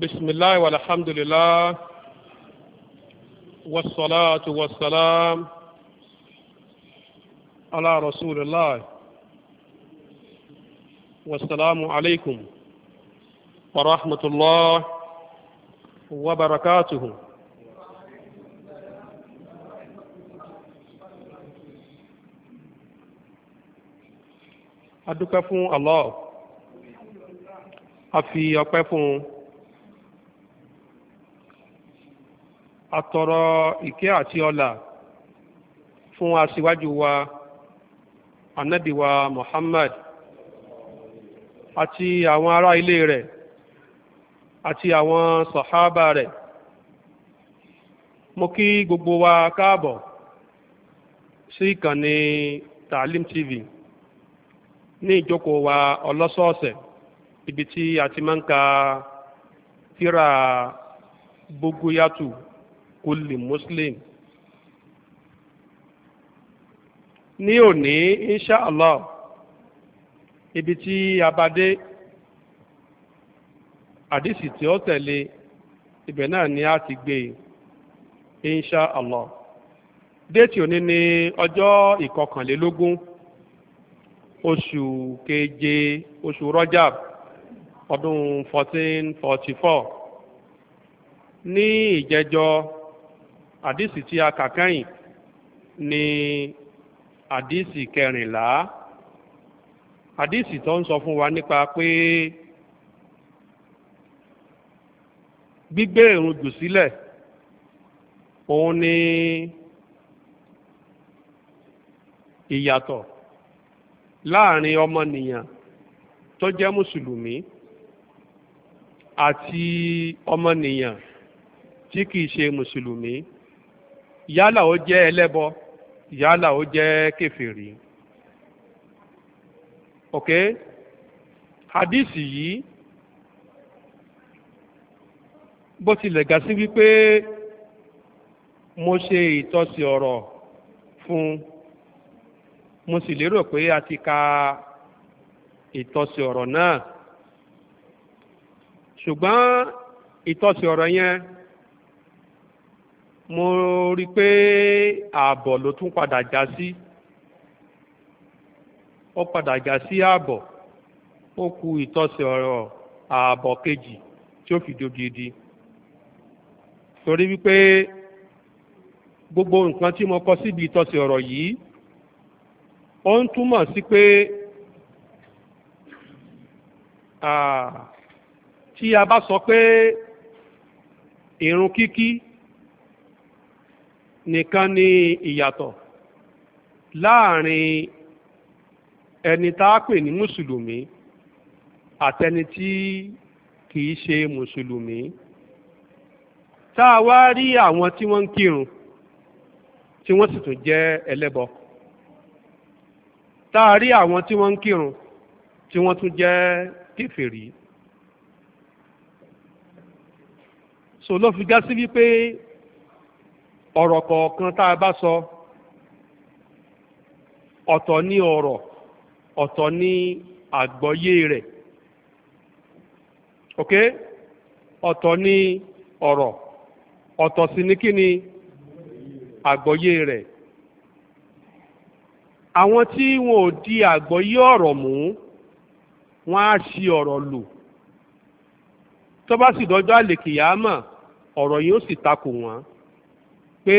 بسم الله والحمد لله والصلاة والسلام على رسول الله والسلام عليكم ورحمة الله وبركاته أدوك الله Allah a fi ọpẹ́ àtọ̀rọ̀ ìkẹ́ àti ọlà fún aṣíwájú wa ànábì Muhammad àti àwọn ará ilé rẹ̀ àti àwọn sọ̀hábà rẹ̀ mo kí gbogbo wa káàbọ̀ sí ìkànnì Taalim TV ní ìjókòó wa ọlọ́sọ̀ọ̀sẹ̀ ibi tí a ti máa ń ka tírà buguyatu kulli muslim ní òní insha allah ibi tí a bá dé àdìsí tí ó tẹ̀lé ibẹ̀ náà ni a ti gbé insha déètì òní ni ọjọ́ ìkọkànlélógún oṣù keje oṣù rọ́jàb ọdún fourteen forty four ní ìjẹjọ́ àdìsí tí a kà kẹ́yìn ni àdìsí kẹrìnlá àdìsí tó ń sọ fún wa nípa pé gbígbé ìrun jù sílẹ̀ òun ni ìyàtọ̀ láàrin ọmọnìyàn tó jẹ́ mùsùlùmí àti ọmọnìyàn tí kìí ṣe mùsùlùmí yálà ó jẹ́ ẹlẹ́bọ yálà ó jẹ́ kèfèrí ok hadisi yìí bó tilẹ̀ gà sí wípé mo ṣe ìtọ́sí ọ̀rọ̀ fún mo sì lérò pé a ti ka ìtọ́sí ọ̀rọ̀ náà ṣùgbọ́n ìtọ́sí ọ̀rọ̀ yẹn mo rí i pé ààbọ̀ ló tún padà já sí ó padà já sí ààbọ̀ ó ku ìtọ́sẹ̀ ọ̀rọ̀ ààbọ̀ kejì tí ó fi dodidi torí wípé gbogbo nǹkan tí mo kọ síbi ìtọ́sẹ̀ ọ̀rọ̀ yìí ó ń túmọ̀ sí pé tí a bá sọ pé irun kíkí. nìkan ni ìyàtọ̀ láàrin ẹni tá a pè ní mùsùlùmí àtẹni tí kìí ṣe mùsùlùmí tá a wá rí àwọn tí wọ́n ń kírun tí wọ́n sì tún jẹ́ ẹlẹ́bọ tá a rí àwọn tí wọ́n ń kírun tí wọ́n tún jẹ́ kèfèrí so ló fi gá sí wípé ọ̀rọ̀ kọ̀ọ̀kan tá a bá sọ ọ̀tọ̀ ní ọ̀rọ̀ ọ̀tọ̀ ní àgbọ́yé rẹ̀ ok ọ̀tọ̀ ní ọ̀rọ̀ ọ̀tọ̀ sì ní kí ni àgbọ́yé rẹ̀ àwọn tí wọn ò di àgbọ́yé ọ̀rọ̀ mú wọn á ṣi ọ̀rọ̀ lò tó bá sì dọjọ́ àlèkìyàmọ̀ ọ̀rọ̀ yìí ó sì takò wọ́n pé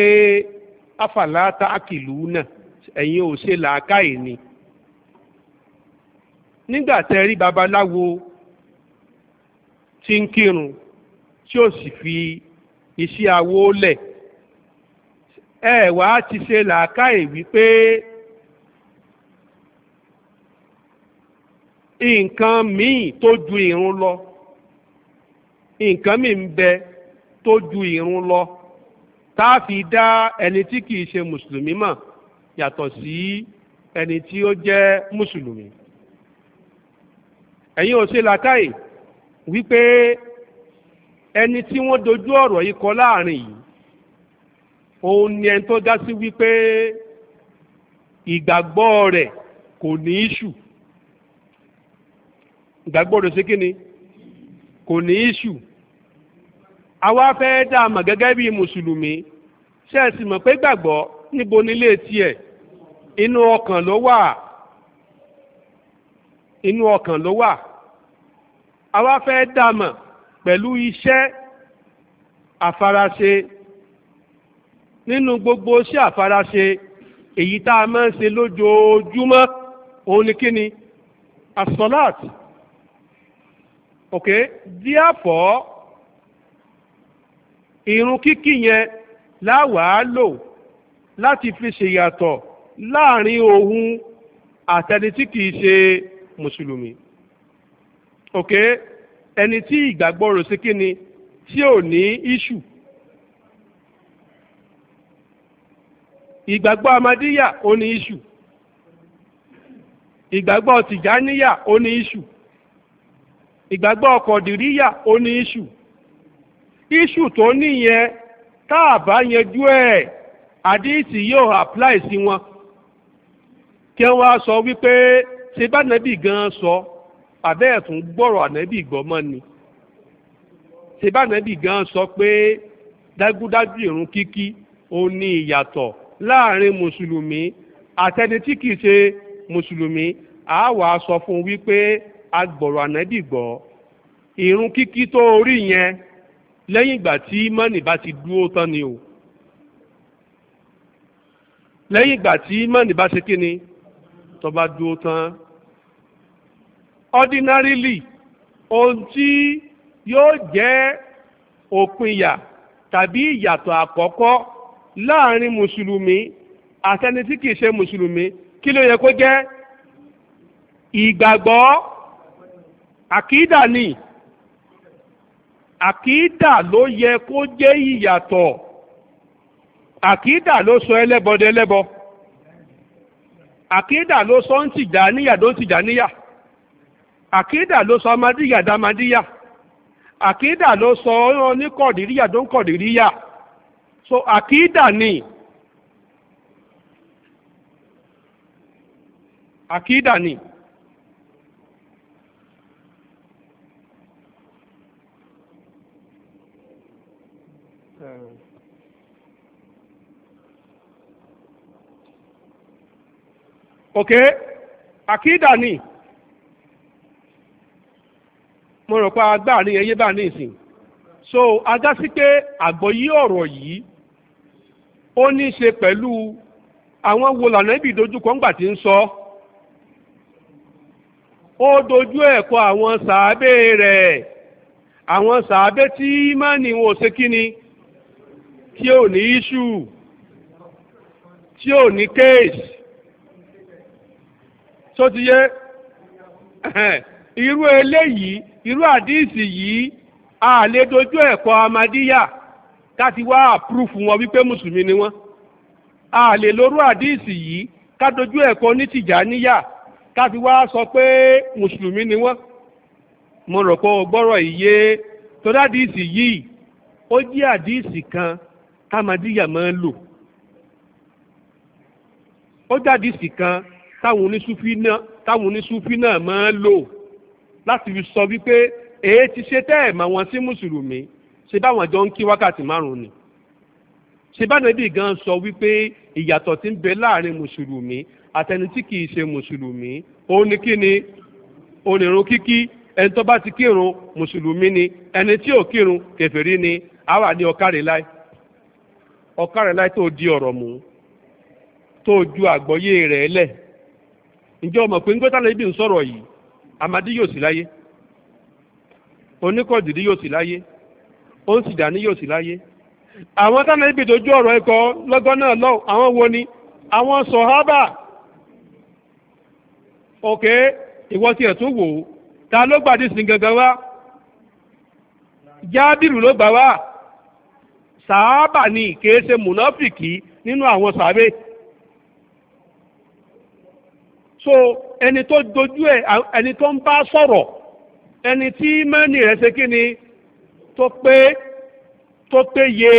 afàlátà àkìlú náà ẹ̀yin ò ṣe làákàyè ni nígbà tẹ́ rí babaláwo tí ń kírun tí ó sì fi iṣẹ́ awo lẹ̀ ẹ wá ti ṣe làákàyè wípé nǹkan míì tó ju ìrun lọ nǹkan míì ń bẹ tó ju ìrun lọ tá a fi dá ẹni tí kìí ṣe mùsùlùmí mọ̀ yàtọ̀ sí ẹni tí ó jẹ́ mùsùlùmí ẹ̀yin ò ṣe làákàyè wípé ẹni tí wọ́n dojú ọ̀rọ̀ yìí kọ láàrin yìí òun ni ẹni tó dá sí wípé ìgbàgbọ́ rẹ̀ kò ní iṣu ìgbàgbọ́ rẹ̀ ṣe kí ni kò ní iṣu àwa fẹ́ dá a mọ̀ gẹ́gẹ́ bí mùsùlùmí ṣe é sì mọ̀ pé gbàgbọ́ níbo nílé tiẹ̀ inú ọkàn ló wà inú ọkàn ló wà àwa fẹ́ dá a mọ̀ pẹ̀lú iṣẹ́ àfaraṣe nínú gbogbo iṣẹ́ àfaraṣe èyí tá a máa ń ṣe lójoojúmọ́ òun ni kí ni asolat ok díàfọ́ ìrun kíkí yẹn láwàá lò láti fi ṣèyàtọ̀ láàrin òun àtẹni tí kìí ṣe mùsùlùmí òkè ẹni tí ìgbàgbọ́ rẹ̀ sí kíni tí ò ní iṣu ìgbàgbọ́ amadíyà ó ní iṣu ìgbàgbọ́ tìjáníyà ó ní iṣu ìgbàgbọ́ kọ̀dìríyà ó ní iṣu iṣu tó nìyẹn tá a bá yanjú ẹ̀ àdíìsì yóò apply sí wọn kí wọ́n á sọ wípé ṣe bá nàbì gan sọ àbẹ́ ẹ̀tún gbọ́rọ̀ ànábì gbọ́mọ́ ni ṣe bá nàbì gan sọ pé dájúdájú ìrun kíkí ó ní ìyàtọ̀ láàrin mùsùlùmí àtẹni tí kìí ṣe mùsùlùmí a wà sọ fún wípé agbọ̀rọ̀ ànábì gbọ́ ìrun kíkí tó orí yẹn lẹ́yìn ìgbà tí mọ́nì bá ti dúró tán ni o lẹ́yìn ìgbà tí mọ́nì bá ṣe kí ni tó bá dúró tán ordinarily ohun tí yóò jẹ́ òpinya tàbí ìyàtọ̀ àkọ́kọ́ láàrin mùsùlùmí àtẹni tí kìí ṣe mùsùlùmí kí ló yẹ kó jẹ́ ìgbàgbọ́ àkídà ni àkídà ló yẹ kó jẹ́ ìyàtọ̀ àkídà ló sọ ẹlẹ́bọdẹ lẹ́bọ àkídà ló sọ ń tìjà níyà ló ń tìjà níyà àkídà ló sọ amadíyà dámadíyà àkídà ló sọ oníkọ̀dìríyà tó ń kọ̀dìríyà so àkídà ni àkídà ni. okay àkídà ni mo rò pé agbára ni ẹyẹ bá ní ìsìn so ajá sí pé àgbọ́yé ọ̀rọ̀ yìí ó ní í ṣe pẹ̀lú àwọn wo lànà ibi ìdojúkọ ńgbà tí ń sọ ó dojú ẹ̀kọ́ àwọn sàábé rẹ̀ àwọn sàábé tí mánì wọn ò ṣe kí ni tí ò ní ni tí ò ní tó ti yé irú eléyìí irú àdíìsì yìí a lè dojú ẹ̀kọ́ amadíyà káti wá àpúrúfù wọn wípé mùsùlùmí ni wọ́n a lè lórú àdíìsì yìí ká dojú ẹ̀kọ́ ní tìjàníyà káti wá sọ pé mùsùlùmí ni wọ́n mo rò pé o gbọ́rọ̀ ìyé torí àdíìsì yìí ó jẹ́ àdíìsì kan támadíyà máa ń lò ó jẹ́ àdíìsì kan táwọn oníṣúfì náà táwọn oníṣúfì náà máa ń lò láti fi sọ wípé èé ti ṣe tẹ́ ẹ̀ mà wọ́n sí mùsùlùmí ṣe báwọn jọ ń kí wákàtí márùn-ún ni ṣe bá nàbí gan sọ wípé ìyàtọ̀ tí ń bẹ láàrin mùsùlùmí àtẹni tí kìí ṣe mùsùlùmí òun ni kí ni onírun kíkí ẹni tó bá ti kírun mùsùlùmí ni ẹni tí ò kírun kèfèrí ni àwa ní ọkàrẹ̀ láì ọkàrẹ̀ láì tó di ọ̀rọ̀ mú tó ju àgbọ́yé rẹ̀ lẹ̀ ǹjẹ́ ọmọ pé ńgbẹ́tàlẹ́ ibi ń sọ̀rọ̀ yìí amadi yóò sì láyé oníkọ̀dìrí yóò sì láyé ó ń sì dání yóò sì láyé àwọn tánà ibi tó ju ọ̀rọ̀ ẹ̀kọ́ lọ́gán náà lọ àwọn wo ni àwọn sọ̀hábà òkè ìwọ tiẹ̀ tún wò ó ta ló gbàdí sí gangan wá jábìrù ló gbà wá sàábà ni kì í ṣe nínú àwọn sàábé so ẹni tó dojú ẹ ẹni tó ń bá sọ̀rọ̀ ẹni tí mẹ́ni rẹ̀ ṣe kí ni tó pé tó péye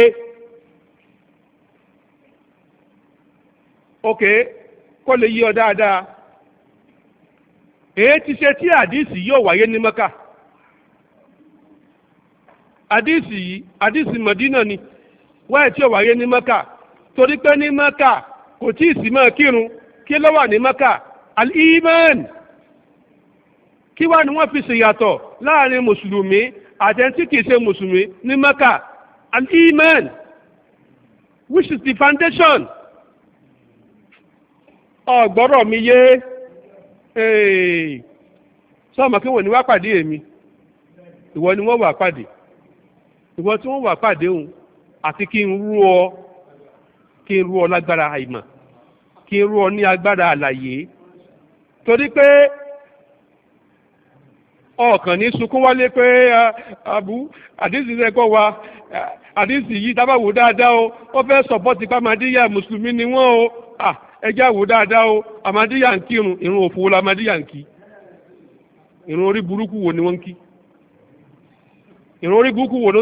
ok kó lè yí ọ dáadáa èyí ti ṣe tí àdìsí yóò wáyé ní mẹ́ka àdìsí yìí àdìsí mọ̀dínà ni wáyé tí ò wáyé ní mẹ́ka torí pé ní mẹ́ka kò tí ì sí mọ́ kírun kí ló wà ní mẹ́ka al-iman kí wá ni wọ́n fi ṣèyàtọ̀ láàrin mùsùlùmí àtẹ̀ntí kìí ṣe mùsùlùmí ní mẹ́kà al-iman which is the foundation ọ̀gbọ́rọ̀ mi yé sọ́ọ̀mọ̀ kí wọ́n ní wá pàdé èmi ìwọ ni wọ́n wà pàdé ìwọ tí wọ́n wà pàdé òun àti kí n rú ọ kí n rú ọ lágbára àìmọ̀ kí n rú ọ ní agbára àlàyé torí pé ọkàn ní sunkún wálé pé abu àdìsí ẹ̀kọ́ wa àdìsí yìí dábàwò dáadáa o ó fẹ́ sọ̀pọ́tì pàmádìyà mùsùlùmí ni wọ́n o ẹjẹ́ àwò dáadáa o àmádìyà ń kí irun irun òfò la àmádìyà ń kí irun orí burúkú wo ni wọ́n ń kí irun orí burúkú wo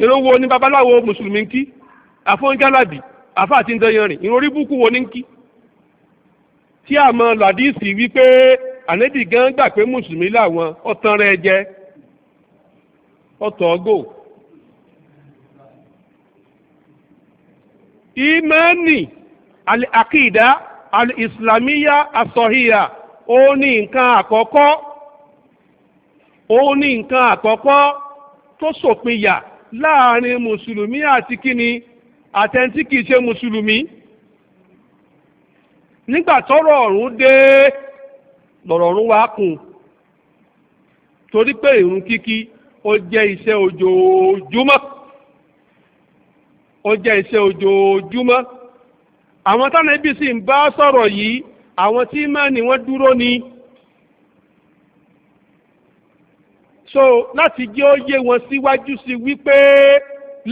ìrun wo ni babaláwo mùsùlùmí ń kí àfọ̀njálàbì àfa àti ǹdẹ̀yẹrin ìrun orí búkú wo ni ń kí. tí a mọ làdíìsì wípé ànẹ́bì gan gbà pé mùsùlùmí làwọn ọ̀tàn rẹ̀ jẹ́ ọ̀tọ̀ ọgò. ìmánì àkìdá alìsìlámíyà àsọ̀híyà ó ní nǹkan àkọ́kọ́ ó ní nǹkan àkọ́kọ́ tó sòpinya. So láàrin mùsùlùmí àti kíni àtẹ̀ntí kìí ṣe mùsùlùmí nígbà tọ́rọ̀ ọ̀run dé lọ̀rọ̀ ọ̀run wá kùn torí pé kíkí ó jẹ́ iṣẹ́ ojoojúmọ́ ó jẹ́ iṣẹ́ ojoojúmọ́ àwọn táwọn ẹbí sì ń bá sọ̀rọ̀ yìí àwọn tí ni. so láti jẹ́ ó yé wọn síwájú sí wípé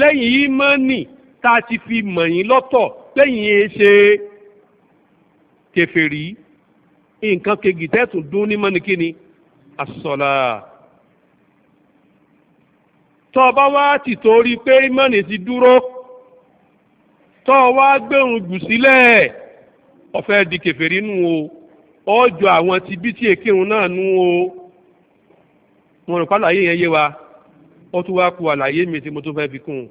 lẹ́yìn ìmọ̀ọ́nì tá a ti fi mọ̀ yín lọ́tọ̀ lẹ́yìn èṣe e kèfèrí nǹkan kejì tẹ́tù dún ní mọ́ni kíni àsọ̀là tọ́ ọ bá wá ti torí pé ìmọ̀ọ́nì ti dúró tọ́ ọ wá gbẹ̀rùn jù sílẹ̀ ọ̀fẹ́ di kèfèrí nù o ọjọ́ àwọn ti bí tí èkírun náà nù o. wọn rò pálọ̀ ayé yẹn yé wa ó tún wá ku àlàyé mi tí mo tún fẹ́ fi kún un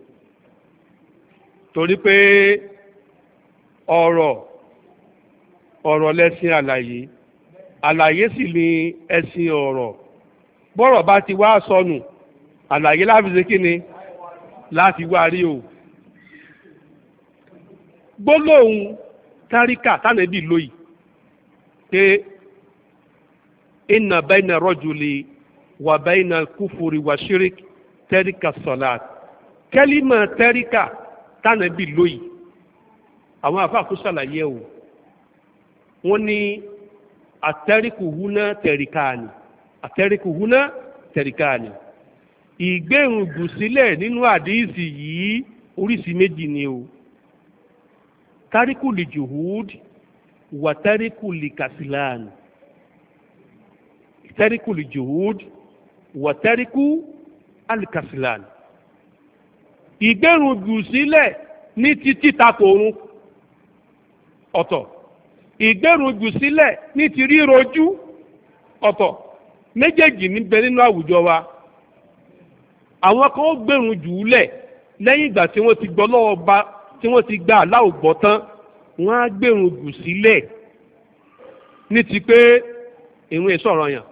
torí pé ọ̀rọ̀ ọ̀rọ̀ lẹ́sìn àlàyé àlàyé sì ni ẹ̀sìn ọ̀rọ̀ bọ́rọ̀ bá ti wá sọnù àlàyé láti kí ni láti wá rí o gbólóhùn táríkà tánàbí lóyìí pé ìnàbẹ́nà rọ́jùlẹ̀ wà bẹ́ẹ̀nà kúfúri wà ṣírík tẹ́ríkà sọ̀láàt kẹ́límà tẹ́ríkà tánàbí lóyìí àwọn àfáàkú ṣàlàyé o wọ́n ní àtẹ́ríkù húná tẹ̀ríkàní àtẹ́ríkù húná tẹ̀ríkàní ìgbérùngù sílẹ̀ nínú àdéhìsì yìí oríṣi méjì ni o tẹ́ríkù lè wà tẹ́ríkù lè kàsílàn tẹ́ríkù wọ̀tẹ́ríkú alikasilan ìgbẹ́rùngù sílẹ̀ ní títí takòrun ọ̀tọ̀ ìgbẹ́rùngù sílẹ̀ ní ti rírojú ọ̀tọ̀ méjèèjì níbẹ̀ nínú àwùjọ wa àwọn kan ó gbẹ̀rùn jù ú lẹ̀ lẹ́yìn ìgbà tí wọ́n ti gbọ́ lọ́wọ́ ba tí wọ́n ti gba àláwò tán wọ́n á gbẹ̀rùn jù sílẹ̀ ní ti pé ìrun èso ọ̀ranyàn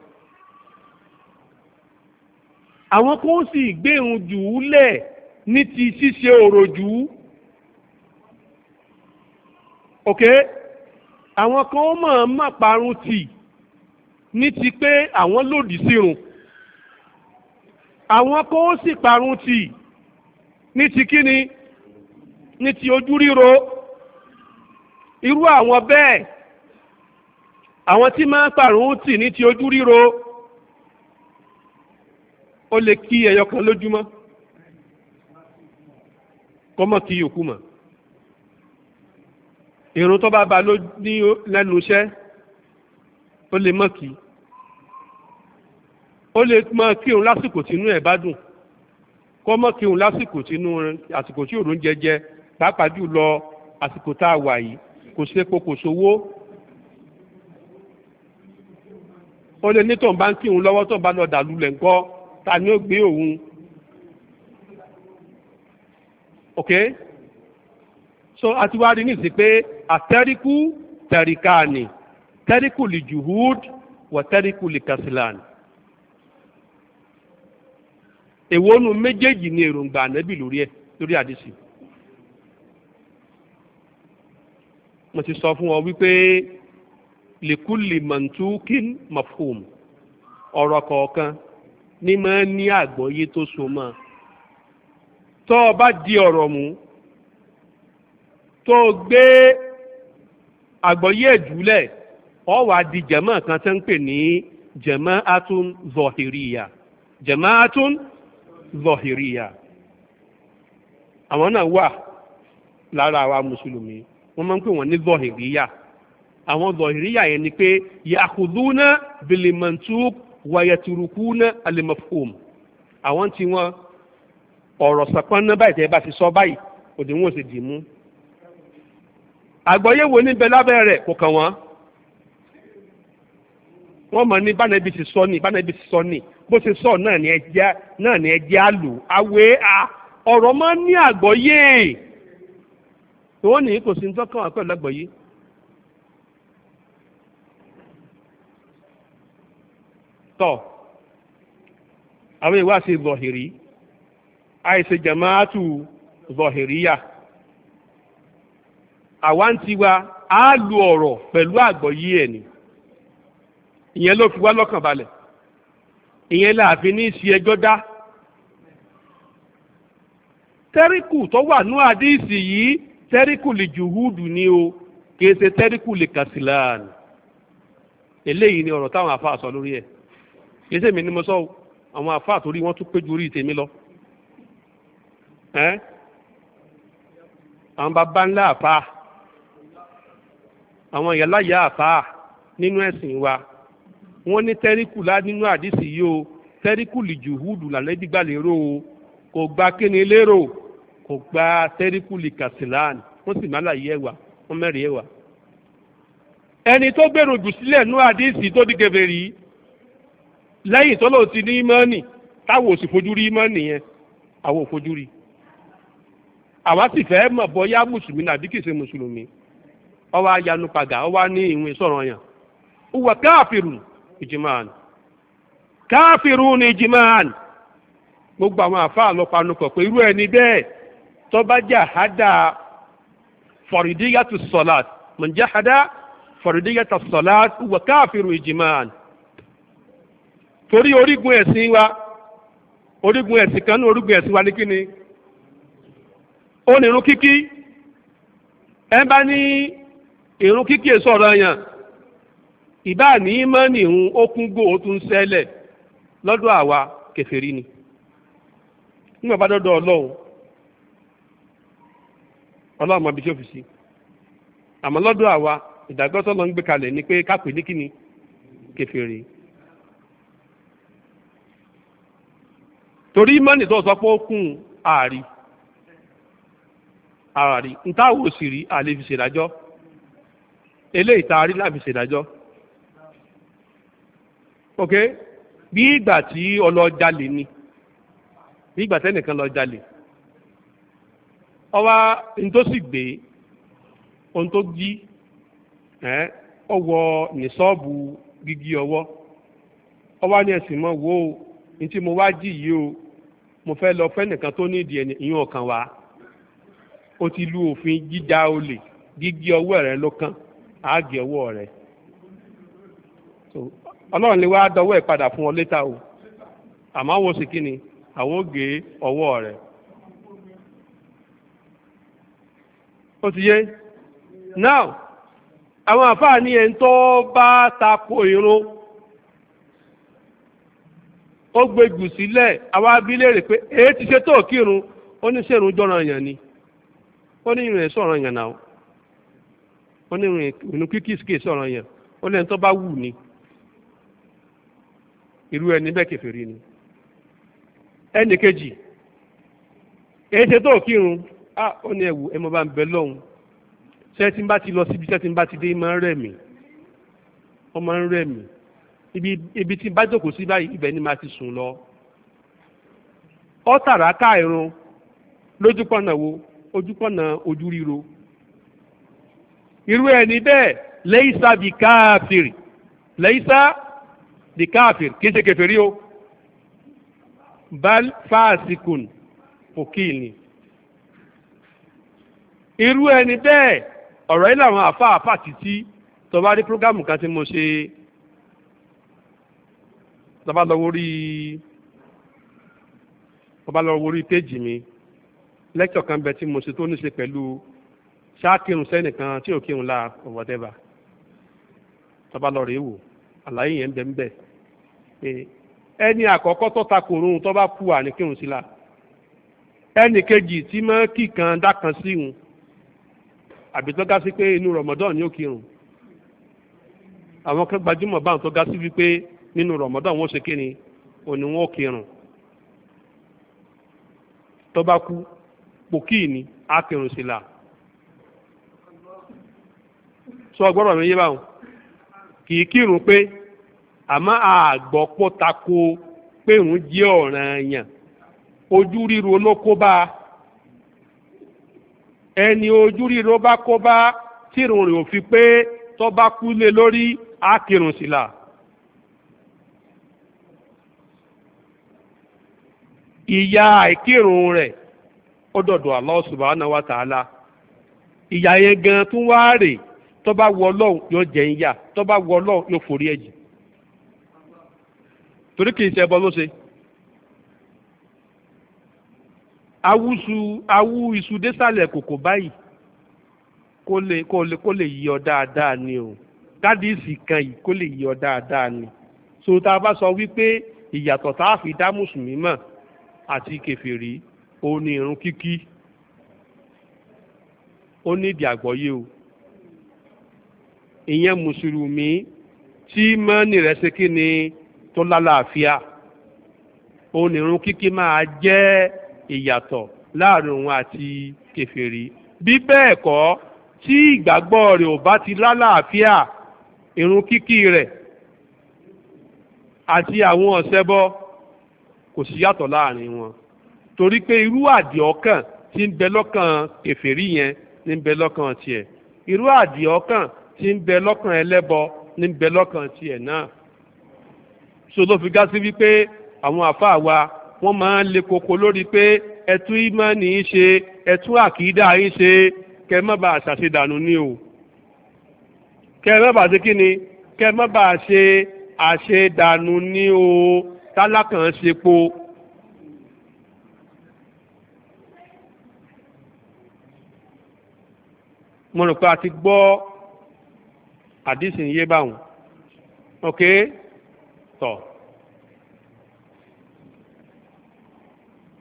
àwọn kò sì gbéhùn jù ú lẹ̀ ní ti ṣíṣe òròjú ok àwọn kan ó mọ̀ ọ́n mọ̀ parun tì ní ti pé àwọn lòdì sírun àwọn kan sì parun tì ní ti kíni ní ti ojú ríro irú àwọn bẹ́ẹ̀ àwọn tí máa parun tì ní ti ojú ríro ó lè kí ẹyọ kan lójúmọ́ kọ́mọ́ kí yòókù mọ́ ìrun tó bá ba ní lẹ́nu iṣẹ́ ó lè mọ́ kí ó lè mọ́ kírun lásìkò tínú ẹ̀ bá dùn kọ́mọ́ kírun lásìkò tínú àsìkò tí òórùn jẹjẹ pàápàá jùlọ àsìkò tá a wà yìí kò sépo kò sówó ó lè ní tó ń bá ń kírun lọ́wọ́ tó ń bá lọ dàlú lẹ̀ ńkọ́ ta ni ó gbé òun ok so àti wá rí nìsí pé àtẹ́ríkù tẹ̀ríkàní tẹ́ríkù lè juhud wà tẹ́ríkù lè kasilan èwo nu méjèèjì ni èròǹgbà ànábì lórí ẹ lórí àdìsí mo ti sọ fún ọ wípé lèkúlì mọ̀ntúkín mafhum ọ̀rọ̀ kọ̀ọ̀kan ní máa ń ní àgbọ́yé tó so mọ́ tó o bá di ọ̀rọ̀ mú tó o gbé àgbọ́yé ẹ̀júlẹ̀ ọ wà di jẹ̀mọ́ kan tó ń pè ní jẹ̀mọ́ atún zọ̀hìríyà jẹ̀mọ́ atún zọ̀hìríyà àwọn náà wà lára àwa mùsùlùmí wọ́n máa ń pè wọ́n ní zọ̀hìríyà àwọn zọ̀hìríyà yẹn ni pé yàkùdúnà bìlìmọ̀ntúkù wayaturukuna alimafhum àwọn tí wọ́n ọ̀rọ̀ sàpọ́nná báyìí tẹ́ bá ti sọ báyìí òdì wọn ò sì dì mú. àgbọ̀yé wo níbẹ̀ lábẹ́ rẹ̀ kò kàn wọ́n. wọ́n mọ̀ ní bánẹ́bí ti sọ ní bánẹ́bí ti sọ ní bó ti sọ náà ní ẹjẹ́ náà ní ẹjẹ́ á lò àwé a ọ̀rọ̀ máa ń ní àgbọ̀yé. ìwọ́n ní kò sí ní tọ́kàn àpẹ̀lú àgbọ̀yé. tọ̀ àwọn ìwà sí zọ̀hìrí àìsè jamaatu zọ̀hìríyà àwa ń tiwa á lu ọ̀rọ̀ pẹ̀lú àgbọ̀yé ẹ̀ ni ìyẹn ló fi wá lọ́kàn balẹ̀ ìyẹn láàfin ní í ṣe ẹjọ́ dá tẹ́ríkù tó wà ní àdíìsì yìí tẹ́ríkù lè ni o kìí ṣe tẹ́ríkù lè kàṣìláàni eléyìí ni ọ̀rọ̀ táwọn àfa sọ lórí ẹ̀. kì í sèmi ni mo sọ o àwọn àfa àtòrí wọn tún péjú orí tèmi lọ ẹ àwọn bàbá ńlá àfa àwọn ìyáláyà àfa nínú ẹ̀sìn wa wọ́n ní tẹ́ríkùlá nínú àdìsí yìí o tẹ́ríkùlì jùhúdù làlẹ́bí gbà lérò o kò gba kíni lérò kò gba tẹ́ríkùlì kàsílán wọ́n sì máa láyé ẹ̀wà wọ́n mẹ́rin ẹ̀wà. ẹni tó gbèrò jù sílẹ̀ nú àdìsí tó di gèbèrè yìí lẹ́yìn tó lóò ti ní ìmọ̀ọ́nì táwọn ò sì fojú rí ìmọ̀ọ́nì yẹn àwọn ò fojú rí àwa sì fẹ́ mọ̀ bọ́yá mùsùlùmí nàbí kìí ṣe mùsùlùmí ọwọ́ ayanu padà ọwọ́ ní ìwé sọ̀rọ̀ yàn wọ káàfìrù ìjìmáàn káàfìrù ní ìjìmáàn gbogbo àwọn àfáà lọ pé irú ẹni bẹ́ẹ̀ tó bá jàhádà fọ̀rìdíyàtù sọ̀láàt mọ̀jáhádà fọ̀rìdíyàtù sọ̀láàt wọ káàfìrù ìjìmáàn torí orígun ẹ̀sìn wa orígun ẹ̀sìn kan ní orígun ẹ̀sìn wa ní kíni ó ní irun kíkí ẹ bá ní irun kíkí èso ọ̀rọ̀ ìbá ní mọ́ ìhun ó kún tún sẹ́lẹ̀ lọ́dọ̀ àwa ni nígbà bá dọ́dọ̀ ọlọ́run ọlọ́run àmọ́ lọ́dọ̀ àwa torí mọ́nì tó sọ pé ó kún ààrí ààrí sì rí àlè fi eléyìí tá a rí ok bí ìgbà tí ọlọ́jalè ni bí ìgbà tẹ́nìkan ọwá gbé ohun tó jí ọwọ́ ní gígí ọwọ́ ẹ̀sìn ní tí mo wá jì yìí o mo fẹ́ lọ fẹ́ nìkan tó nídìí ẹni ìyún ọ̀kan wa ó ti lu òfin jíjà olè gígé ọwọ́ rẹ ló kàn á ọwọ́ rẹ ọlọ́run lè wá dọwọ́ ẹ̀ padà fún ọ létà o àmọ́ àwọn oṣù kìíní àwọn ò ọwọ́ rẹ. ó ti yé now àwọn àfáà ní ẹni tó bá tako irun. ó gbégbù sílẹ̀ àwa bí léèrè pé ti ṣe tó kírun ó ní sẹ́run jọ̀ràn yàn ni ó ní ìrìn sọ̀rọ̀ yàn náà ó ní ìrìn kíkìsíkì sọ̀rọ̀ ó tó bá wù ni irú ẹni bẹ́ẹ̀ ni ẹnì kejì èé ṣe tó kírun á ó ní ẹ̀wù ẹ̀ bá ń bẹ lọ́hùn ti lọ síbi ti dé máa ibi ibi tí bá jókòó sí báyìí ibẹ̀ ni màá ti sùn lọ. ọ tàrà ká irun lójúpọ̀nà wo ojúpọ̀nà ojú ríro. irú ẹni bẹ́ẹ̀ lẹ́yìísá bí káàfìrì lẹ́yìísá bí káàfìrì kì í ṣe kẹfẹ́rí o. bal fásikùn òkì ni. irú ẹni bẹ́ẹ̀ ọ̀rọ̀ yìí làwọn àfa àfa títí tọ́ba rí prógámù kan tí mo ṣe tọ́ba lọ wórí tọ́ba lọ wórí péjì mi lẹ́kítọ̀ kan bẹ tí mo ṣe tó ní ṣe pẹ̀lú ṣáà sẹ́nìkan tí ò kírun la whatever tọ́ba lọ rèé wò àlàyé yẹn ń bẹ ń bẹ ẹni àkọ́kọ́ tó ta kòrún tó bá àníkírun sí la ẹni kejì tí máa kíkan dákan sí un àbí tó ga sí pé inú Ramadan ni ó kírun àwọn kan gbajúmọ̀ báwọn tó ga sí wípé nínú Ramadan wọn ṣe kíni òní wọn kírun tó kú pòkì ni á kírun sí la sọ gbọ́dọ̀ mi yé báwọn kì í kírun pé àmọ́ àgbọ̀ pọ̀ tako pé òun jẹ́ ọ̀ranyàn ojú ríro ló kó bá a ẹni ojú ríro bá kó bá tírun rẹ̀ ò fi pé tó bá kú lé lórí á kírun sí la. ìyá àìkírun rẹ̀ ó dọ̀dọ̀ Allah subhanahu wa ta'ala ìyà yẹn gan tún wá rè tó bá wọ ọlọ́run yóò jẹ ń yà tó bá wọ ọlọ́run yóò forí ẹ̀jì torí kì í ṣe ẹbọ ló ṣe. awúsu awú iṣu désàlẹ̀ kòkò báyìí kó lè kó lè kó lè yí ọ dáadáa ni o dádìsì kan yìí kó lè yí ọ dáadáa ni so tá a bá sọ wípé ìyàtọ̀ tá a fi dá mùsùlùmí àti kèfèrí òun ni irun kíkí ó nídìí àgbọ́yé o ìyẹn mùsùlùmí tí mọ́nì rẹ̀ ṣe kí ni tó lálàáfíà òun ni irun kíkí máa jẹ́ ìyàtọ̀ láàrin òun àti kèfèrí bí bẹ́ẹ̀ kọ́ tí ìgbàgbọ́ rẹ̀ ò bá ti lálàáfíà irun kíkí rẹ̀ àti àwọn ọ̀sẹ́bọ́ kò sí yàtọ̀ láàrin wọn torí pé irú àdì ọkàn tí ń bẹ lọ́kàn kèfèrí yẹn ní ń bẹ lọ́kàn tiẹ̀ irú àdì ọkàn tí ń bẹ lọ́kàn ẹlẹ́bọ ní ń bẹ lọ́kàn tiẹ̀ náà so ló fi gá sí wípé àwọn àfáà wa wọ́n máa ń le koko lórí pé ẹtú ìmánì yín ṣe ẹtú àkìdá yín ṣe kẹ má bàa ṣàṣedànù ni o kẹ má bàa ṣe kí ni kẹ má bàa ṣe àṣedànù ni o tálákàn ṣepo. mo rò pé a ti gbọ́ àdísìn yé báwọn ok tọ̀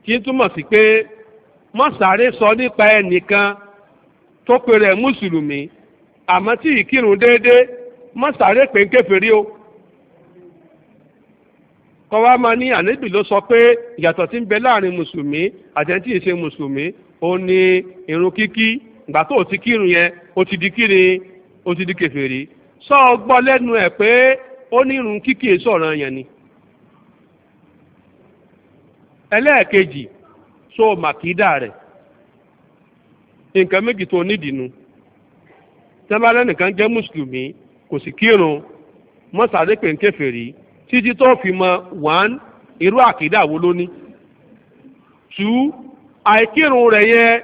kí n túmọ̀ sí pé mọ́sàárè sọ nípa ẹnìkan tó pe rẹ̀ mùsùlùmí àmọ́ tí ìkírun déédéé mọ́sàárè pé ń kèfèrí o. kọ́ ma máa ní ànábì ló sọ pé ìyàtọ̀ tí ń bẹ láàrin mùsùlùmí àtẹ̀ntì ìṣe mùsùlùmí ó ní irun kíkí ìgbà tó o ti kírun yẹn o ti di kíni o ti di kèfèrí sọ ọ lẹ́nu ẹ̀ pé ó ní irun kíkí sọ̀rọ̀ yẹn ni. ẹlẹ́ẹ̀kejì so màkídà rẹ̀ nǹkan méjì tó nídìínú tẹ́bálẹ́ nìkan jẹ́ mùsùlùmí kò sì kírun mọ́sàdé ń títí tó fi mọ one irú àkídà wo ló ní two àìkírun rẹ̀ yẹn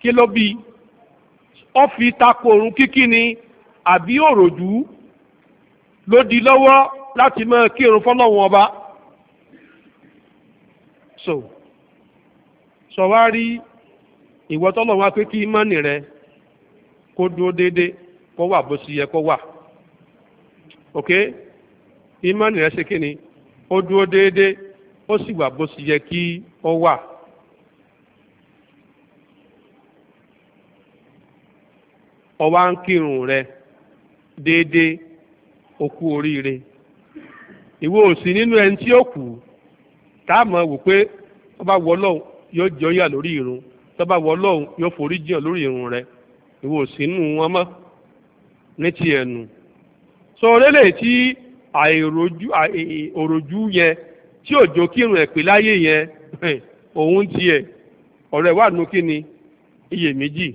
kí ló bí ó fi tako òrun kíkí ni àbí òròjú ló di lọ́wọ́ láti máa kírun fọ́lọ́hun ọba so sọ wá rí ìwọ tọ́lọ́hun wá pé kí ìmánì rẹ kó dúró déédéé kó wà bó sì yẹ kó wà ok. ìmánì rẹ̀ ṣe kíni ó dúró déédéé ó sì wà bó ṣe yẹ kí ó wà. ó wá ń kírun rẹ̀ déédéé ó kú oríire ìwọ ò sí nínú ẹni tí ó kù tá a mọ̀ wò pé ó bá wọ ọlọ́run yóò jẹ ọ́yà lórí irun tó bá wọ ọlọ́run yóò forí jìn lórí irun nínú wọn mọ́ ní ti ẹ̀nu. sọ orílẹ̀ tí àìrojú òròjú yẹn tí òjò kírun ẹ̀ pé láyé yẹn òun tiẹ̀ ọ̀rọ̀ ẹ̀ wà nù kí ni iyèméjì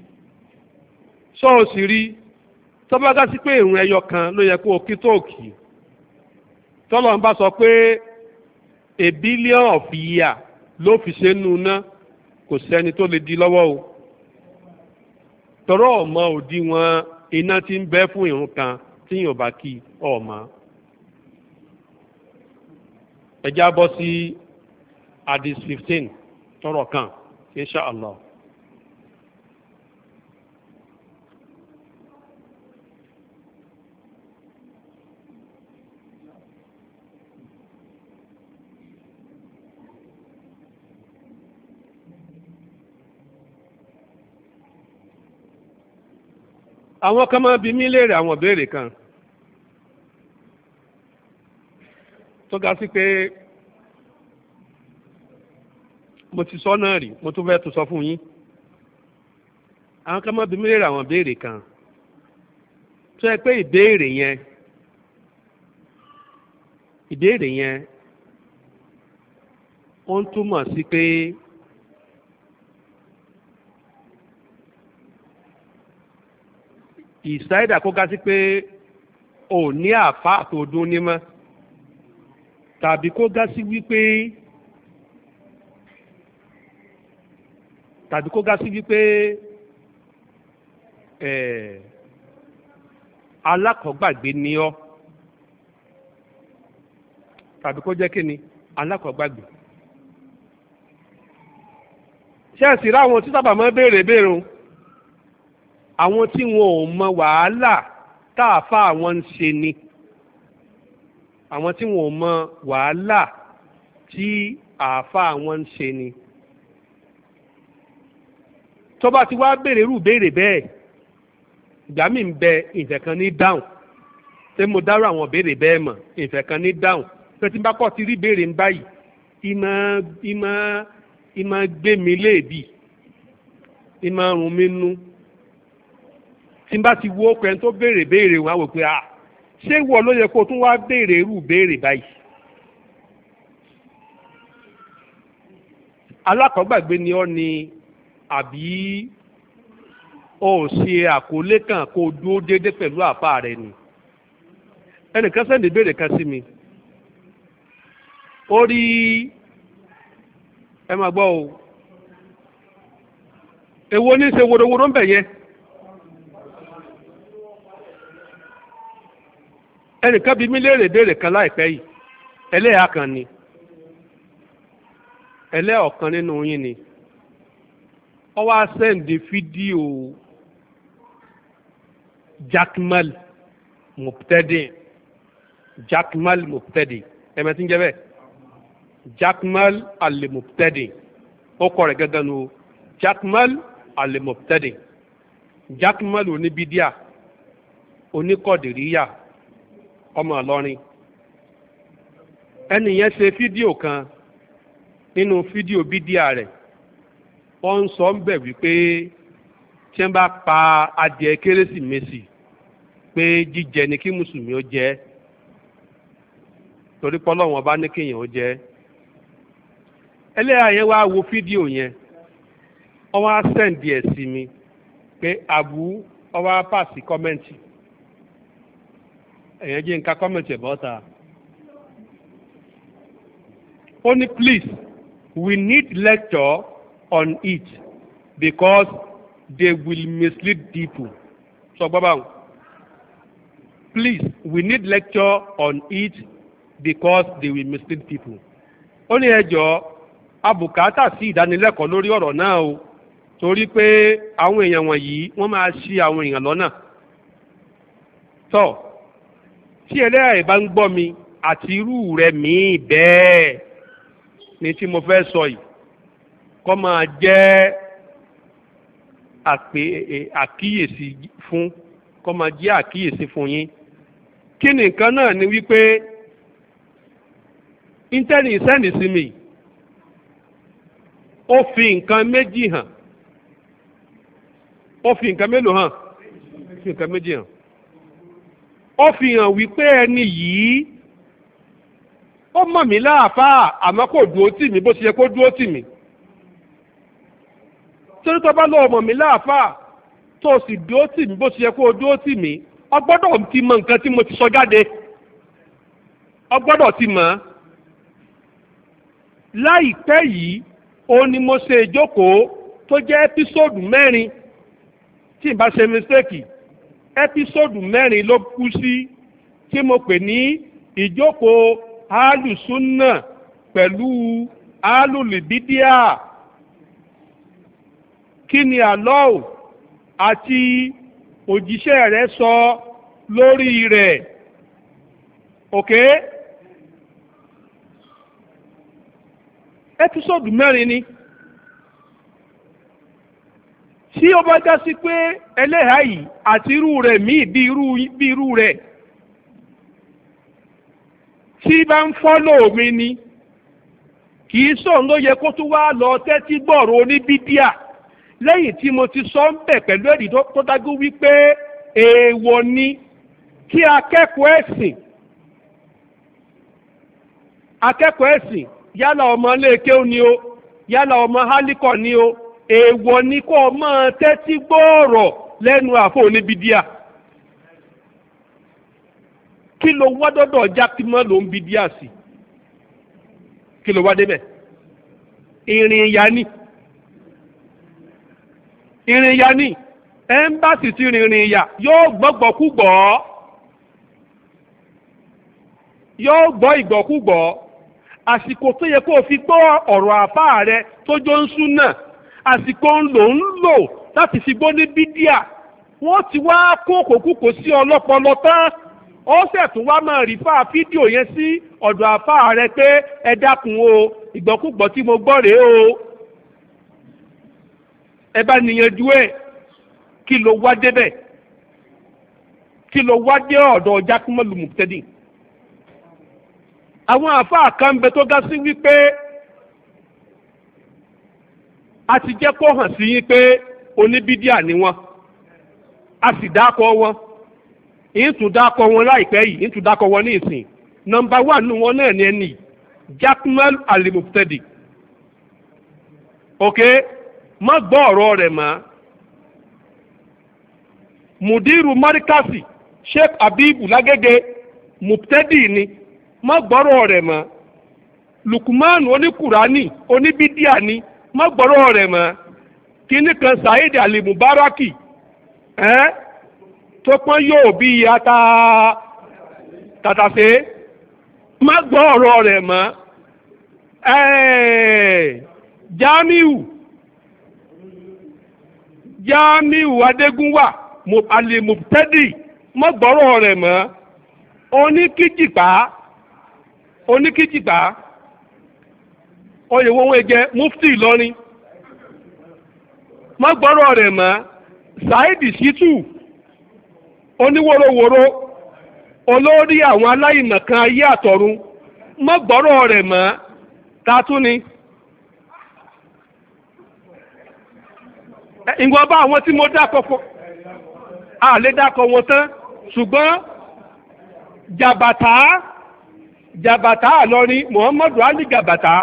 sọ ò sì rí tọ́bágá sí pé ìrun ẹyọ kan ló yẹ kó o kí tóòkì tọ́lọ̀ ń bá sọ pé a billion of year ló fi ṣe nù ná kò sẹ́ni tó lè di lọ́wọ́ o tọ́rọ̀ ọ̀mọ òdiwọ̀n iná tí ń bẹ́ fún ìrun kan tí yóò bá kí ọ̀mọ. ẹjá bọ́ sí hadith fifteen tọrọ kan insha allah. àwọn kan máa bi mí léèrè àwọn ìbéèrè kan tó ga sí pé mo ti sọ náà rí mo tún fẹ́ tún sọ fún yín àwọn kan máa bí mi léèrè àwọn béèrè kan tó yẹ pé ìbéèrè yẹn ìbéèrè yẹn ó ń túmọ̀ sí pé ìsáyédà kó ga sí pé ò ní àfáà tó dún ní mọ́ tàbí kó gá sí wípé tàbí kó gá sí wípé ẹ alákọ̀ọ́gbàgbé ni ọ́ tàbí kó jẹ́ kíni alákọ̀ọ́gbàgbé ṣé ẹ̀sìn ráwọn tí sábà máa ń béèrè béèrè o àwọn tí wọn ò mọ wàhálà tá a fa àwọn ń ṣe ni àwọn tí wọn ò mọ wàhálà tí àáfàá wọn ń ṣe ni tó bá ti wá béèrè irú béèrè bẹ́ẹ̀ ìgbà mi ń bẹ ìfẹ̀kan ní dáhùn pé mo dárò àwọn béèrè bẹ́ẹ̀ mọ̀ ìfẹ̀kan ní dáhùn pé tí n bá kọ́ ti rí béèrè ń báyìí ìmọ̀ ìmọ̀ ìmọ̀ gbé mi léèbì ìmọ̀ rùn mi nú tí n bá ti wo ọkọ̀ ẹni tó béèrè béèrè wọn á wò pé ah ṣé ìwọ ló yẹ kó tún wá béèrè irú béèrè báyìí. alákọ̀ọ́gbàgbé ni ọ́ ni àbí o ò ṣe àkọlé kan kó o dúró déédé pẹ̀lú àfa rẹ ni ẹnìkan sẹ́ni ìbéèrè kan sí mi ó rí ẹ máa gbọ́ o èwo ní í ṣe wòrowòro ń bẹ̀ yẹn ẹnìkan bí mi léèrè béèrè kan láìpẹ́ yìí ẹlẹ́yà kan ni ẹlẹ́yà ọ̀kan nínú yín ni ó wá sẹ́ǹdì fídíò Jakmal Mubtadi Jakmal Mubtadi ẹ̀mẹ́ tí ń jẹ́ bẹ́ẹ̀ Jakmal al-Mubtadi ó kọ̀ rẹ̀ gẹ́gẹ́ nu Jakmal al-Mubtadi Jakmal oníbídíà oníkọ̀dìríyà ọmọ Ìlọrin ẹni yẹn ṣe fídíò kan nínú fídíò bídíà rẹ̀ wọ́n ń sọ ń bẹ̀ wípé tí wọ́n bá pa adìẹ kérésìmesì pé jíjẹ ni kí mùsùlùmí ó jẹ torí pọ́lọ́wọ́n bá ní kéèyàn ó jẹ ẹlẹ́yà yẹn wá wo fídíò yẹn wọ́n wá sẹ́ǹdì ẹ̀ sí mi pé àbú wọ́n wá pàṣẹ kọ́mẹ́ǹtì ẹ̀yẹ́ jẹ́ nǹka kọ́mẹ̀tì ẹ̀ bọ́ta ó ní please we need lecture on it because they will mislead people sọ gbọ́ báwọn please we need lecture on it because they will mislead people ó ní ẹjọ́ abùkátà sí ìdánilẹ́kọ̀ọ́ lórí ọ̀rọ̀ náà o torí pé àwọn èèyàn wọ̀nyí wọ́n máa ṣì àwọn èèyàn lọ́nà tọ́. So, tí ẹlẹ́yà ìbá ń gbọ́ mi àti irú rẹ̀ míì bẹ́ẹ̀ ni tí mo fẹ́ sọ yìí kọ́ máa jẹ́ e, àkíyèsí fún kọ́ máa jẹ́ àkíyèsí fún yín kí ni nǹkan náà ni wípé íńtẹ́nì sẹ́ǹdì sí mi ó fi nǹkan méjì hàn ó fi nǹkan mélòó hàn fi nǹkan méjì hàn ó fi hàn wípé ẹni yìí ó mọ̀ mí láàfáà àmọ́ kò dúró tì mí bó ṣe yẹ kó dúró tì mí torí tó bá lọ́wọ́ mọ̀ mí láàfáà tó o sì dúró tì mí bó ṣe yẹ kó o dúró tì mí o gbọ́dọ̀ ti mọ nǹkan tí mo ti sọ jáde o gbọ́dọ̀ ti mọ̀ láìpẹ́ yìí òun ni mo ṣe ìjókòó tó jẹ́ ẹ́písòdù mẹ́rin tí n bá ṣe mistake ẹ́písòdù mẹ́rin ló kú sí tí mo pè ní ìjókòó alùsùnà pẹ̀lú alùlùbídíà kí ni àlọ́ọ̀ àti òjíṣẹ́ rẹ̀ sọ lórí rẹ̀ òkè ẹ́písòdù mẹ́rin ni. tí ó bá já sí pé ẹlẹ́hàá yìí àti irú rẹ̀ míì bí irú bí irú rẹ̀ tí bá ń fọ́lọ̀ mi ni kì í sọ̀ ló yẹ kó tún wá lọ tẹ́tí gbọ̀rọ̀ oníbídíà lẹ́yìn tí mo ti sọ ń bẹ̀ pẹ̀lú ẹ̀rí tó dájú wípé èèwọ̀ ni kí akẹ́kọ̀ọ́ ẹ̀sìn akẹ́kọ̀ọ́ ẹ̀sìn yálà ọmọ iléekéwù ni o yálà ọmọ hálíkọ̀ ni o èèwọ̀ ni kó máa tẹ́tí gbọ́ọ̀rọ̀ lẹ́nu àfọ kí ló wá dọ́dọ̀ ló ń kí ló wá débẹ̀ ni ìrìn ni ti rìnrìn ìyà yóò gbọ́gbọ́kúgbọ́ yóò gbọ́ ìgbọ́kúgbọ́ àsìkò tó yẹ kó o fi gbọ́ àsìkò ńlò ń lò láti fi gbó ní bídíà wọ́n ti wá kó kòkúkò sí ọlọ́pọlọ tán ó ṣẹ̀tún wá máa rí fáà fídíò yẹn sí ọ̀dọ̀ àfáà rẹ pé ẹ dákun o ìgbọ́kúgbọ́ tí mo gbọ́ rèé o ẹ bá níyanjú ẹ̀ kí ló wá débẹ̀ kí ló wá dé ọ̀dọ̀ jákúmọ́lù mùtẹ́dì àwọn àfáà kan ń bẹ tó ga sí wípé a ti jẹ́ kó hàn sí yín pé oníbídíà ni wọn a sì dákọ̀ wọn ìtún dákọ̀ wọn láìpẹ́ yìí ìtún dákọ̀ wọn ní ìsìn nọmba wà nù wọn náà ní ẹni Jaqmal Al-Mubtadi ok má gbọ́ ọ̀rọ̀ rẹ̀ mọ́ mùdírù márikásì Sheikh Habibu Lágége Mubtadi ni má gbọ́rọ̀ rẹ̀ mọ́ Lukumanu oníkùránì oníbídíà ni. má gbọ́rọ̀ rẹ̀ mọ́ kíní kan saheed ali mubaraki ẹ́n tó pọ́n yóò bí ata tàtàṣé má gbọ́ ọ̀rọ̀ rẹ̀ mọ́ jamiu jamiu adégúnwà ali mubtadi má gbọ́rọ̀ rẹ̀ mọ́ oníkíjìpá oníkíjìpá. oyèwó wọn jẹ mufti ìlọrin má gbọ́rọ̀ rẹ̀ mọ́ saidi shitu oníworoworo olórí àwọn aláìmọ̀kan ayé àtọ̀run má gbọ́rọ̀ rẹ̀ mọ́ tatu ni. ìwọ̀n bá àwọn tí mo dákọ̀ fún àlè dákọ̀ wọn tán ṣùgbọ́n jàbàtà jàbàtà àlọ́rin muhammadu ali jàbàtà.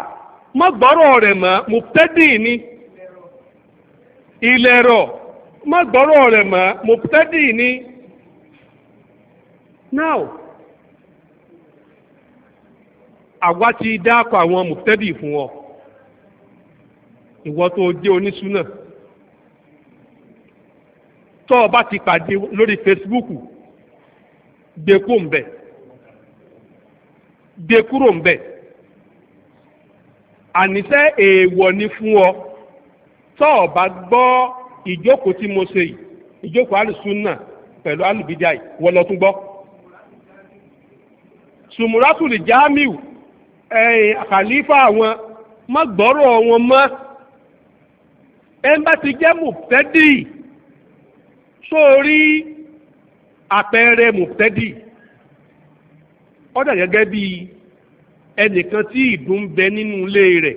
má gbọ́rọ̀ rẹ̀ mọ́ mùtẹ́dì ni ìlẹ̀rọ̀ má gbọ́rọ̀ rẹ̀ mọ́ mùtẹ́dì ni now àwa ti dáàkọ àwọn mùtẹ́dì fún ọ ìwọ tó jẹ́ onísùnà tó o bá ti pàdé lórí Facebook gbé kúrò ń bẹ̀ gbé kúrò ń bẹ̀. àníṣẹ́ èèwọ̀ ni fún ọ tó o bá gbọ́ ìjókòó tí mo ṣe yìí ìjókòó alùsùnà pẹ̀lú alùbídà yìí wọ́n lọ tún gbọ́. sùmùràtùlì jamiu ẹ̀yìn àkàlífà wọn mọ́ gbọ́rọ̀ wọn mọ́ ẹ̀ ń bá ti jẹ́ mùtẹ́dì sórí àpẹẹrẹ mùtẹ́dì ọ̀dà gẹ́gẹ́ bíi ẹnìkan tí ìdùn ń bẹ nínú ilé rẹ̀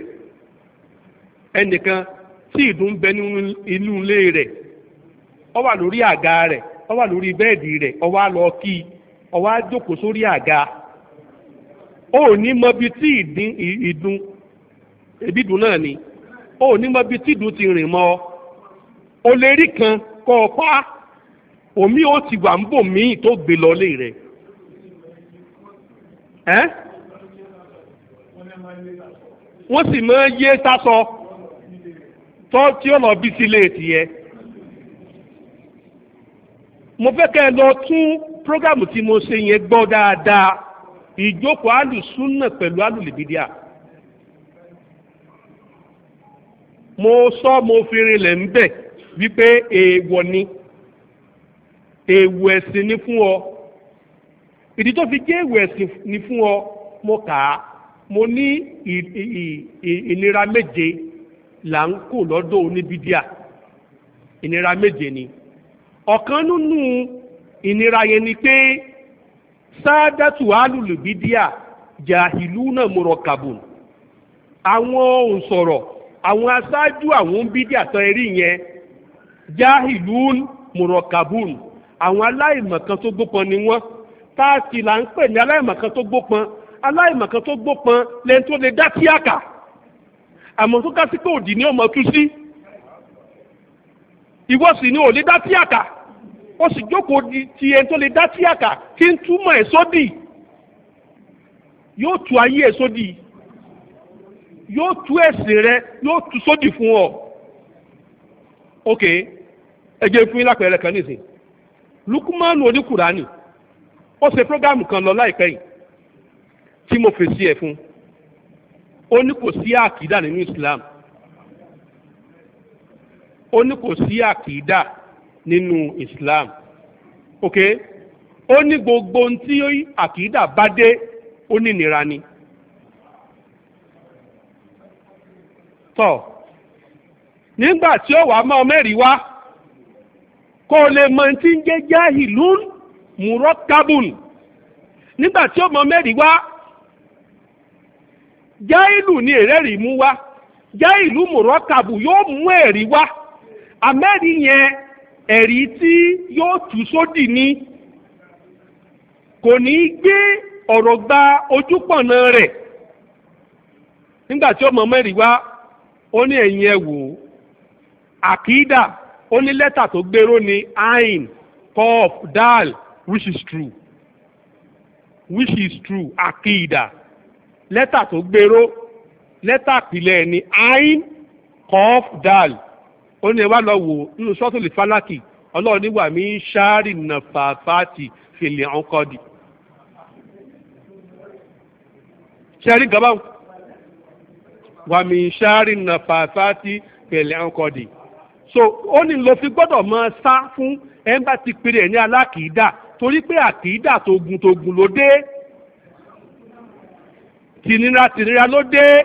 ẹnìkan tí ìdùn ń bẹ nínú ilé rẹ̀ wà lórí àga rẹ̀ ọ wà lórí bẹ́ẹ̀dì rẹ̀ lọ kí ó wá jókòó sórí àga ó ní mọ bí tí ìdùn náà ni ó ní mọ tí ìdùn ti rìn mọ́ lè kan kọ́ ọ pa omi ó ti wà ń bò míì tó wọ́n sì máa yé sásọ tó tí ó lọ bí sílé tìyẹ. mo fẹ́ kẹ́ ẹ lọ tún prógámù tí mo ṣe yẹn gbọ́ dáadáa ìjókòó alùsúnà pẹ̀lú alùlìbídíà. mo sọ mo fi rinlẹ̀ ń bẹ̀ wípé èèwọ̀ ni èèwọ̀ ẹ̀sìn ni fún ọ ìdí tó fi jẹ́ èèwọ̀ ẹ̀sìn ni fún ọ mo kà á. mo ní ìnira méje là ń kó lọ́dọ̀ oníbídíà ìnira méje ni ọ̀kan nínú ìnira yẹn ni pé sáádátù alùlùbídíà jàhìlú náà mọ̀rọ̀ kàbùn àwọn ohun sọ̀rọ̀ àwọn aṣáájú àwọn bídíà tán ẹrí yẹn jàhìlú mọ̀rọ̀ kàbùn àwọn aláìmọ̀kan tó gbópọn ni wọ́n taa a sì là ń pè ní aláìmọ̀kan tó gbópọn aláìmọ̀kan tó gbópọn lẹ́ni tó lè dá tíàkà àmọ́ tó kásí pé òdì ní ọmọ tú sí ìwọ sì ni ò lè dá tíàkà ó sì jókòó ti ẹni tó lè dá tíàkà tí ń túmọ̀ ẹ̀ sódì yóò tú ayé ẹ̀ sódì yóò tú ẹ̀sìn rẹ yóò tú sódì fún ọ ok ẹ jẹ́ fún yín lápẹẹrẹ kan nìsín Lukumanu oníkùránì ó ṣe prógámù kan lọ láìpẹ́ yìí tí mo fèsì ẹ̀ fún ó ní kò sí àkìdá nínú Islam ó ní kò sí àkìdá nínú Islam ok ó ní gbogbo ohun tí àkìdá bá dé ó ní ìnira ni. tọ̀ nígbà tí ó wàá mọ́ mẹ́rin wá kó o lè mọ tí ń jẹ́ jáhìlún mùrọ́kábùn nígbà tí ó mọ mẹ́rin wá jáìlù ni èrẹ́rì mú wá jáìlù mùrọ́kàbù yóò mú ẹ̀rí wá àmẹ́rí yẹn ẹ̀rí tí yóò tú sódì ni kò ní í gbé ọ̀rọ̀ gba ojúpọ̀nà rẹ̀ nígbà tí ọmọ mẹ́rin wá ó ní ẹ̀yìn ẹ̀ wò ó àkídà ó ní lẹ́tà tó gbéró ni ain kof dal which is true which is true àkídà. lẹ́tà tó gbèrò lẹ́tà pìlẹ̀ ni ain kof dal ó ní ẹ wá lọ wò nínú sọ́tòlì fálákì ọlọ́run níwà mí ṣáárì nàfàfàtì fìlẹ̀ ọkọ̀dì. ṣẹ́rí gaba wà mí ṣáárì nàfàfàtì fìlẹ̀ ọkọ̀dì. so ó ní lo fi gbọ́dọ̀ máa sá fún ẹ̀ ń bá ti pèrè ẹ̀ ní alákìídà torí pé àkìídà tó gun tó gun ló dé tìnira tìnira ló dé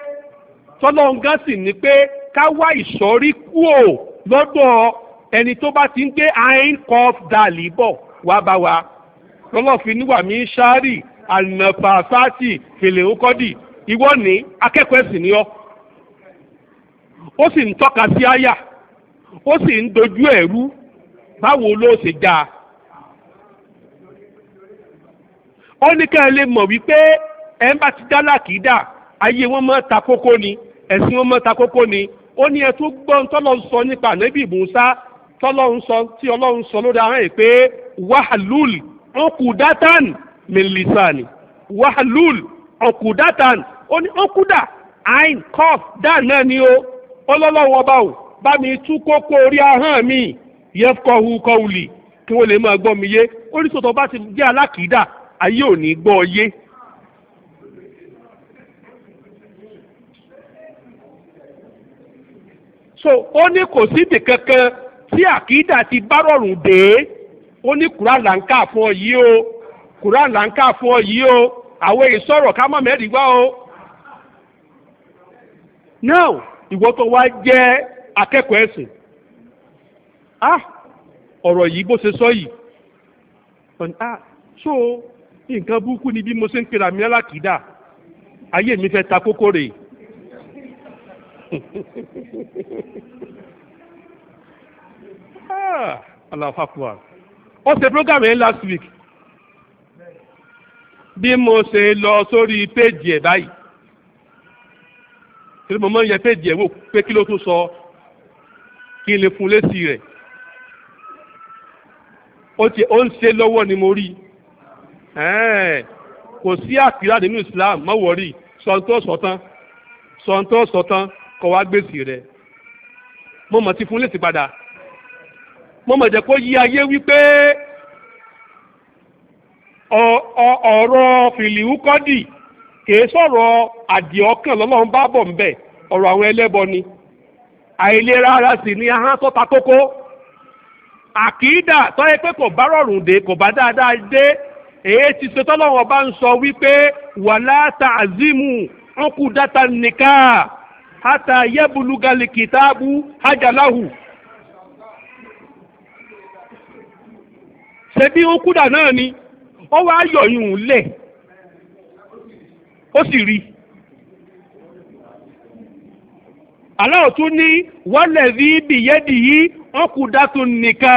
tọ́lọ́ngá sì ní pé ká wá ìsọ̀rí kúò lọ́dọ̀ ẹni tó bá ti ń gbé handcuff dàlí bọ̀ wá bá wa lọ́lọ́fin níwà mí ṣáárì ànàfàfàtì fèlè ókọ́dì ìwọ ní akẹ́kọ̀ọ́ ẹ̀sìn ni ọ́ ó sì ń tọ́ka sí àyà ó sì ń dojú ẹ̀rú báwo ló ṣe já ó ní ká ẹ lè mọ̀ wípé ẹ̀ ń bá ti dá làkìdá ayé wọn mọ́ ta kókó ni ẹ̀sìn wọn mọ́ ta kókó ni ó ní ẹ tún gbọ́ tọ́lọ́ ń sọ nípa ànábì Mùsá tọ́lọ́ ń sọ tí ọlọ́run sọ lórí ahọ́n ẹ̀ pé wahlul uqdatan min lisani ó ní ọkùdà ain kof dan náà ni ó ọlọ́lọ́wọ́ ọba ò bá mi tú kókó orí ahọ́n mi yafqahu qawli kí wọ́n lè máa gbọ́ mi yé oríṣiríṣi ọba ti jẹ́ alákìídà ayé ò ní gbọ́ ọ yé so ó ní kò síbi kankan tí àkídà ti bá rọrùn dé ó ní là ń kà fún ọ o Quran là ń kà fún ọ yìí o àwọn èyí ká mọ̀ mẹ́rin wá o. now ìwọ tó wá jẹ́ akẹ́kọ̀ọ́ ẹ̀sìn ah ọ̀rọ̀ yìí bó ah, so nǹkan burúkú ni bí mo ṣe ń pera mi ta kókó rèé. Ah, Allah aláfàkùwà ó ṣe program yẹn last week bí mo ṣe lọ sórí péjì ẹ̀ báyìí torí mo máa ń yẹ péjì ẹ̀ wò pé kí ló tún sọ kí n lè fún lésì rẹ̀ ó ti ó ń ṣe lọ́wọ́ ni mo rí kò sí àkìlá nínú Islam má wọ̀rí sọ̀ntọ́ sọ̀tán sọ̀ntọ́ sọ̀tán. kó gbèsè rẹ̀ mo mọ̀ ti fún lèsì padà mo mọ̀ jẹ́ kó yí ayé wípé ọ̀rọ̀ fìlìhúkọ́dì kìí sọ̀rọ̀ àdìọ́kàn lọ́lọ́run bá bọ̀ ń bẹ̀ ọ̀rọ̀ àwọn ẹlẹ́bọ ni àìlera ara sì ni ahọ́n tó ta kókó àkìídà tó pé kò bá rọrùn dé kò bá dáadáa dé èyí ti ṣe tọ́lọ́wọ́n bá ń sọ wípé wàlá tàzímù ọkùdátà nìkan. hata yabuluga likitabu hajalahu ṣebí ó kúdà náà ni ó wá yọ̀yún lẹ̀ ó sì rí aláwọ̀ tún ní wọ́lẹ̀bí bìyẹ́dì yìí ọkùdátù nìkà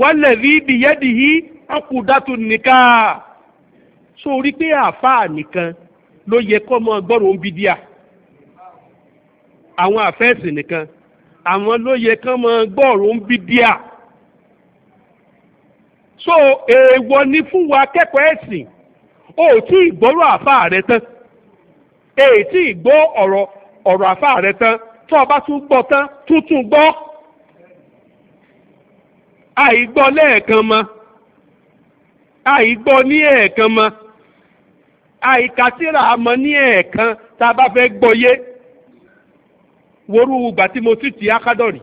wọ́lẹ̀bí bìyẹ́dì yìí ọkùdátù nìkà sórí pé àáfàá nìkan ló yẹ kọ́ mọ́ gbọ́rọ̀ ń díà. àwọn àfẹ́ẹ̀sì nìkan àwọn ló yẹ kán mọ gbọ́ọ̀rọ̀ bí díà so èèwọ̀ ni fún wa kẹ́kọ̀ọ́ ẹ̀sìn o tí ì gbọ́rọ̀ àfa rẹ tán èyí e tí ì gbọ́ ọ̀rọ̀ ọ̀rọ̀ àfa rẹ tán tó o bá tún gbọ́ tán tuntun gbọ́ àìgbọ́ lẹ́ẹ̀kan mọ́ àìgbọ́ ní ẹ̀ẹ̀kan mọ́ àìkàtìrà mọ́ ní ẹ̀ẹ̀kan tá a bá fẹ́ gbọ́ yé worú ìgbà tí mo tìtì akádọ̀rì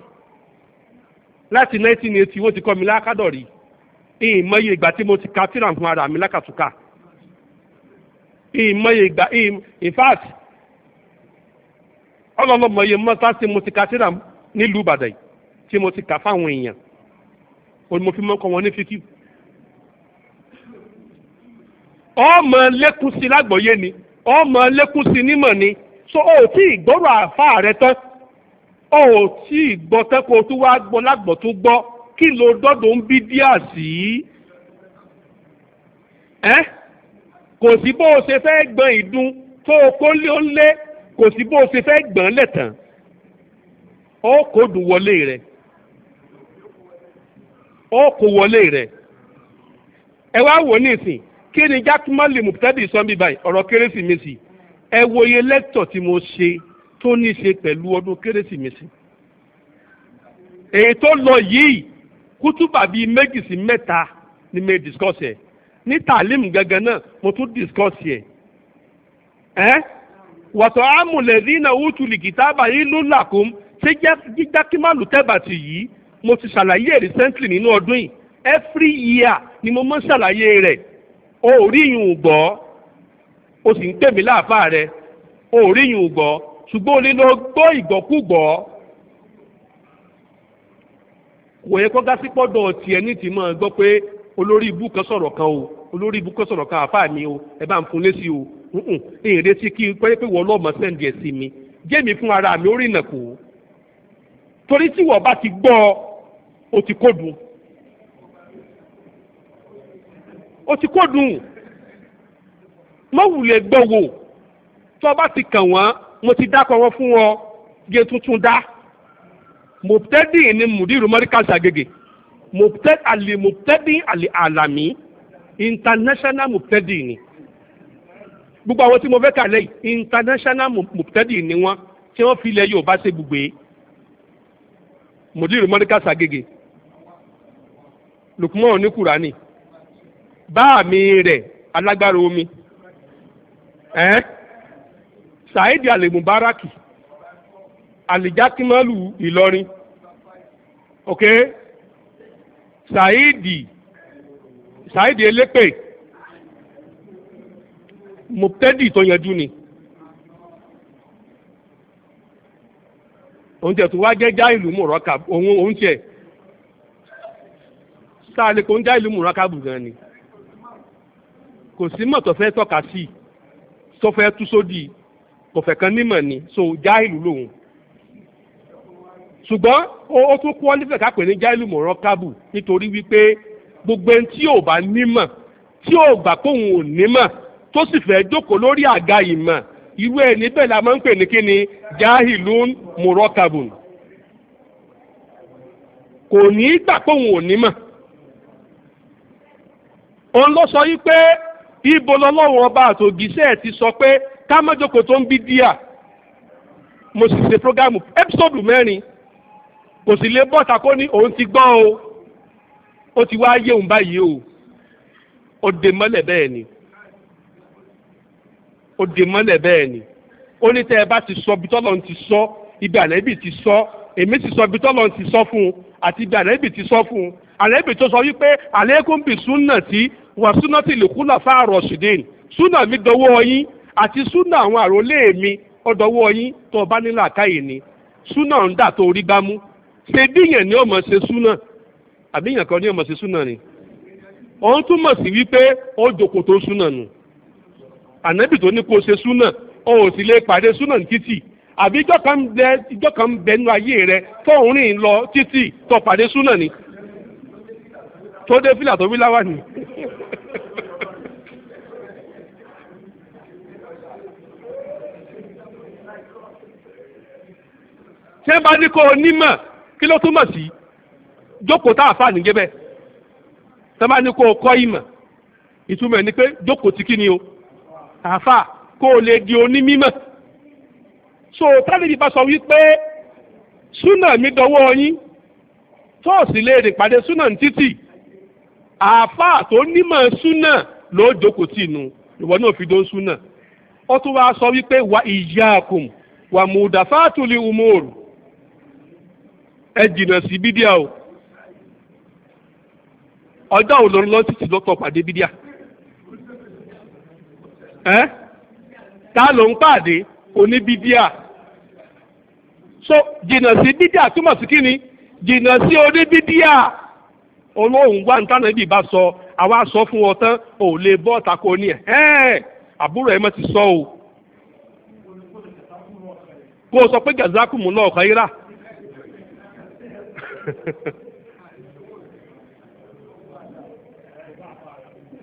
láti 1980 wọ́n ti kọ́ mi lákádọ̀rì ìmọye ìgbà tí mo ti ka tíra fún ara mi lákàtúkà ìmọye ìgbà in fact ọlọ́lọ́mọye mọ́tà tí mo ti ka tíra nílùú Ìbàdàn tí mo ti kà fáwọn èèyàn mo fi mọ́kọ wọn ní fíkì ọmọ lékún sí lágbọ̀ọ́yé ni ọmọ lékún sí nímọ̀ ni so o tí ìgbọ́rọ̀ àfáà rẹ tán o ò tí ì gbọ́ tẹ́kọ̀ tó wá gbọ́ lágbọ̀ tó gbọ́ kí ló dọ́dọ̀ ń bí díà sí ẹ́ kò sí bó o ṣe fẹ́ gbọ́n ìdun tó o kó lé ó lé kò sí bó o ṣe fẹ́ gbọ́n lẹ̀tàn ó kò dùn wọlé rẹ̀ ó kò wọlé rẹ̀ ẹ wá wò ní ìsìn kí ni jákúmọ́lì mùtẹ́bì sọ́nbí báyìí ọ̀rọ̀ kérésìmesì ẹ wo lẹ́tọ̀ tí mo ṣe tó ní í ṣe pẹ̀lú ọdún kérésìmesì èyí tó lọ yìí kútùbà bíi méjì sí mẹ́ta ni mo discuss ẹ̀ ní tàlímù gangan náà mo tún discuss ẹ̀ ẹ́ wàtò àmùlẹ̀dí náà wútu lìkìtàbà yìí ló làkún ṣé jíjá kí má lù tẹ́bàtì yìí mo ti ṣàlàyé recently nínú ọdún yìí every year ni mo máa ń ṣàlàyé rẹ̀ o ò rí ìyún gbọ́ o sì ń pè mí láàfáà rẹ̀ o ò rí ìyún gbọ́ ṣùgbọ́n o lè lọ gbọ́ ìgbọ́kúgbọ́ kò yẹ kó gásí pọ́dọ̀ tiẹ̀ ní ti máa gbọ́ pé olórí ibú kan sọ̀rọ̀ kan o olórí ibú kan sọ̀rọ̀ kan àfáà mi o ẹ bá ń fún lé sí o èyí retí kí n pẹ́ pé wọ́n lọ́mọ sẹ́ǹdì ẹ̀ sí mi jẹ́mi fún ara mi ó rìnà kù torí tí wọ́n bá ti gbọ́ o ti kó dùn o ti kó dùn mọ́wùlẹ̀ gbọ́ wò tó o bá ti kàn wọ́n mo ti dákọ̀ wọn fún wọn gé tuntun dá mọ̀tẹ́dì ni mùdírù mọ́ríkàsì àgègè mọ̀tẹ́dì àlè mọ̀tẹ́dì international mọ̀tẹ́dì ni gbogbo àwọn tí mo fẹ́ kà lẹ́yìn international mọ̀tẹ́dì ni wọ́n tí wọ́n fi ilẹ̀ Yorùbá ṣe gbùgbé mùdírù mọ́ríkàsì àgègè lukumọ́ ní Kùránì báàmì rẹ̀ alágbára omi. Eh? saheed alimubaraki alijakimalu ìlọrin ok Saidi, Saidi elepe muptedi tó yanjú ni òun tiẹ̀ tó wá jẹ́ já ìlú mùrọ́kà òun òun tiẹ̀ sáà lè ń já ìlú mùrọ́kà bù gan ni kò sí mọ̀ tọ́ka sí tó tú sódì. So kò kan nímọ̀ ni so jáìlú lòun ṣùgbọ́n ó tún qualify kápẹ́ ní jáìlú mọ̀ràn kábù nítorí gbogbo ẹni tí ò bá nímọ̀ tí ò gbà kóun ò nímọ̀ tó sì fẹ́ jókòó lórí àga ìmọ̀ irú ẹni bẹ́ẹ̀ la máa ń pè ní kí ni jáìlú mọ̀ràn kábù kò ní í gbà kóun ò nímọ̀ òun ló sọ yí pé ibo ti sọ pé ká má jókòó tó ń bí díà mo sì ṣe prógámù ẹ́písòdù mẹ́rin kò sì lè bọ́ta kó ní òun ti gbọ́ o ó ti wá yéhùn báyìí o ó dè mọ́lẹ̀ bẹ́ẹ̀ ni ó dè mọ́lẹ̀ bẹ́ẹ̀ ni ó ní tẹ́ ẹ bá ti sọ ibi tọ́lọ́run ti sọ ibi àlẹ́bì ti sọ èmi ti sọ ibi tọ́lọ́run ti sọ fún un àti ibi àlẹ́bì ti sọ fún un àlẹ́bì tó sọ wípé àlẹ́kùn bí súnà tí wà súnà tí lè kúlà fáàrọ̀ ṣùdẹ́ẹ̀nì súnà mi dọwọ́ yín àti súnà àwọn àròlé mi ọ̀dọ̀wọ́ yín tó o bá nílò àkáyè ni súnà ń dà tó orí gbámú ṣe bíyàn ni ó mọ̀ ṣe súnà àbíyàn kan ni ó mọ̀ ṣe súnà ni òun túmọ̀ sí wípé ó jòkó tó súnà nù ànábì tó ní kó ṣe súnà ó sì lè pàdé súnà ní títì àbí ìjọ kan bẹ nínú ayé rẹ tóun rìn lọ títì tó pàdé súnà ni tó dé fìlà tó wí láwà ni tí wọ́n bá ní kó o nímọ̀ kí ló túmọ̀ sí jókòó tá àfáà níjẹ́ bẹ́ẹ̀ tí wọ́n bá ní kó o kọ́ ìmọ̀ ìtumọ̀ ẹ̀ ni pé jókòó ti kí ni o àfáà kó o lè di onímímọ̀ so tálíbi bá sọ wípé súnà mi dọwọ́ yín fọ́ọ̀sì lè rìn pàdé súnà ní títì àáfàá tó nímọ̀ súnà ló jókòó tì nù ìwọ náà fi dó súnà ó tún wá sọ wípé wa ìyá àkùn wà mùdàfáàtúlì umuru ẹ jìnnà sí bídíà o ọjọ́ òun lọ títí lọ́tọ̀ pàdé bídíà ẹ́ ta ló ń pàdé oníbídíà so jìnnà sí bídíà túmọ̀ sí kíni jìnnà sí oníbídíà olóhùn wà nítorí ibi bá sọ àwa sọ fún ọ tán ò lè bọ́ ọ̀tàkọ ní ẹ̀ ẹ àbúrò ẹ̀ mọ̀ ti sọ o kó o sọ pé gàzákùmù náà kọ́ yíra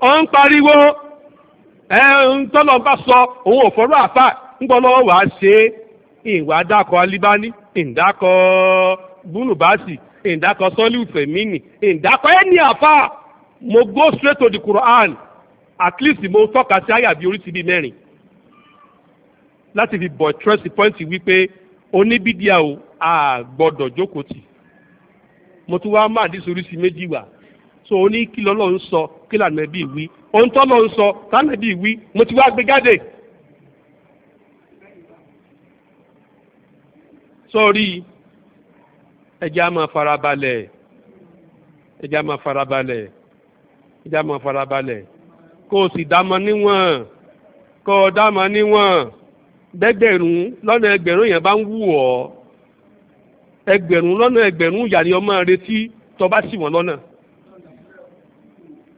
ọ ń pariwo ẹ̀ẹ́n tọ́lọ̀ bá sọ òun ò fọ́rọ̀ àfà ńgbọ́ lọ́wọ́ wàá ṣe é ìwà dákọ̀ alíbání ìdákọ̀ búnùbáṣì ìdákọ̀ sọ́lí fẹ̀mínì ìdákọ̀ ẹni àfà mo go straight to the Quran at least mo tọ́ka sí àyàbí oríṣi bíi mẹ́rin láti fi bọ̀ trust point wípé oníbídíà o a jókòó tì. mo tún wá má àdìsí oríṣi méjì wá so ó ní kí lọ́lọ́ ń sọ kí lànàbí wí ohun tó lọ́ ń sọ tànàbí wí mo ti wá gbé jáde. sọ́ọ̀rí ẹja máa farabalẹ̀ ẹja máa farabalẹ̀ ẹja máa farabalẹ̀ kó o sì dámọ níwọ̀n kó o dámọ níwọ̀n bẹ́gbẹ̀rún lọ́nà ẹgbẹ̀rún yẹn bá ń wù ọ́ ẹgbẹ̀rún lọ́nà ẹgbẹ̀rún ìyà ni ọmọ retí tó bá ṣì wọ́n lọ́nà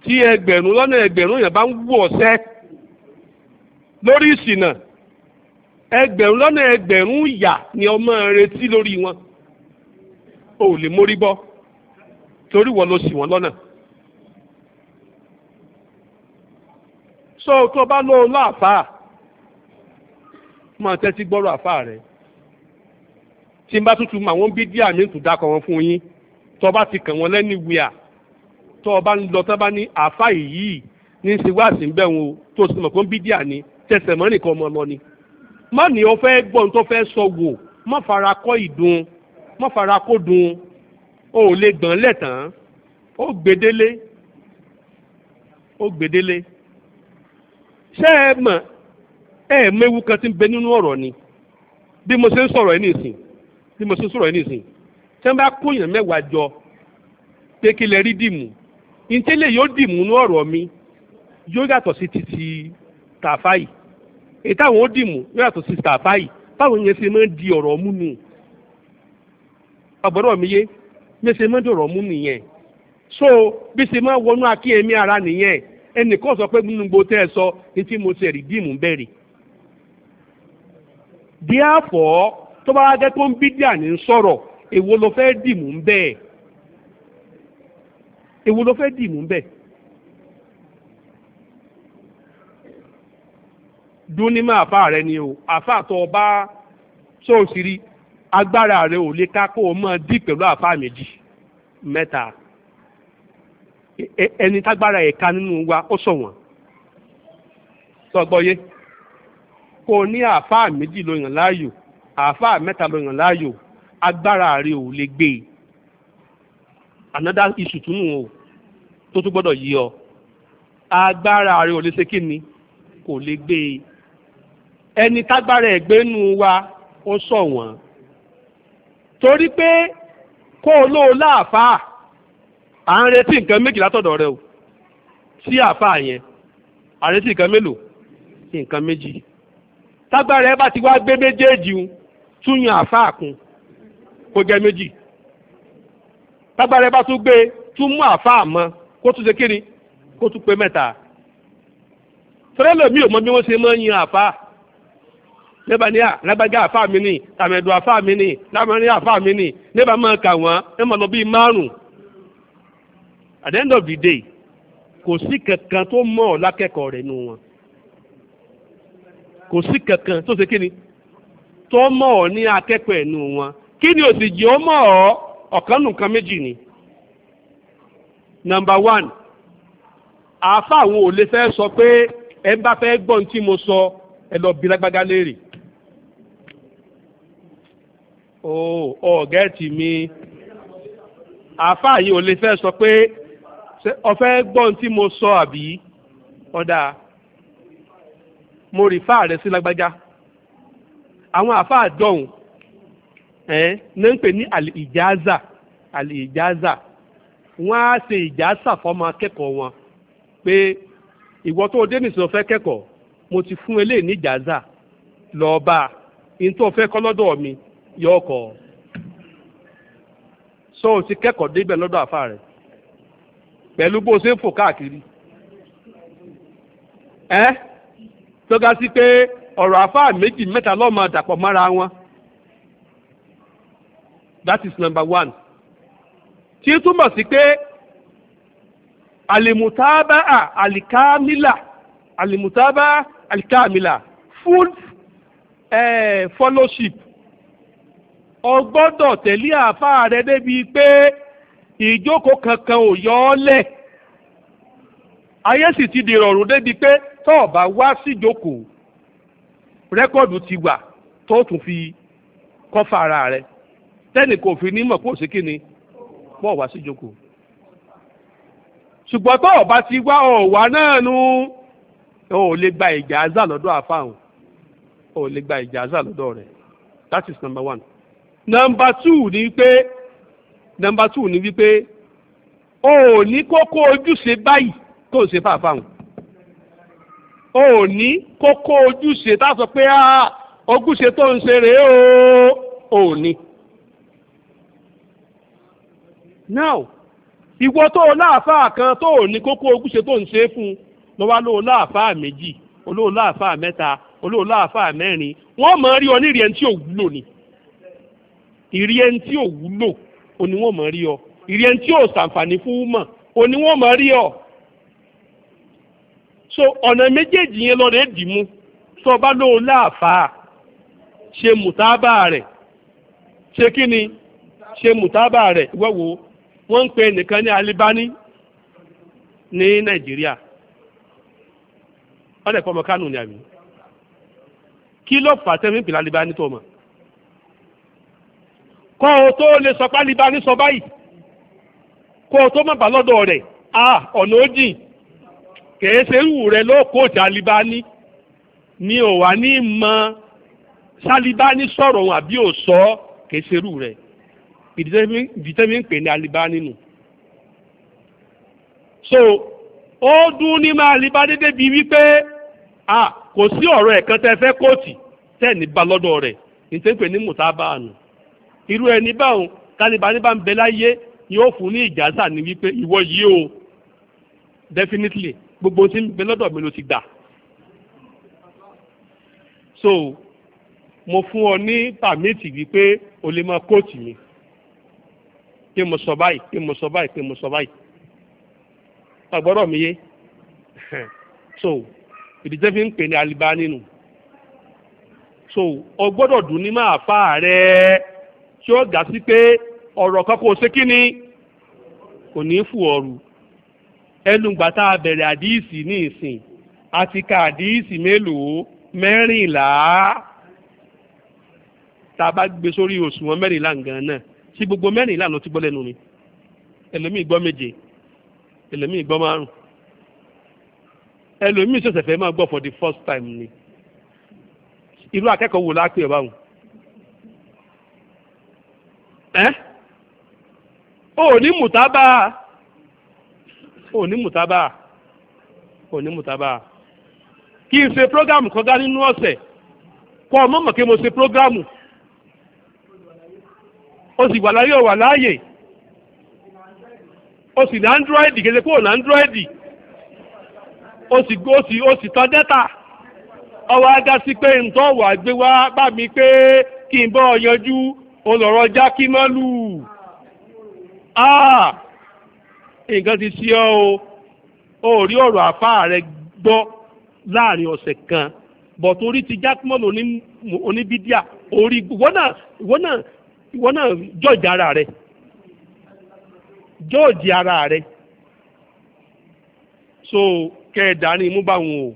tí ẹgbẹ̀rún lọ́nà ẹgbẹ̀rún èèyàn bá ń wù ọ̀sẹ́ lórí ìṣìnà ẹgbẹ̀rún lọ́nà ẹgbẹ̀rún ìyà ni ọmọ retí lórí wọn ò lè mórí bọ́ torí wọ́n ló ṣì wọ́n lọ́nà. sọ tó bá lóun láàfáà máa tẹ́tí gbọ́rọ̀ àfáà rẹ̀ tí n bá tuntun mọ àwọn bídíà mi tún dákọ̀ wọn fún yín tó bá ti kàn wọ́n lẹ́ni wíà tó bá ń lọ tó bá ní àfa yìí ní í ṣe wá sí bẹ́ẹ̀ wọn tó sì mọ̀ pé bídíà ni tẹsẹ̀ mọ́ nìkan ọmọ lọ ni. má ní o fẹ́ gbọ́ ohun tó fẹ́ sọ wò má fara kọ́ ìdun má fara kó dun o ò lè gbọ̀n lẹ́tàn ó gbèdélé ó gbèdélé ṣé ẹ mọ̀ ẹ mẹ́wu kan ti ń bẹ nínú ọ̀rọ̀ ni bí mo ṣe ń sọ̀rọ̀ ẹ nìsín bí mo ṣe sọ̀rọ̀ yìí nìsín tí wọ́n bá kó èèyàn mẹ́wàá jọ pé kí lè rí dìmú ìtẹ́lẹ̀ yóò dìmú ní ọ̀rọ̀ mi yóò yàtọ̀ sí ti ti tàfáì èyí táwọn ó dìmú yóò yàtọ̀ sí tàfáì táwọn yẹn ṣe máa ń di ọ̀rọ̀ mú nù ọ̀gbọ́dọ̀ mi yé bí ṣe máa ń dọ̀rọ̀ mú nìyẹn so bí ṣe máa wọnú akínyẹmí ara nìyẹn ẹnìkan sọ pé nínú gbogbo tẹ́ ẹ sọ ní tí mo ṣe rí dìmú bẹ́ẹ̀ rí. therefore tó bá jẹ́ pé ń bídíà ní sọ̀rọ̀ èwo ló fẹ́ dìmú ń bẹ́ẹ̀ èwo ló fẹ́ dìmú ń bẹ́ẹ̀. dúnímọ̀ àfa rẹ ni o àfa tó o bá sóòsìrì agbára rẹ ò lè ká kó o mọ̀ dí pẹ̀lú àfa méjì mẹ́ta e, e, ẹni tágbára ẹ̀ka nínú wa ó ṣọ̀wọ́n sọgbọ́yé kò ní àfa méjì ló yàn láàyò àáfàá mẹ́ta ló yàn láàyò agbára rẹ ò lè gbé e another issue tún nù o tó tún gbọ́dọ̀ yí ọ agbára rẹ ò lè ṣe kí ni kò lè gbé ẹni tágbára ẹ̀ gbénu wa ó sọ wọ́n torí pé kó o lóo láàfáà à ń retí nǹkan méjì látọ̀dọ̀ rẹ o sí àfáà yẹn à nǹkan mélòó nǹkan méjì tágbára ẹ bá ti wá gbé méjèèjì tún yan àfáà kún kó jẹ́ méjì tágbàrẹ́ bá tún gbé tún mú àfáà mọ́ kó tún ṣe kíni kó tún pé mẹ́ta tọ́lẹ́lẹ̀ mi ò mọ bí wọ́n ṣe máa ń yan àfáà níbà ní lágbájá àfáà mi nì tàmẹ̀dù àfáà mi nì lámẹ́rin àfáà mi nì níbà máa kà wọ́n ẹ máa lọ bíi márùn at the end of the day kò sí kankan tó mọ̀ ọ́ lákẹ́kọ̀ọ́ rẹ̀ nù wọn kò sí kankan tó ṣe kíni tó mọ̀ ọ́ ní akẹ́kọ̀ọ́ ẹ̀nu wọn kí ni òsìjì ó mọ̀ ọ́ ọ̀kan nǹkan méjì ni. nọmba one àáfà àwọn ò lè fẹ́ sọ pé ẹ bá fẹ́ gbọ́n tí mo sọ ẹ lọ bí lágbága léèrè. o ọ̀gẹ́tì mi àáfà yìí ò lè fẹ́ sọ pé ọ̀fẹ́ gbọ́n tí mo sọ àbí ọ̀dà mo rìfà rẹ̀ sí lágbájá. àwọn àfáà dọ̀hún ẹ̀ náà ń pè ní àlìjáza àlìjáza wọ́n á ṣe ìjáza fọ́mọ akẹ́kọ̀ọ́ wọn pé ìwọ tó dé nìṣó fẹ́ kẹ́kọ̀ọ́ mo ti fún eléyìí ní ìjáza lọ bá a ní tó fẹ́ kọ́ lọ́dọ̀ mi yọ sọ ò ti kẹ́kọ̀ọ́ débẹ̀ lọ́dọ̀ àfa rẹ̀ pẹ̀lú bó ṣe ń fò káàkiri ẹ́ tó ga sí pé ọ̀rọ̀ àfáà méjì mẹ́ta ló máa dàpọ̀ mára wọn that is number one tí ó túmọ̀ sí pé alimutaba alikamila alimutaba alikamila full eh, fellowship o gbọ́dọ̀ tẹ̀lé àáfàá rẹ débi pé ìjókòó kankan ò yọ ọ́ lẹ̀ ayé sì ti dìrọ̀rùn débi pé tó o bá wá síjókòó. Si rẹ́kọ̀dù ti wà tó tún fi kọ́fà ara rẹ̀ tẹ́nì kò fi nímọ̀ kó sí kí pọ̀ wá sí jókòó ṣùgbọ́n tó ọba ti wá ọ̀wá náà nu ò lè gba ìjàzà lọ́dọ̀ àfáàhùn ò lè gba ìjàzà lọ́dọ̀ rẹ̀ that is number one. number two ni pé number two ni wípé o ò ní kókó ojúṣe báyìí tó ń ṣe fáfáàhùn o ò ní kókó ojúṣe tá a sọ pé ah, ojúṣe tó ń ṣe rèé o ò ní. now ìwọ tó o láàfáà kan tó ò ní kókó ojúṣe tó ń ṣe fún un lọ wá lóo láàfáà méjì olóo láàfáà mẹ́ta olóo láàfáà mẹ́rin wọ́n mọ̀ rí ọ ní ìrì tí ò wúlò ni ìrì tí ò wúlò òní wọ́n mọ̀ rí ọ ìrì tí ò ṣàǹfààní fún mọ̀ òní wọ́n mọ̀ rí ọ. so ọ̀nà méjèèjì yẹn lọ́rẹ̀ẹ́ dì mú tó ọba láàfáà ṣe mùtábà rẹ̀ ṣe kí ni ṣe mùtábà rẹ̀ wọ́n ń pe nìkan ní alibani ní nàìjíríà ọ̀dẹ̀ kánò ní àmì kí ló fà tẹ́mi alibani tó mọ̀ kọ́ ọ tó lè sọ pé alibani sọ báyìí kọ́ ọ tó bà lọ́dọ̀ rẹ̀ ah, ọ̀nà ó jìn. kèé ṣe ń wù rẹ ló kó Tàlíbánì ni ò wá ní mọ Tàlíbánì sọ̀rọ̀ òun àbí ò sọ kèé ṣe rù rẹ ìdítẹ́mí ń pè ní Àlíbánì nù. so ó dún ní máa Àlíbánì débi wípé ah kò sí ọ̀rọ̀ ẹ̀kan tẹ́ fẹ́ kóòtì tẹ́ ba lọ́dọ̀ rẹ̀ ní tẹ́ ń pè ní mùtábàánù irú ẹni báwọn Tàlíbánì bá ń bẹ láyé yóò fún ní ìjásà ní wípé ìwọ yìí o definitely gbogbo tí ń bẹ lọ́dọ̀ mi ló ti gbà so mo fún ọ ní pàmìtì wípé o lè máa kóòtù mi pé mo sọ báyìí pé mo sọ báyìí pé mo sọ báyìí àgbọ́dọ̀ mi yé so ìdíjẹ́ fi ń pè ní alibá nínú so o gbọ́dọ̀ dùn ní máa fa ààrẹ tí ó gà sí pé ọ̀rọ̀ kan kò ṣe kí ni kò ní í fù ọ̀rù ẹnugbà tá a bẹ̀rẹ̀ àdíìsì ní ìsìn àti ka àdíìsì mélòó mẹ́rìnlá tá a bá gbé sórí òṣùwọ̀n mẹ́rìnlá nǹkan náà sí gbogbo mẹ́rìnlá ló ti gbọ́ lẹ́nu mi ẹlòmíì gbọ́ méje ẹlòmíì gbọ́ márùn ẹlòmíì ṣẹ̀ṣẹ̀ fẹ́ máa gbọ́ for the first time ni irú akẹ́kọ̀ọ́ wo lápẹ́ ẹ̀ báwọn ẹ́ ò ní mùtábà. ò mùtábà ò mùtábà kí n ṣe prógámù kan ga nínú ọ̀sẹ̀ kọ́ ọmọ mọ̀ kí mo ṣe o sì wà láyé o sì ní áńdúróìdì kéde o ní áńdúróìdì o sì o sì o sì tan dẹ́ta ọwọ́ ajá sí pé ntọ́ wà gbé wá bá mi pé nǹkan ti sí ọ o ò rí ọ̀rọ̀ àfáà rẹ gbọ́ láàrin ọ̀sẹ̀ kan bọ̀tò orí ti jákúmọ́lù oníbídíà orí ìwọ náà ìwọ náà ìwọ náà jọ́ọ̀jì ara rẹ jọ́ọ̀jì ara rẹ so kẹ́ẹ̀dá ni mú bá wọn o.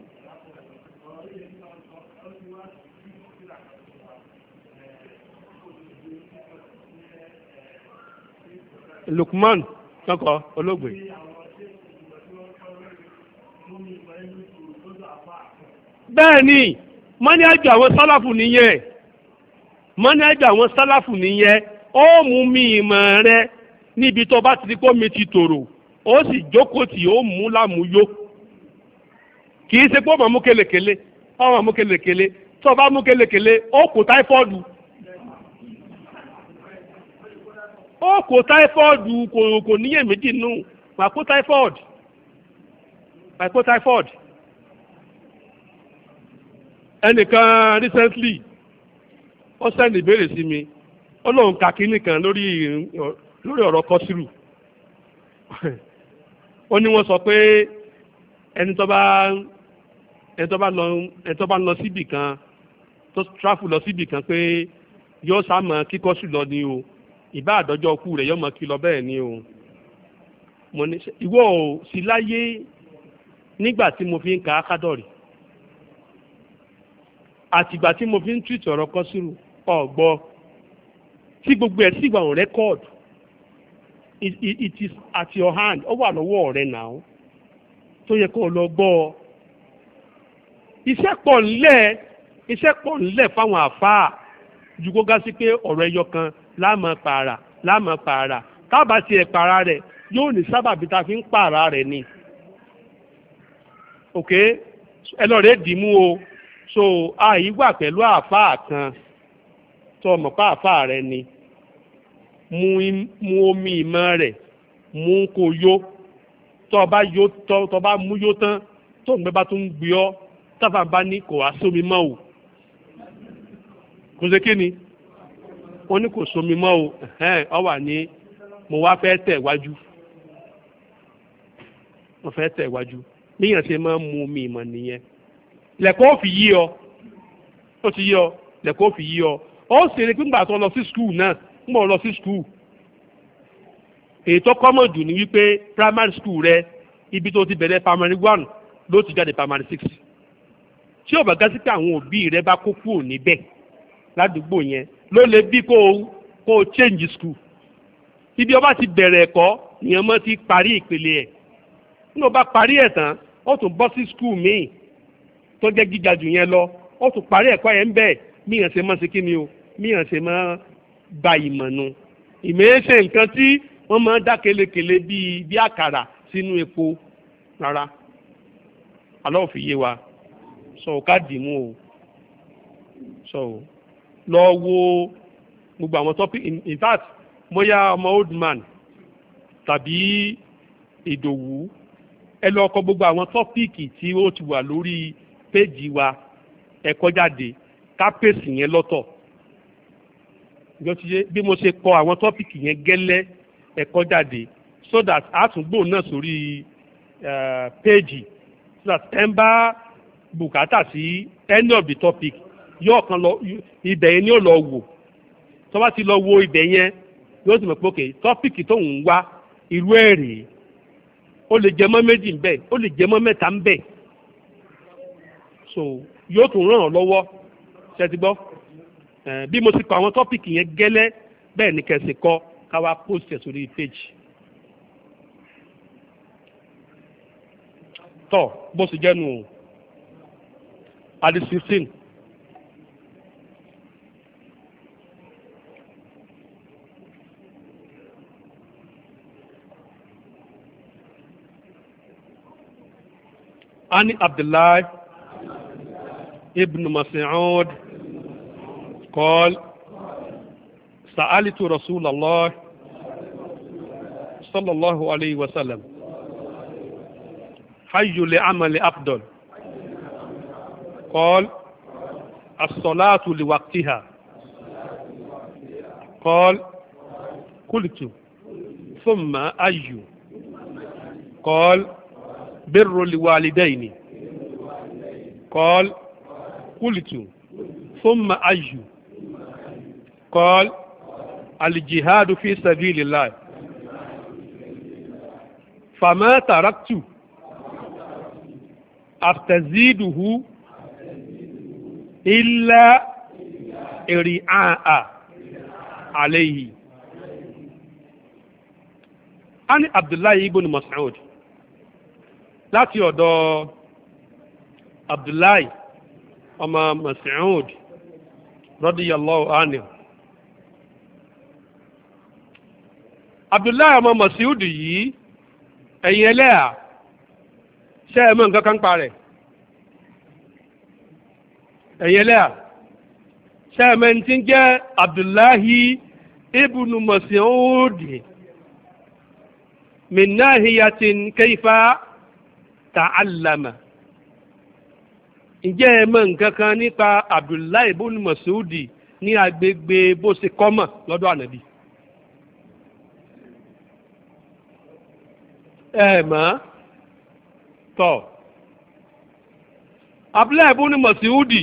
Lukman tọkọ olóògbé. bẹ́ẹ̀ ni mọ́ni àjọ àwọn sálàfù nìyẹn mọ́ni àjọ àwọn sálàfù nìyẹn ó mú mi ìmọ̀ rẹ níbi tó bá ti di pé omi ti tòrò ó sì jókòó tí ó mú lámúyó kì í ṣe pé ó máa mú kélekèle ó máa mú kélekèle tó bá mú kélekèle ó kó táífọ́ọ̀dù ó kó táífọ́ọ̀dù kò kò níyèméjì nù màá kó táífọ́ọ̀dù màá kó táífọ́ọ̀dù ẹnìkan recently ó sẹ́ni ìbéèrè sí mi ó lóun ka kínní kan lórí lórí ọ̀rọ̀ kọ́sìrù ó ní wọ́n sọ pé ẹni tó bá ẹni tó bá lọ ẹni tó bá lọ síbì kan tó tráfù lọ síbì kan pé yóò sá mọ kíkọ́sù lọ ni o ìbá àdọ́jọ́ ọkú rẹ̀ yọmọ kí lọ bẹ́ẹ̀ ni o mo ní ìwọ ò sí láyé nígbà tí mo fi ń ka akádọ̀rì àtìgbà tí mo fi ń túìtì ọ̀rọ̀ kan sírù ọ̀gbọ́ tí gbogbo ẹ̀ sì wà on record it, it is at your hand ó wà lọ́wọ́ rẹ̀ náà tó yẹ kó o lọ gbọ́ ọ iṣẹ́ pọ̀ ńlẹ̀ iṣẹ́ pọ̀ ńlẹ̀ fáwọn àfáà ju kó gá sí pé ọ̀rọ̀ ẹyọ kan láàmọ̀ pààrà láàmọ̀ pààrà tábà ti ẹ̀ pààrà rẹ̀ yóò ní sábàbí ta fi ń pààrà rẹ̀ ni ok ẹ lọ rẹ̀ dìímú o so àyí wà pẹ̀lú àáfàá kan tó ọmọ pa àáfàá rẹ̀ ni mu omi ìmọ̀ rẹ̀ mú kó yó tó o bá yó tó o mú yó tán tó ń bá tún ń gbé ọ tábà bá ní kò wá sómi mọ́ o kò ṣe kí ni ó ní kò sómi mọ́ o ọ wà ní mo wá fẹ́ tẹ̀ wájú mo fẹ́ tẹ̀ wájú níyàn ṣe máa ń mu omi ìmọ̀ nìyẹn lẹ́kọ̀ọ́ ò fi yí ọ ó ti yí ọ lẹ́kọ̀ọ́ fi yí ọ ó sì rí pé tó lọ sí skul náà ńgbà lọ sí skul èyí tó kọ́mọ̀ jù ni wípé primary school rẹ ibi tó ti bẹ̀rẹ̀ primary one ló ti jáde primary six tí ó bá gásí pé àwọn òbí rẹ bá kó kúrò níbẹ̀ ládùúgbò yẹn ló lè bí kó kó change school ibi ọba ti bẹ̀rẹ̀ ẹ̀kọ́ nìyẹn mọ́ ti parí ìpele ẹ̀ nínú ọba parí ẹ̀ tán ó tún bọ́ sí school míì tó jẹ́ gíga jù yẹn lọ ó tún parí ẹ̀kọ́ yẹn ń bẹ̀ míyàn ṣe mọ́ sí kí ni o míyàn ṣe mọ́ gba ìmọ̀ nu ìmẹ̀ẹ́sẹ̀ nǹkan tí wọ́n máa ń dá kelekele bíi bí àkàrà sínú epo rárá aláwọ̀ fi yé wa sọ ò ká dìímú o sọ So, lọ wo gbogbo àwọn topic in, in fact bóyá ọmọ old man tàbí ìdòwú ẹ lọ kọ gbogbo àwọn tọ́píìkì tí ó ti wà lórí péjì wa ẹ kọ jáde ká pèsè yẹn lọ́tọ̀ bí mo ṣe kọ àwọn tọ́píìkì yẹn gẹ́lẹ́ ẹ kọ jáde so that a tún gbòó náà sórí péjì so that ẹ ń bá bùkátà sí end of the topic yóò kan lọ ibẹ̀ yẹn ni ó lọ wò tó bá ti lọ wo ibẹ̀ yẹn yóò sì mọ̀ pé òkè tọ́pìkì tó ń wá irú ẹ̀ rèé ó lè jẹ mọ́ méjì ń bẹ̀ ó lè jẹ mọ́ mẹ́ta ń bẹ̀ so yóò tún ràn án lọ́wọ́ ṣe ti gbọ́ bí mo ti kọ àwọn tọ́pìkì yẹn gẹ́lẹ́ bẹ́ẹ̀ ni kẹ̀sì kọ káwa post ẹ̀ sórí page. tọ́ bó sì jẹ́nu o àdìsí fifteen. ani abdullahi ibn mas'ud قال سألت رسول الله صلى الله عليه وسلم حي لعمل أفضل قال الصلاة لوقتها قال قلت ثم أي قال بر الوالدين قال قلت ثم أي قال الجهاد في سبيل الله فما تركت أفتزيده إلا إرعاء عليه عن عبد الله بن مسعود láti ọ̀dọ̀ Abdullahi ọmọ Mas'ud radiyallahu anhu Abdullahi ọmọ Mas'ud yìí ẹ̀yìn ẹlẹ́à ṣe ẹ̀mọ́ nǹkan kan pa rẹ̀ ẹ̀yìn ẹlẹ́à ṣe ẹ̀mọ́ ẹni tí ń jẹ́ Abdullahi ibnu Mas'ud min nahiyatin kayfa. ta'allama ǹjẹ́ ẹ mọ̀ nǹkan kan nípa abdullahi ibn masudi ní agbègbè bó ṣe kọ́mọ̀ lọ́dọ̀ ànábì. ẹ mọ̀ tọ̀ abdullahi ibn masudi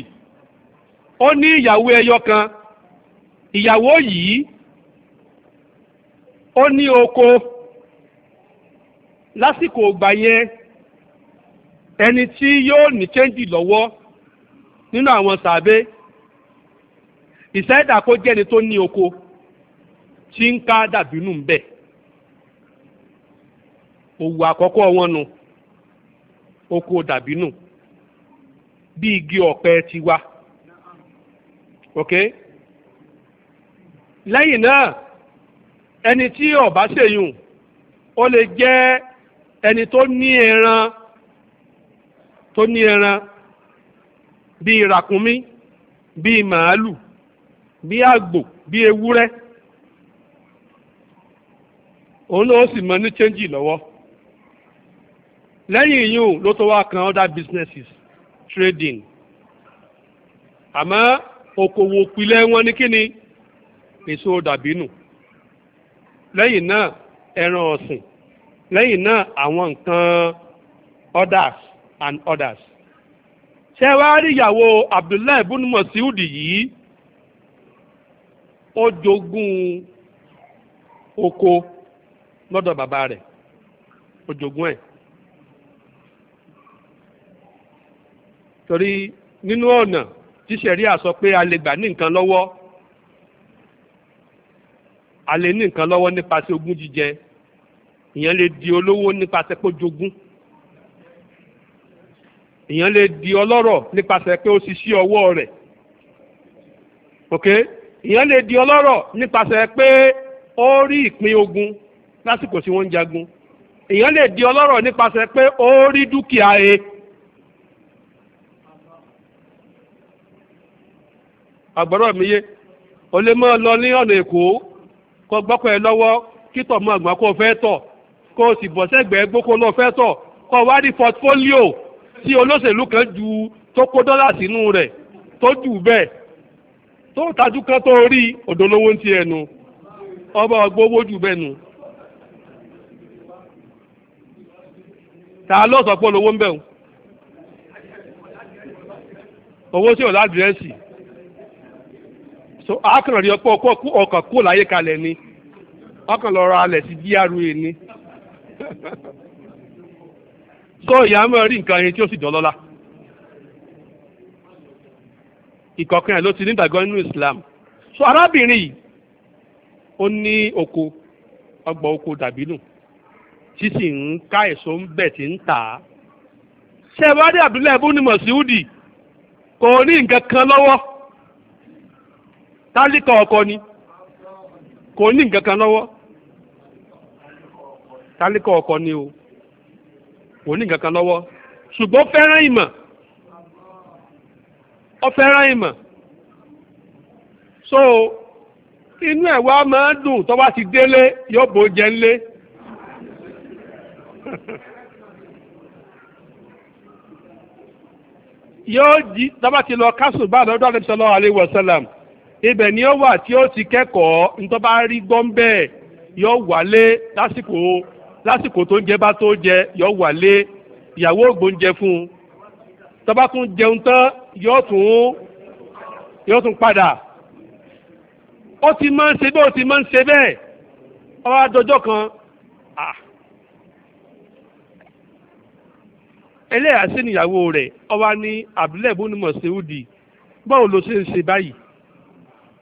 ó ní ìyàwó ẹyọ kan ìyàwó yìí ó ní oko lásìkò ògbà yẹn ẹni tí yóò ní kéńjì lọ́wọ́ nínú àwọn sàbẹ ìṣẹ́dà kó jẹ́ni tó ní oko tí ń ká dàbínú ń bẹ̀ òwò àkọ́kọ́ wọn nu oko dàbínú bí igi ọ̀pẹ ti wá ok lẹ́yìn náà ẹni tí ọ̀bá ṣèyùn ó lè jẹ́ ẹni tó ní ẹran tó ní ẹran bíi ràkúnmí bíi màálù bíi àgbò bíi ewúrẹ́ òun náà ó sì mọ ní chẹ́ńjì lọ́wọ́ lẹ́yìn yìí ló tó wá kan other businesses trading àmọ́ okòwò òpìlẹ̀ wọn ní kíni èso dàbínù lẹ́yìn náà ẹran ọ̀sìn lẹ́yìn náà àwọn nǹkan others and others. ṣé wàá rí ìyàwó Abdullahi ibn Mas'ud yìí ó jogún oko lọ́dọ̀ bàbá rẹ̀ ó jogún ẹ̀. torí nínú ọ̀nà tí sẹ̀ríà sọ pé a lè gbà ní nǹkan lọ́wọ́ a lè ní nǹkan lọ́wọ́ nípasẹ̀ ogún jíjẹ ìyẹn lè di olówó nípasẹ̀ pé jogún èèyàn lè di ọlọ́rọ̀ nípasẹ̀ pé ó sì ṣí ọwọ́ rẹ̀ ok èèyàn lè di ọlọ́rọ̀ nípasẹ̀ pé ó rí ìpín ogun lásìkò tí wọ́n ń jagun èèyàn lè di ọlọ́rọ̀ nípasẹ̀ pé ó rí dúkìá e. àgbọ̀rọ̀ mi yé o lè máa lọ ní ọ̀nà èkó kó gbọ́kọ̀ ẹ lọ́wọ́ kítọ̀ mọ́ àgbà kó o fẹ́ tọ̀ kó o sì bọ̀ sẹ́gbẹ̀ẹ́ gbókò lọ́ọ́ fẹ́ tọ̀ kó o wá rí portfolio. tí olóṣèlú kan ju tó kó dọ́là sínú rẹ̀ tó jù bẹ́ẹ̀ tó tajú kan tó rí òdòlówó ń ti ẹnu ọba ọgbówó jù bẹ́ẹ̀ nu. ta ló sọ pé olówó ń bẹ̀ ń owó sí ọ̀la àdírẹ́sì so akànrí ọ̀pọ̀ ọkọ̀ kó láyé kalẹ̀ ni ọkàn lọ́ọ́ ra alẹ̀ sí ni. sọ ìyá mọ́ rí nǹkan ẹni tí ó sì jọ lọ́lá ìkọ̀kan ẹ̀ ló ti nígbàgbọ́ nínú Islam so arábìnrin yìí ó ní oko ọgbà oko dàbínù tí sì ń ká èso ń bẹ̀ tí ń tà á ṣé ẹ bá dé Abdullahi ibùnú Mọ̀síúdì kò ní nǹkan kan lọ́wọ́ tálíkà ọkọ ni kò ní nǹkan kan lọ́wọ́ tálíkà ọkọ ni o. kò ní nǹkan kan lọ́wọ́ ṣùgbọ́n fẹ́ràn ìmọ̀ ọ fẹ́ràn ìmọ̀ so inú ẹ̀ wá máa ń dùn tó bá ti délé yóò bó jẹ ńlé. yóò di dábàá ti lọ kásù bá lọ́dọ̀ àlẹ́bí sallallahu alaihi wasallam ibẹ̀ ni ó wà tí ó ti kẹ́kọ̀ọ́ ní bá rí gbọ́n bẹ́ẹ̀ yóò wálé lásìkò lásìkò tó ń jẹ bá tó jẹ yọ wálé ìyàwó ògbóúnjẹ fún un tó bá tún jẹun tán yọ tún yọ tún padà ó ti máa ń ṣe bẹ́ẹ̀ ó ti máa ń ṣe bẹ́ẹ̀ ọba dọjọ́ kan ẹlẹ́yà sí níyàwó rẹ̀ ọba ní abdulai bó ni mọ̀ seudi báwo ló ṣe ń ṣe báyìí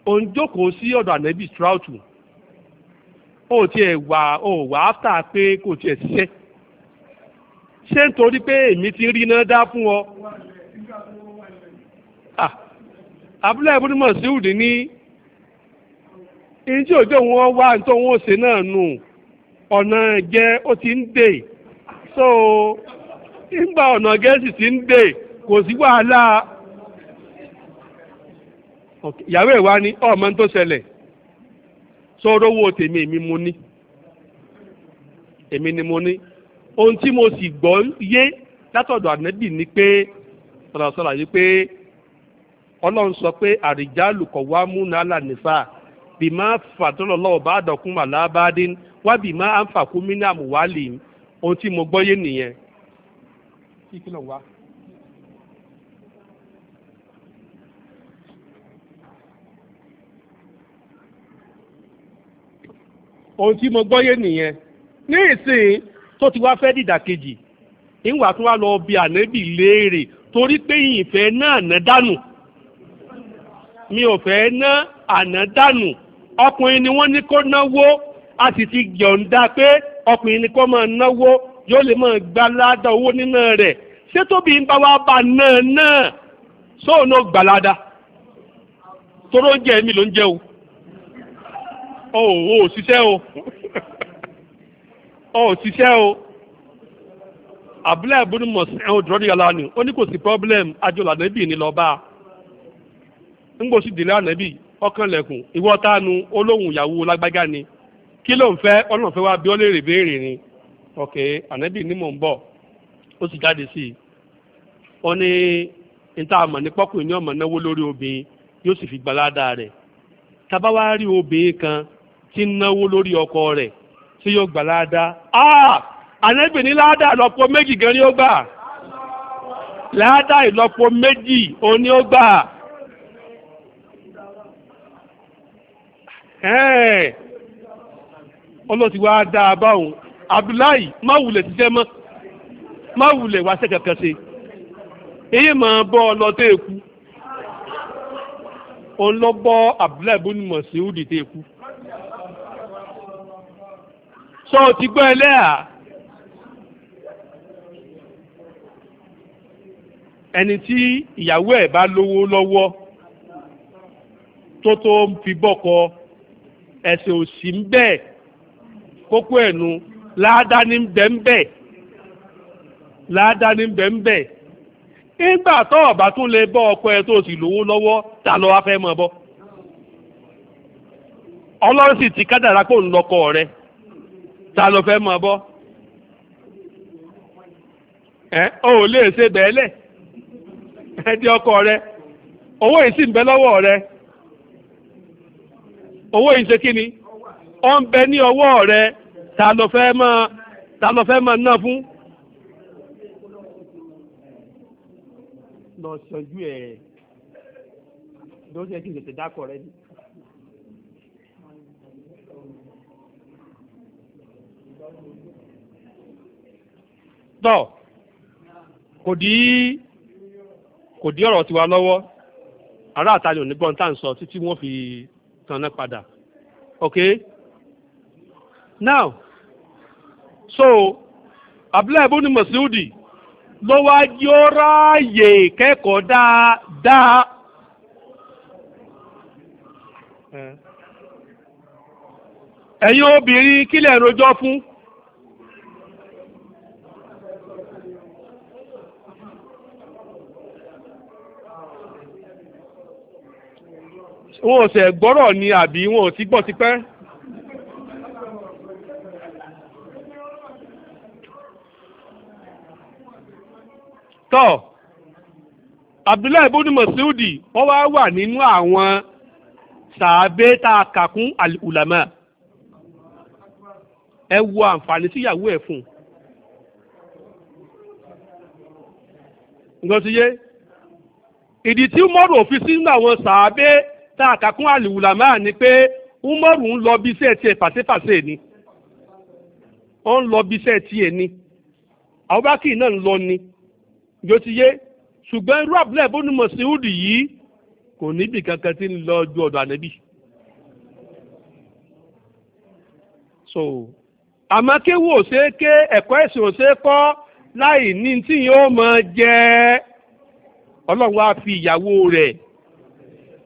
òun jókòó sí ọ̀dọ̀ ànábì strautu ó tiẹ̀ wà ó wà áfítà pé kò tiẹ̀ ṣiṣẹ́ ṣé nítorí pé èmi ti rí iná dá fún ọ. abúlé ìbúdímọ̀ síwùdí ní ìyẹn tí òjò wọn wá ní tó wọn ṣe náà nù ọ̀nà jẹ́ ó ti ń dè so nígbà ọ̀nà gẹ̀ẹ́sì ti ń dè kò sí wàhálà ìyàwó ẹ̀ wá ní ọmọ tó ṣẹlẹ̀. sọ̀rọ̀ owó tèmi èmi mo ní èmi ni mo ní ohun tí mo sì gbọ́ yé látọ̀dọ̀ ànábì ni pé sọ̀rọ̀sọ̀rọ̀ yìí pé ọlọ́run sọ pé àrìjálù kọ̀ wá múna alànífà bí máa fàtọ́lọ̀ lọ́wọ́ bá dọ̀kún màlá wá ohun tí mo gbọ́ yé ohun tí mo yé nìyẹn ní ìsìn tó ti wá fẹ́ dìdàkejì ìwà tó wá lọ bí ànábì léèrè torí pé ìfẹ́ náà àná dànù mi ò fẹ́ ná àná dànù ọkùnrin ni wọ́n ní kó náwó a sì ti yọ̀ǹda pé ọkùnrin ni kó máa náwó yóò lè máa gbá ládàá owó níná rẹ̀ ṣé tóbi ń bá wá bá náà náà sóònù gbàládà toró ń jẹ èmi ló ń jẹ o. ọ ò ṣiṣẹ́ o ọ ò o o abúlé ibùdó mọ̀sán ẹ̀hún dúrọ́dí yàrá ni ó ní kò sí pọ́blẹ́m àjọlò ànábì ní lọ́ọ́ bá a sí délé ọkàn ìwọ tánu olóhùn ìyàwó lágbájá ni kí ló ń fẹ́ ọlọ́run fẹ́ wá bí ó lè rè béèrè ni ọ̀kẹ́ ànábì ní mò ń bọ̀ ó sì jáde sí i ó ní níta àmọ̀ ní pọ́kùnrin ní ọmọ náwó lórí obìnrin yóò sì fi rẹ̀ tabawa rí obìnrin kan tí ń náwó lórí ọkọ rẹ̀ tí yóò gbà láadáa ah ànábì ní láadáa ìlọ́po méjì gan ni ó gbà láadáa ìlọ́po méjì òun ni ó gbà. ọlọ́tí wá dáa báwọn Abdullahi má wulẹ̀ ti jẹ́ mọ́ má wulẹ̀ wá sẹ́kẹ̀ kan ṣe èyí máa bọ́ ọlọ́tẹ̀ èkú òun lọ bọ́ Abdullahi bó ni mọ̀ sí òdì tẹ̀ èkú. sọ ti gbọ́ ẹlẹ́à ẹni tí ìyàwó ẹ̀ bá lówó lọ́wọ́ tó tó ń fi bọ́kọ ẹ̀sìn òsì ń bẹ́ẹ̀ kókó ẹ̀nu láádá ní bẹ́ ń bẹ́ láádá ní bẹ́ ń tó ọ̀bá tún ọkọ tó lówó lọ́wọ́ ta ló wá fẹ́ mọ́ bọ́ ti kádàrá kó ń ta ló fẹ́ mọ̀ bọ́ ẹ o ò lè ṣe bẹ́ẹ̀lẹ̀ ẹ di ọkọ rẹ owó yìí sì ń bẹ lọ́wọ́ rẹ owó yìí ṣe kí ni ó ń bẹ ní ọwọ́ rẹ ta ló fẹ́ mọ̀ ta ló fẹ́ mọ̀ ná fún. lọ sọjú ẹ lọ sọ kí n tètè dákọ rẹ ni. tọ́ kò dí kò dí ọ̀rọ̀ tiwa lọ́wọ́ ará àtàlẹ̀ òní tá à ń sọ títí wọ́n fi tanná padà ok now so abdullahi ibn masudi ló wá yóò ráàyè kẹ́kọ̀ọ́ dáadáa. ẹ̀yin obìnrin wọn ò ṣẹ̀ gbọ́rọ̀ ni àbí wọn ò ti gbọ́ tipẹ́. tọ́ Abdullahi ibn Masudi wọ́n wá wà nínú àwọn sàábé tá a kà kún al-ulama ẹ wo àǹfààní síyàwó ẹ̀ fún un. nǹkan ti yé ìdí tí fi sínú àwọn sàábé. tá a kà kún àlùwùlàmá ni pé Umaru ń lọ bí iṣẹ́ tiẹ̀ pàṣẹ́pàṣẹ́ ni ó ń lọ bí iṣẹ́ tiẹ̀ ni Abubakar náà ń lọ ni yóò ti yé ṣùgbọ́n irú àbúlẹ̀ bónú Mọ̀síúdù yìí kò níbi kankan tí ń lọ ju ọ̀dọ̀ ànábì. so àmọ́ kéwù ò ṣeé ké ẹ̀kọ́ ẹ̀sìn ò ṣeé kọ́ láì ní tí yóò máa jẹ ọlọ́run á fi ìyàwó rẹ̀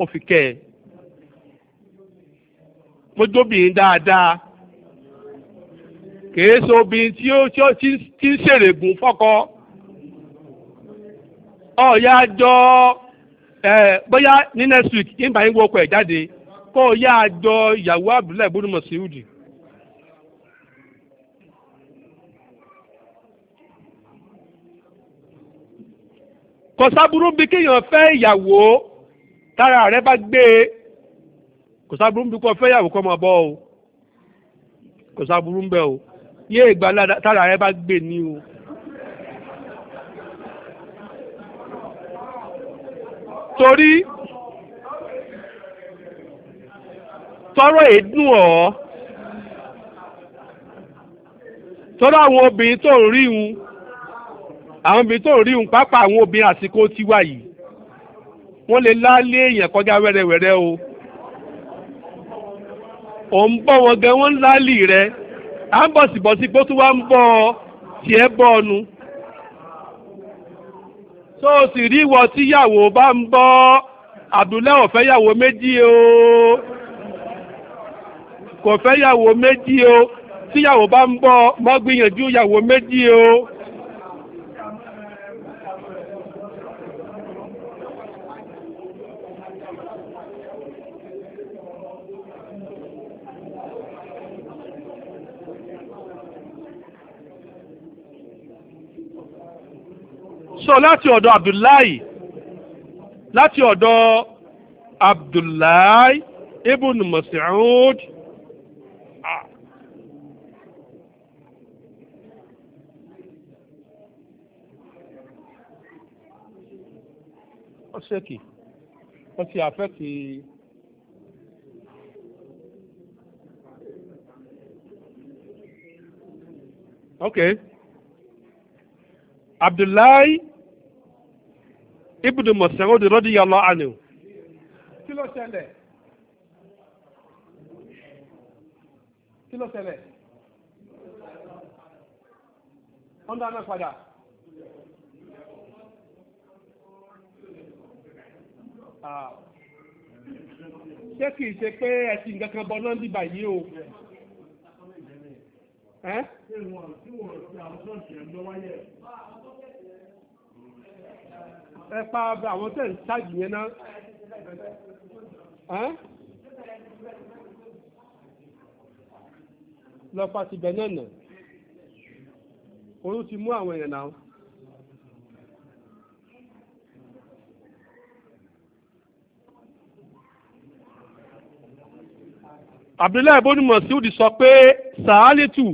kó fi kẹ́ ẹ mójóbìnrin dáadáa kìí ṣe obìnrin tí ó ti ń ṣèrègùn fọkọ ọ̀ya jọ bóyá ní next week yín ọkọ ẹ̀ jáde kó o yá ìyàwó Abdullahi ibùdó mọ̀síwùdì. kò sábúrú bí kéèyàn fẹ́ ìyàwó tára rẹ bá gbé e kò sábúrú bí kò fẹ́yàwó kọ́ máa bọ́ o kò sábúrú bẹ́ẹ̀ o yé ìgbà tára rẹ bá gbé ni o. torí tọrọ èédùn ọ tọrọ àwọn obìnrin tó ń rí un àwọn obìnrin tó ń rí un pàápàá àwọn obìnrin àsìkò tiwa yìí wọ́n lè láálé èèyàn kọjá wẹ́rẹ́wẹ́rẹ́ o ò ń bọ́ wọn gan wọ́n ń láálì rẹ à ń bọ̀ síbọ̀sí pé ó tún wá ń bọ́ ọ tiẹ̀ bọ́ ọnu tó o sì rí ìwọ tíyàwó bá ń bọ́ Abdullahi ò fẹ́yàwó méjì o kò fẹ́yàwó méjì o tíyàwó bá ń bọ́ mọ́ gbìyànjú ìyàwó méjì o. sọ láti ọ̀dọ̀ Abdullahi láti ọ̀dọ̀ Abdullahi ibn Mas'ud ọ̀sẹ̀kì wọ́n ti àfẹ́kì ok Abdullahi ibùdó mọ̀sẹ̀rọ̀ òdì rọ́dí yọ lọ àná. kí ló ṣẹlẹ̀ kí ló ṣẹlẹ̀ wọ́n dáná padà. Ah. ṣé kì í ṣe pé ẹ̀sìn nǹkan kan bọ́ náà dìbà yìí o ẹ́ ẹ pa àwọn tẹ̀ ń ṣáàjì yẹn náà. lọ pa tìbẹ̀ náà nà ti mú àwọn èèyàn náà. abdullahi ibn masud sọ pé sàálìtù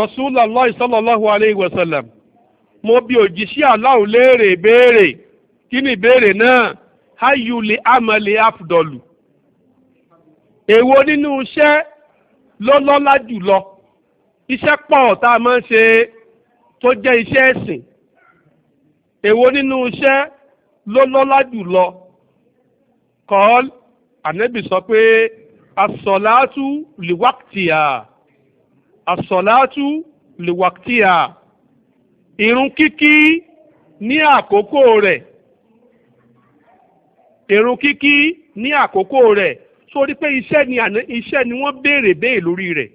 rasulallah sallallahu alayhi wa sallam mo bi òjíṣẹ́ aláwo léèrè béèrè kí ni ìbéèrè náà hayuli amali afdolu èwo nínú iṣẹ́ ló lọ́lá jùlọ iṣẹ́ pọ̀ tá a máa ń ṣe tó jẹ́ iṣẹ́ ẹ̀sìn èwo nínú iṣẹ́ ló lọ́lá jùlọ kọ́ọ́l ànẹ́bì sọ pé asọ̀láàtú lìwákìtìyà asọ̀láàtú lìwákìtìyà irun kíkí ní àkókò rẹ̀ èrò kíkí ní àkókò rẹ̀ sórí pé iṣẹ́ ni iṣẹ́ ni wọ́n béèrè béè lórí rẹ̀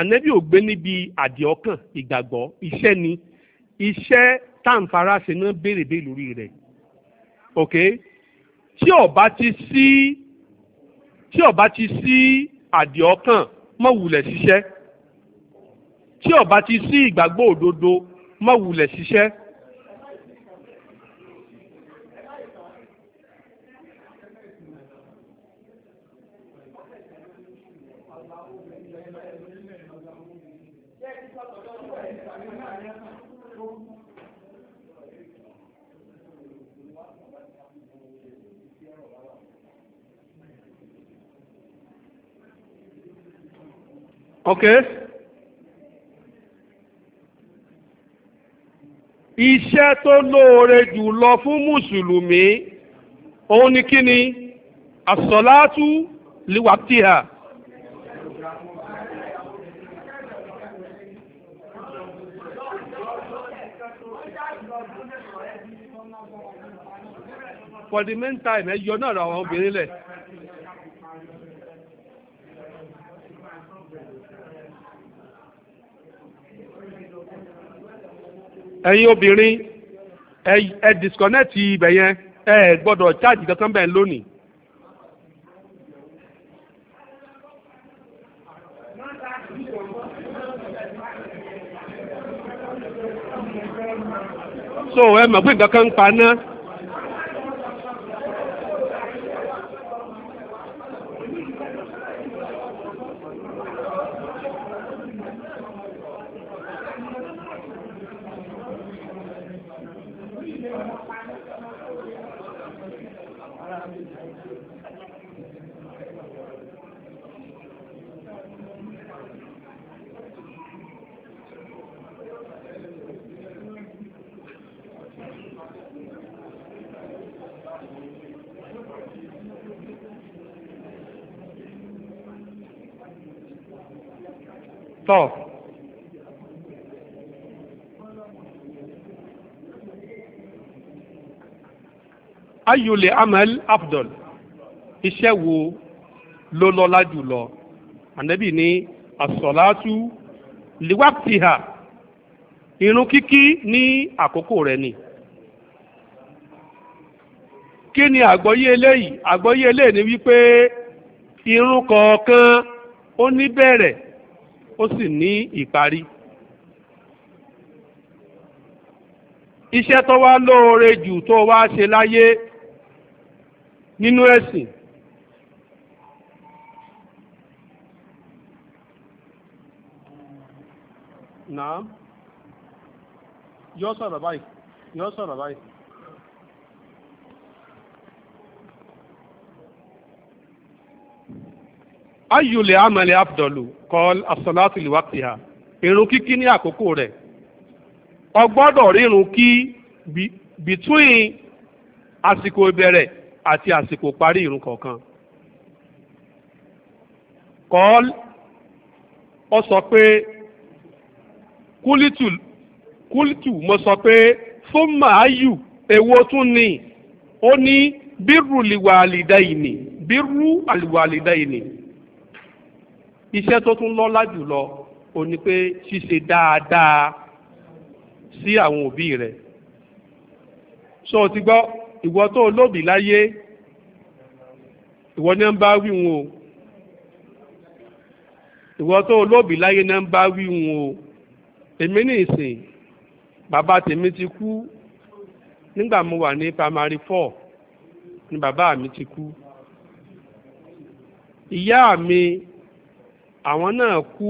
ànẹ́bí ò gbé níbi àdìọ́kàn ìgbàgbọ́ iṣẹ́ ni iṣẹ́ táǹfàràṣe náà béèrè béè lórí rẹ̀ ok tí ọba ti sí tí ọba ti sí àdìọ́kàn má wulẹ̀ ṣiṣẹ́ tí ọba ti sí ìgbàgbọ́ òdodo má wulẹ̀ ṣiṣẹ́. okay iṣẹ́ tó lóore jù lọ fún mùsùlùmí òun ni kí ni àsọ̀látú liwaktiha for the meantime ẹ yọ náà ra àwọn obìnrin lẹ̀. ẹ̀yin obìnrin ẹ disconnect ibẹ̀ yẹn ẹ gbọdọ charge kankan bẹ́ẹ̀ lónìí. so ẹ mọ̀ pé nǹkan kan ń pa náà. tọ́ ayùlẹ̀ amal abdul iṣẹ́ wo ló lọ́lá jùlọ ànábì ní asọ̀látú liwaktiha irun kíkí ní àkókò rẹ̀ ni kí ni àgbọ́yé eléyìí àgbọ́yé eléyìí ni wípé irun kọ̀ọ̀kan ó ní bẹ̀rẹ̀ ó sì ní ìparí. iṣẹ́ tó wá lóore jù tó wá ṣe láyé nínú ẹ̀sìn náà yọ sọ̀rọ̀ báyìí yọ sọ̀rọ̀ báyìí. ayùlẹ̀ amẹ̀lẹ̀ abdọ̀lù kọ́l asọ́látù ìwákìá irun kíkí ní àkókò rẹ̀ ó rírun kí between àsìkò ìbẹ̀rẹ̀ àti àsìkò parí irun kọ̀ọ̀kan kọ́l ó sọ pé kúlítù kúlítù mo sọ pé fún màáyù èwo tún ni ó ní bírù lìwàlìdá ìní bírù àlìwàlìdá ìní iṣẹ́ tó tún lọ́lá jùlọ ò ní pé ṣíṣe dáadáa sí àwọn òbí rẹ̀ so ti gbọ́ ìwọ tó lóbìí láyé ìwọ ní ń bá wí wọn o ìwọ tó lóbìí láyé ní ń bá wí wọn o èmi ní ìsìn bàbá tèmi ti kú nígbà mo wà ní primary four ni bàbá mi ti kú ìyá mi àwọn náà kú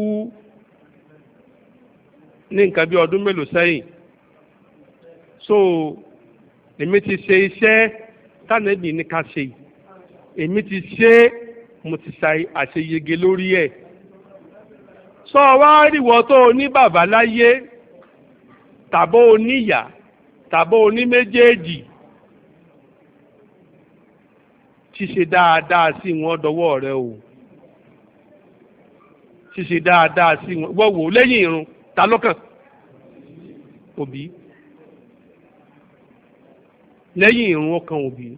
ní nǹkan bí ọdún mélòó sẹ́yìn so èmi ti ṣe iṣẹ́ tánàbì ní ká ṣe èmi ti ṣe mo ti ṣe àṣeyege lórí ẹ̀ sọ wá ríwọ tó o ní bàbá láyé tàbó o níyà tàbó o ní méjèèjì ṣíṣe dáadáa sí wọn dọwọ́ rẹ o. ṣíṣe dáadáa sí wọn lẹ́yìn irun ta lọ́kàn òbí lẹ́yìn irun ọkàn òbí.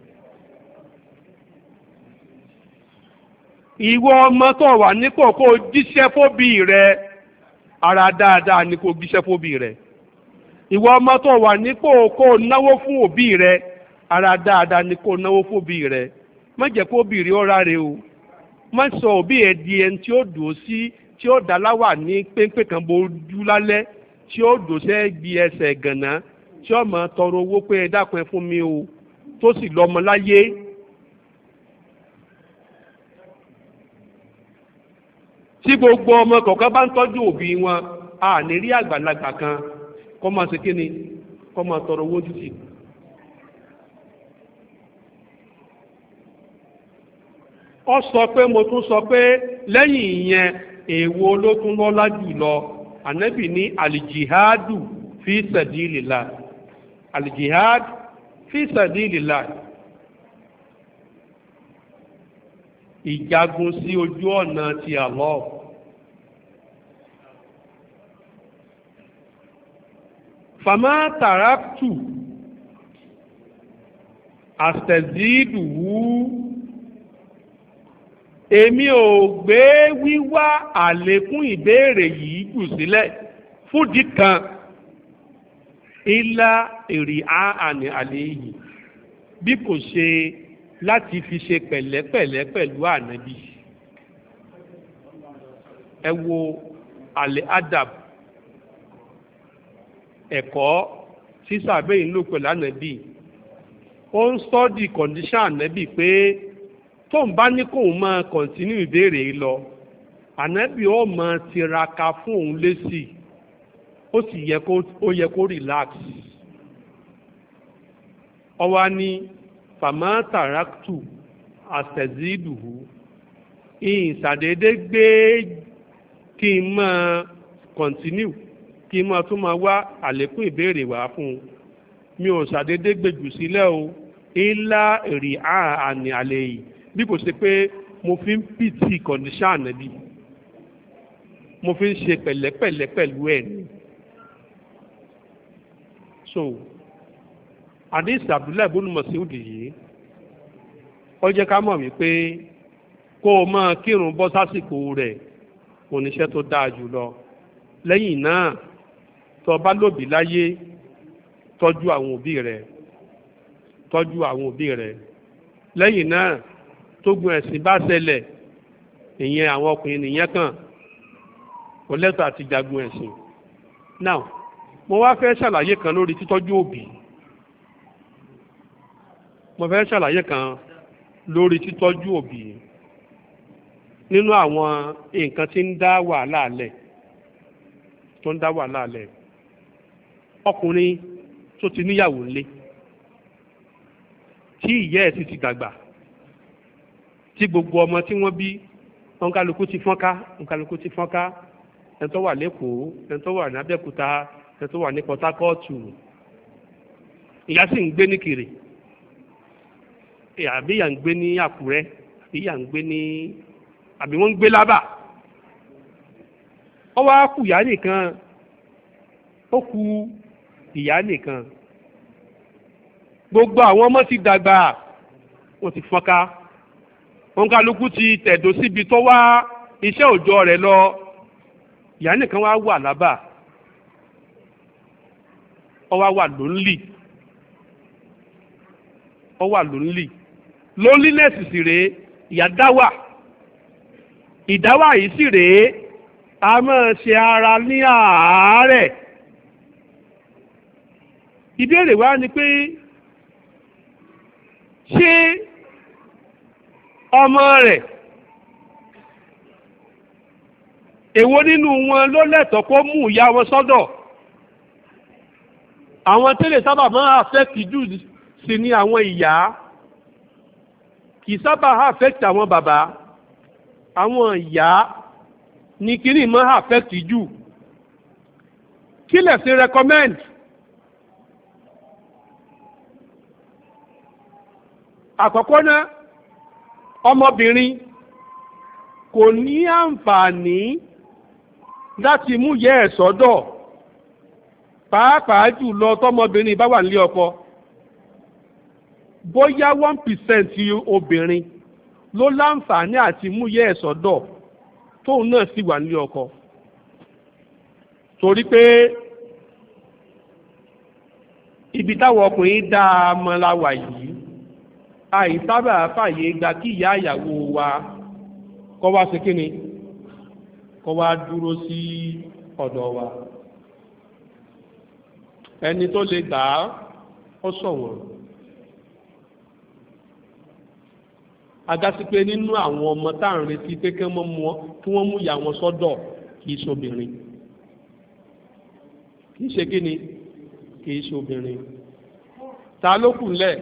ìwọ ọmọ tó wà nípò kó o jíṣẹ́ fóbi rẹ ara dáadáa ni kó o jíṣẹ́ fóbì rẹ ìwọ ọmọ tó wà nípò kó o náwó fún òbí rẹ ara dáadáa ni kó o náwó rẹ má jẹ́ kó ọ̀rá o má sọ òbí ẹ̀ di ẹni tí ó dùn tí ó dá láwà ní péńpé kan bojú lálẹ́ tí ó dòṣẹ́ gbi ẹsẹ̀ gànà tí ó tọrọ owó pé ẹ dákun ẹ fún mi o tó sì láyé. tí gbogbo ọmọ kọ̀ọ̀kan bá ń tọ́jú òbí wọn a ní rí àgbàlagbà kan kọ́ máa ni kọ́ tọrọ owó títì. ọ sọ pé mo sọ pé lẹ́yìn ìyẹn èèwo ló tún lọ́lá jùlọ ànábì ní àlìjìhádù fi sabilillah àlìjìhád fi sabilillah ìjagun sí ojú ọ̀nà ti Allah fama taraktu àtẹ̀zídùú èmi ò gbé wíwá àlékún ìbéèrè yìí jù sílẹ̀ fúdì kan ilá èrè àánì àléyìn bí kò ṣe láti fi ṣe pẹ̀lẹ́pẹ̀lẹ́ pẹ̀lú ànábì ẹ wo àlè adab ẹ̀kọ́ sísàbẹ̀yìn ló pẹ̀lú ànábì ó ń sọ́ọ́dì kọ̀ǹdíṣàn ànábì pé tóun bá ní kóun máa kọ̀ǹtínú ìbéèrè lọ ànábì ó máa tiraka fún òun lésì ó sì yẹ kó ó yẹ kó relax ọwa ni fàmà tàràkìtù àtẹ̀zídùú ìsàdédé gbé kí n máa kọ̀ǹtínú kí n máa tún máa wá àlékún ìbéèrè wá fún un mi ò sàdédé gbèjù sílẹ̀ o ńlá èrì àní àlè yìí bí kò ṣe pé mo fi ń pìtì kọ̀ǹdíṣà ànábì mo fi ń ṣe pẹ̀lẹ́pẹ̀lẹ́ pẹ̀lú ẹ̀ ni. so àdéhùn abdullahi bonu masoud yìí ó jẹ́ ká mọ̀ wípé kó o máa kírun bọ́ sásìkò rẹ̀ oníṣẹ́ tó dáa jù lọ lẹ́yìn náà tó bá lòbí láyé tọ́jú àwọn òbí rẹ̀ tọ́jú àwọn òbí rẹ̀ lẹ́yìn náà tógun ẹ̀sìn bá ṣẹlẹ̀ ìyẹn àwọn ọkùnrin nìyẹn kàn kò lẹ́tọ̀ àti jagun ẹ̀sìn now mo wá fẹ́ ṣàlàyé kan lórí títọ́jú òbí mo fẹ́ ṣàlàyé kan lórí títọ́jú òbí nínú àwọn nǹkan tí ń dá wàhálà lẹ̀ tó ń dá wàhálà lẹ̀ ọkùnrin tó ti níyàwó ńlé tí ìyá ẹ̀ sì ti dàgbà tí gbogbo ọmọ tí wọ́n bí ọ̀nkálukú ti fọ́nká ọ̀nkálukú ti fọ́nká ẹni tó wà lẹ́kọ̀ọ́ ẹni tó wà ní abẹ́òkúta ẹni tó wà ní port harcourt ìyá sì ń gbé ní kiri àbí ìyá ń gbé ní àkúrẹ́ àbí ìyá ń gbé ní àbí wọ́n ń gbé lábà ó wá kù ìyá nìkan ó kù ìyá nìkan gbogbo àwọn ọmọ ti dàgbà wọ́n ti fọ́nká. òǹkàlùkù ti tẹ̀dó síbi tó wá iṣẹ́ òòjọ́ rẹ̀ lọ ìyá nìkan wá wà lábà ọ wá wà lónlì ọ wà lónlì loneliness sì rèé ìyá dáwà ìdáwà yìí sì rèé a máa ṣe ara ní àárẹ̀ ìbéèrè wa ni pé ṣé ọmọ rẹ̀ èwo nínú wọn ló lẹ́tọ̀ọ́ kó mú ìyá wọn sọ́dọ̀ àwọn tẹ́lẹ̀ sábà máa àfẹ́kì jù sí ní àwọn ìyá kì sábà àfẹ́kì àwọn bàbá àwọn ìyá ní kíní máa àfẹ́kì jù kí lẹ̀ sí recommend àkọ́kọ́ náà ọmọbìnrin kò ní àǹfààní láti mú yẹ ẹ̀ sọ́dọ̀ pàápàá jùlọ tọmọbìnrin bá wà nílé ọkọ bóyá one percent obìnrin ló láǹfààní àti mú yẹ ẹ̀ sọ́dọ̀ tóun náà sì wà nílé ọkọ torí pé ibi táwọn ọkùnrin dáa mọ́ la wà yìí àìsábà fàyè gba kí ìyá ìyàwó wa kọ́ wá ṣe kí ni kọ́ wá dúró sí ọ̀dọ̀ wa ẹni tó lè gbà á ó sọ̀wọ́n agasi pé nínú àwọn ọmọ tá à ń retí pé kí wọ́n mú kí wọ́n mú ìyá wọn sọ́dọ̀ kì í ṣobìnrin kì í ṣe kí ni kì í ṣobìnrin ta ló kù lẹ́ẹ̀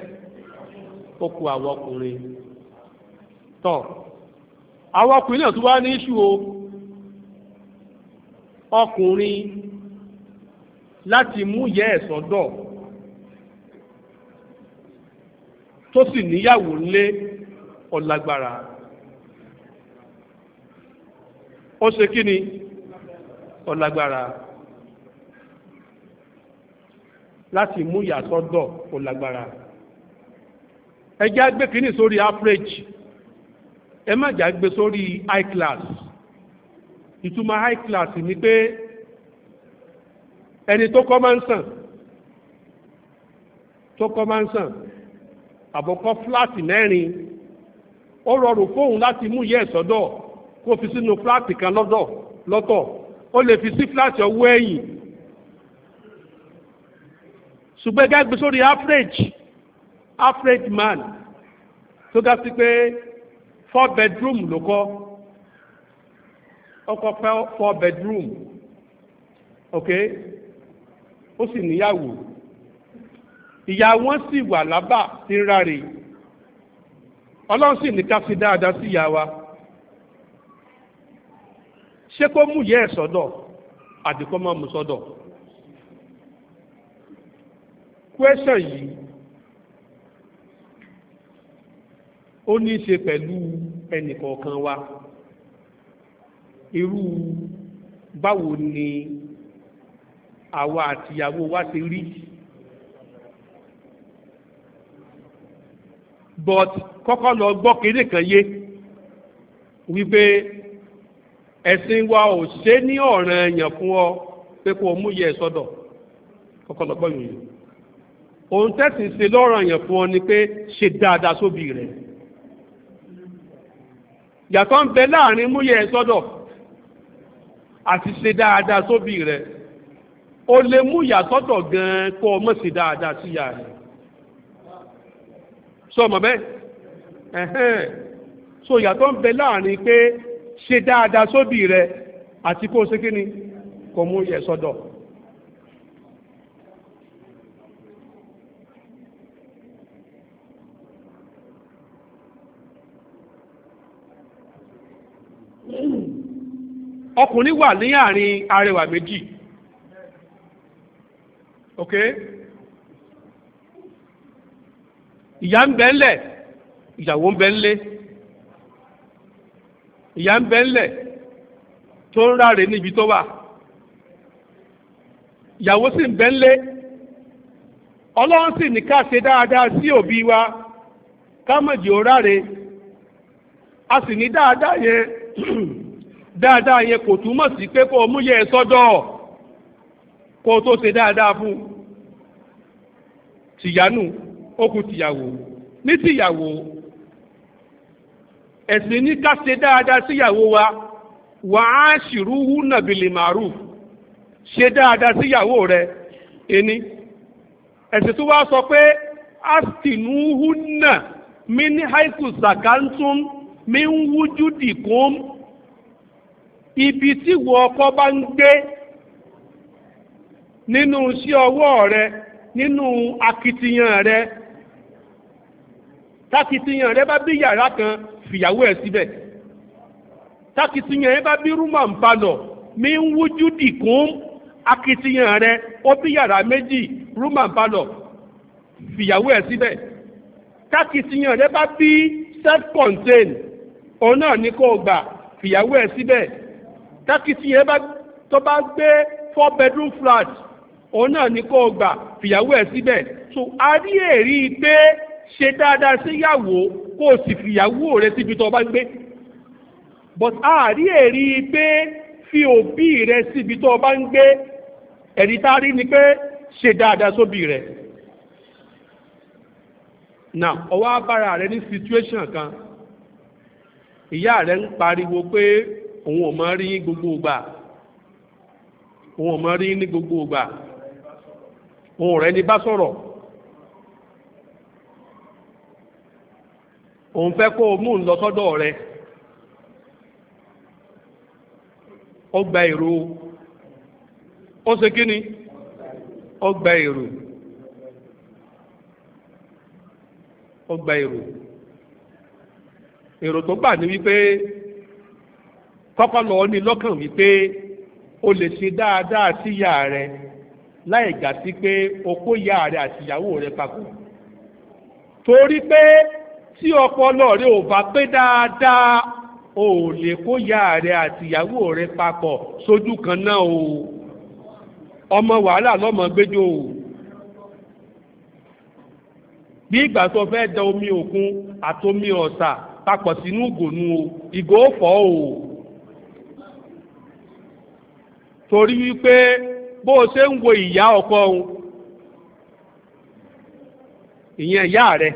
ó kú àwọn ọkùnrin tọ́ àwọn ọkùnrin náà tó wá ní iṣu o ọkùnrin láti mú ìyẹ́ ẹ̀ sọ́dọ̀ tó sì níyàwó ńlé ọ̀lágbára ó ṣe kí ni ọ̀lágbára láti mú ìyà sọ́dọ̀ ọ̀lágbára ẹjẹ́ á gbé kínní sórí average ẹ má jà gbé sórí high class ìtumọ̀ high class ni pé ẹni tó kọ́ máa ń sàn tó kọ́ máa ń sàn àbọ̀kọ́ fúláàtì mẹ́rin ó rọrùn fóun láti mú yẹ ẹ̀sọ́dọ̀ kó fi sínú fúláàtì kan lọ́dọ̀ lọ́tọ̀ ó lè fi sí fúláàtì ọwọ́ ẹ̀yìn ṣùgbọ́n ẹgbẹ́ gbé average average man tó ga sí pé four bedroom ló kọ́ ó kọ́ four bedroom ok ó sì níyàwó ìyá wọn sì wà lábà tí ń ráre ọlọ́run sì ní ká fi dáadáa sí ìyá wa ṣé kó mú ìyá ẹ̀ sọ́dọ̀ àdìkọ́ máa mú sọ́dọ̀ kwẹ́sàn yìí ó ní í ṣe pẹ̀lú ẹnìkọ̀ọ̀kan wa irú báwo ni àwa àtìyàwó wa ti rí but kọ́kọ́ lọ gbọ́ kéde kan yé wípé ẹ̀sìn wa ò ṣe ní ọ̀ràn èèyàn fún ọ pé kó o mú yẹ ẹ sọ́dọ̀ kọ́kọ́ lọ gbọ́ yòòyò òun tẹ̀sìn ṣe lọ́rọ̀ èèyàn fún ọ ni pé ṣe dáadáa sóbì rẹ̀ yàtọ̀ ń bẹ láàrin múyẹ̀ ẹ sọ́dọ̀ àti ṣe dáadáa sóbì rẹ̀ o lè mú yàtọ̀tọ̀ gan-an kó o mọ̀ sí dáadáa síyà rẹ̀ sọ mọ̀ bẹ́ẹ̀ so yàtọ̀ ń bẹ láàrin pé ṣe dáadáa sóbì rẹ̀ àti kó o ṣe kí ni kò mú yẹ sọ́dọ̀. ọkùnrin wà ní àárín arẹwà méjì ok ìyá ń bẹ ìyàwó ń bẹ ìyá ń bẹ ńlẹ̀ tó ń ráre níbi tó wà ìyàwó sì ń bẹ ńlé ọlọ́run sì ní ká dáadáa sí òbí wa ká mọ̀jì ó ráre a sì ní dáadáa yẹn dáadáa yẹn kò túmọ̀ sí pé kó o mú yẹ ẹ sọ́dọ̀ kó o tó ṣe dáadáa fún un tìyánù ó kù tìyàwó ní tìyàwó ẹ̀sìn ní ká ṣe dáadáa síyàwó wa wà á ṣìrú húnà bìlì màrú ṣe dáadáa síyàwó rẹ ẹni ẹ̀sìn tó wá sọ pé àsìnú húnà mí ní haiku sàkántún mí ń wújú dìkún. ibi tí wo ọkọ bá ń gbé nínú sí ọwọ́ rẹ nínú akitiyan rẹ takitiyan rẹ bá bí yàrá kan fìyàwó ẹ síbẹ̀ takitiyan rẹ bá bí rúmọ̀ ń balọ̀ mi ń wújú dìkún akitiyan rẹ ó bí yàrá méjì rúmọ̀ ń fìyàwó ẹ síbẹ̀ takitiyan rẹ bá bí self-contained òun náà ni kò gbà fìyàwó ẹ síbẹ̀ tákìtì yẹn tó bá gbé four bedroom flat òun náà ni kó o gbà fìyàwó ẹ̀ síbẹ̀ so a rí èrí pé ṣe dáadáa síyàwó kó o sì fìyàwó rẹ síbi tó bá gbé but a rí èrí pé fi òbí rẹ síbi tó bá ń gbé ẹ̀rí tá a rí ni pé ṣe dáadáa sóbí rẹ now ọwọ́ abára rẹ ní situation kan ìyá rẹ ń pariwo pé òun ò mọ rí gbogbo òun ò rí ní gbogbo ìgbà òun rẹ ní bá sọ̀rọ̀ òun fẹ́ kó mú un lọ sọ́dọ̀ rẹ ó gba èrò ó ṣe kí tó gbà ní wípé. kọ́kọ́ lọ ní lọ́kàn wípé o lè ṣe dáadáa sí ìyá rẹ láì gbà sí pé o kó ìyá rẹ àti ìyàwó rẹ papọ̀ torí pé tí ọpọlọ rẹ ò bá pé dáadáa o ò lè kó ìyá rẹ àti ìyàwó rẹ papọ̀ sójú kan náà o ọmọ wàhálà lọ́mọ gbẹ́jọ́ o bí ìgbà tó fẹ́ da omi òkun àtomi ọ̀sà papọ̀ sínú ìgò nu o ìgò ó fọ́ o. torí wípé bó o ṣe ń wo ìyá ọkọ òun ìyẹn ìyá rẹ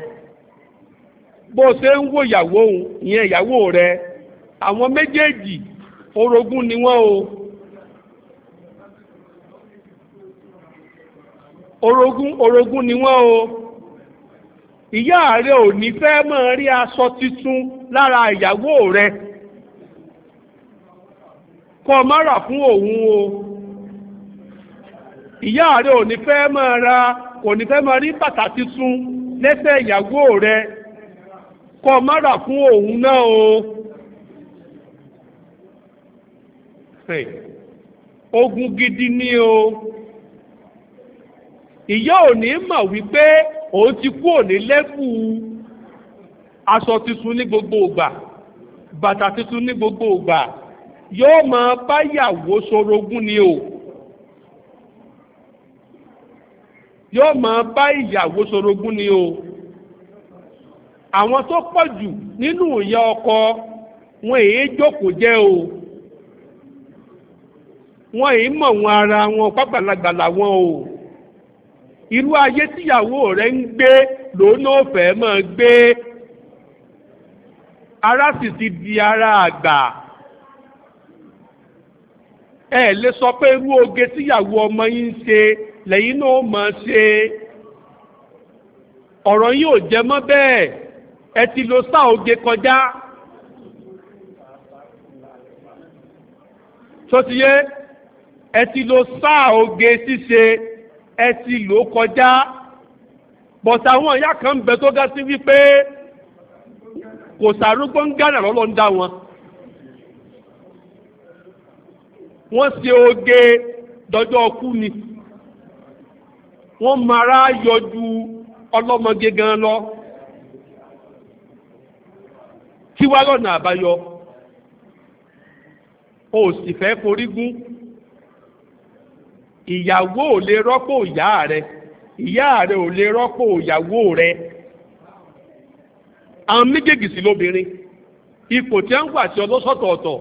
bó o ṣe ń wo ìyàwó òun ìyẹn ìyàwó rẹ àwọn méjèèjì orogún ni wọ́n o orogún orogún ni wọ́n o ìyá rẹ ò ní fẹ́ mọ̀ rí aṣọ titun lára ìyàwó rẹ. Kọ ọ fún òun o ìyá rẹ̀ ò ní fẹ́ máa ra kò ní fẹ́ máa rí bàtà tuntun lẹ́sẹ̀ ìyàwó rẹ. Kọ ọ fún òun náà o. ogun gidi ni o ìyá ò ní mọ̀ wípé òun ti kú òní lẹ́kù aṣọ tuntun ní gbogbo ìgbà bàtà tuntun ní gbogbo ìgbà. yóò máa báyàwó sorogún ni o yóò máa bá ìyàwó sorogún ni o àwọn tó pọ̀ jù nínú ìyá ọkọ wọn èyí jókòó jẹ́ o wọn èyí mọ̀ wọn ara wọn pàgbàlagbà làwọn o irú ayé tíyàwó rẹ ń gbé lòun ò fẹ́ máa gbé ara sì ti di ara àgbà. ẹ lè sọ pé irú oge tíyàwó ọmọ yín ń ṣe lẹ́yìn náà mọ̀ ṣe ọ̀rọ̀ yín ò jẹ mọ́ bẹ́ẹ̀ ẹ ti lo sáà oge kọjá tó ti yé ẹ ti lo sáà oge ṣíṣe ẹ ti lò kọjá bọ̀tà àwọn ìyá kan ń bẹ tó ga sí wípé kò sàrúgbó ń gánà lọ́lọ́ ń dá wọn. wọ́n se oge dọ́jọ́ ọkú ni wọ́n mara yọjú ọlọ́mọge gan lọ tí wá lọ́nà àbáyọ o sì fẹ́ forígún ìyàwó ò lè rọ́pò ìyá rẹ ìyá rẹ ò lè rọ́pò ìyàwó rẹ àwọn méjèèjì sí lóbìnrin ipò tí wọ́n ń gbà sí ọlọ́sọ̀tọ̀ọ̀tọ̀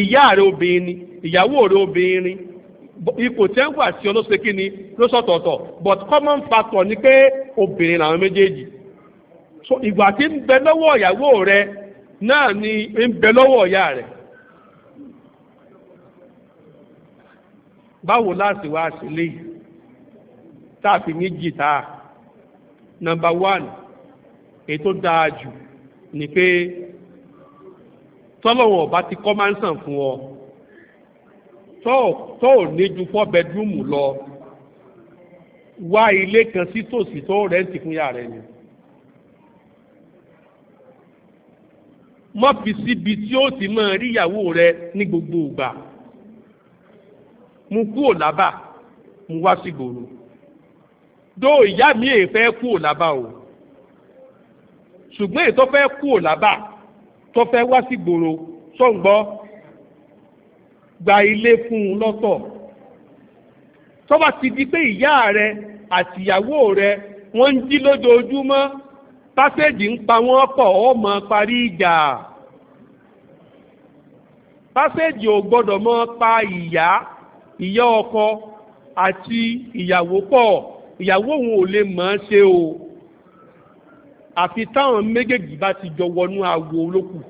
ìyá rẹ obìnrin ni. ìyàwó rẹ obìnrin ipò tẹ́ǹkù àti olóṣèlú kí ni ló sọ̀tọ̀ọ̀tọ̀ but common factor ni pé obìnrin làwọn méjèèjì so ìgbà tí ń bẹ lọ́wọ́ ìyàwó rẹ náà ni ń bẹ lọ́wọ́ ìyá rẹ. báwo láti wá sílé tá a fi ní jìtá one èyí tó dáa jù ni pé tọ́lọ́wọ̀n ọba ti kọ́ máa ń sàn fún ọ. tó ò ní ju four bedroom lọ wá ilé kan sí tòsí tó rẹ́ǹtì fún yàrá ẹni. mọ́ fi síbi tí ó ti máa rí ìyàwó rẹ ní gbogbo ìgbà mo kúrò lábà mo wá sí gbòòrò dó ìyá mi èè fẹ́ kúrò lábà o ṣùgbọ́n èyí tó fẹ́ kúrò lábà tó fẹ́ wá sí gbòòrò tó ń gbọ́ gba ilé fún un lọ́tọ̀ tó bá ti di pé ìyá rẹ àtìyàwó rẹ wọ́n ń jí lójoojúmọ́ pásẹ́jì ń pa wọ́n pọ̀ ó mọ parí ìjà pásẹ́jì ò gbọ́dọ̀ mọ pa ìyá ìyá ọkọ àti ìyàwó pọ̀ ìyàwó òun ò lè mọ̀ ọ́n ṣe o àfi táwọn méjèèjì bá ti jọ wọnú àwo olókùn.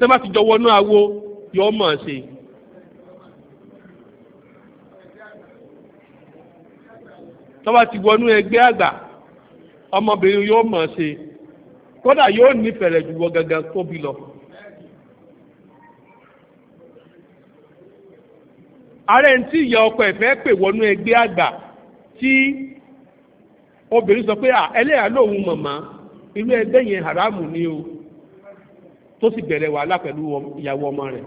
tẹ́ bá ti jọ wọnú awo yọ ọ́ mọ̀ ṣe. tọ́ ti wọnú ẹgbẹ́ àgbà ọmọbìnrin yóò mọ̀ ṣe kódà yóò nífẹ̀ẹ́ rẹ̀ ju wọ gangan tóbi lọ. ààrẹ ń tí ìyá ọkọ ẹ̀ fẹ́ pè wọnú ẹgbẹ́ àgbà tí obìnrin sọ pé ẹlẹ́yà lòun mọ̀mọ́ irú ẹgbẹ́ yẹn haramu ni o. tó sì bẹ̀rẹ̀ wàhálà pẹ̀lú ìyàwó ọmọ rẹ̀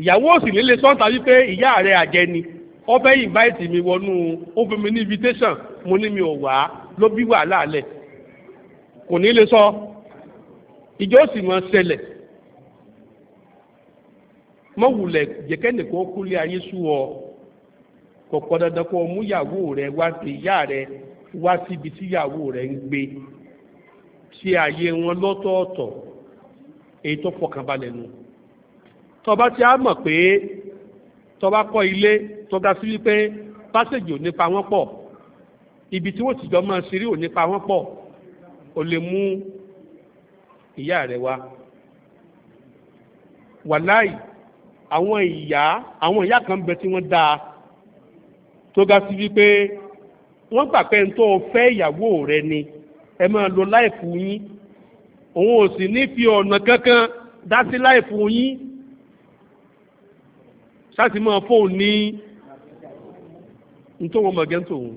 ìyàwó òsì nílé sọ́ńtà wípé ìyá rẹ̀ ni ó fẹ́ invite mi wọnú ó mi ní invitation mo ní mi ò wá ló bí wàhálà lẹ̀ kò ní sọ ìjọ òsì mọ̀ ṣẹlẹ̀ mọ wulẹ̀ jẹkẹni kò ayé sú ọ dandan ìyàwó rẹ̀ ṣe àyè wọn lọ́tọ̀ọ̀tọ̀ èyí tó fọkànbalẹ̀ nù tọba tí a mọ̀ pé tọba kọ́ ilé tọ́ga sí wípé pásẹ̀jì ò nípa wọn pọ̀ ibi tí wọ́n ti jọ máa ṣeré ò nípa wọn pọ̀ ò lè mú ìyá rẹ̀ wá wàláì àwọn ìyá àwọn ìyá kan bẹ tí wọ́n dáa tọ́ga sí wípé wọ́n gbà pé ń tó fẹ́ ìyàwó rẹ ni ẹ máa lo láìfù yín òun ò sì ní fi ọ̀nà kankan dá sí láìfù yín ṣáàtì máa fóun ní nítorí wọn mọ̀gẹ́ tòun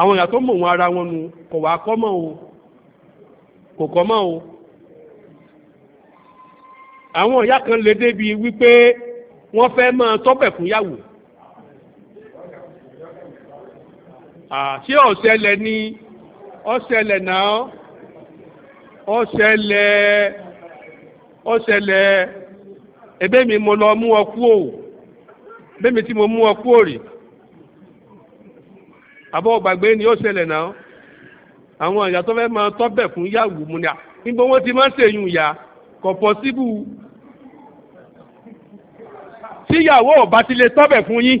àwọn èèyàn tó mọ̀ wọn ara wọn nu kò wá kọ́ mọ́ o kò kọ́ mọ́ o àwọn ìyá kan lè débi wípé wọ́n fẹ́ máa tọ́pẹ̀ fún yàwó. ṣé ọ̀ṣẹlẹ̀ ni ọ̀ṣẹlẹ̀ náà ọ̀ṣẹlẹ̀ ọ̀ṣẹlẹ̀ ẹ̀bẹ̀ mi mo lọ mú ọ kú o ẹ̀bẹ̀ mi tí mo mú ọ kú o rì àbọ̀ gbàgbé ni ọ̀ṣẹlẹ̀ náà àwọn ìyá tó fẹ́ máa tọ́bẹ̀ fún yàwó mu ni à nígbà wọn ti máa ń ṣèyún ìyá kò pọ́síbù tíyàwó ò bá ti lè tọ́bẹ̀ fún yín.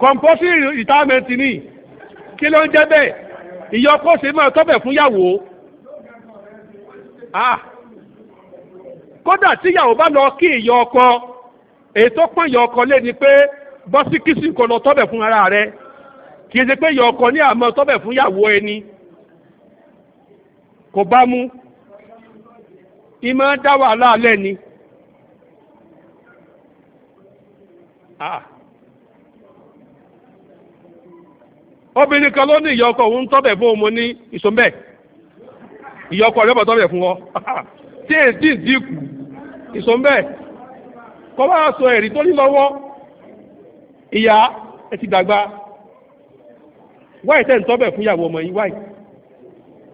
compulsory retirement ni kí ló ń jẹ́ bẹ́ẹ̀ ìyọkọ́sí máa tọ́bẹ̀ fún yàwó ah. kódà tí yàwó bá lọ kí ìyọ ọkọ èyí tó pọ́n ìyọ ọkọ lé ni pé bọ́sí kìsì kò lọ tọ́bẹ̀ fún ara rẹ kì í ṣe pé ìyọ ọkọ ní àmọ́ tọ́bẹ̀ fún yàwó ẹni kò bá mú ìmọ̀ dá wàhálà alẹ́ ni. Ah. obìnrin kan ló ní ìyá ọkọ òun tọ́bẹ̀ fún ọmọ ní ìsọmbẹ́ ìyá ọkọ rẹ̀ bọ̀ tọ́bẹ̀ fún ọ tí èyí sì dínkù ìsọmbẹ́ kọ́ bá sọ ẹ̀rí tó ní lọ́wọ́ ìyá ẹ ti dàgbà wáì tẹ́ ń tọ́bẹ̀ fún ìyàwó ọmọ yìí wáì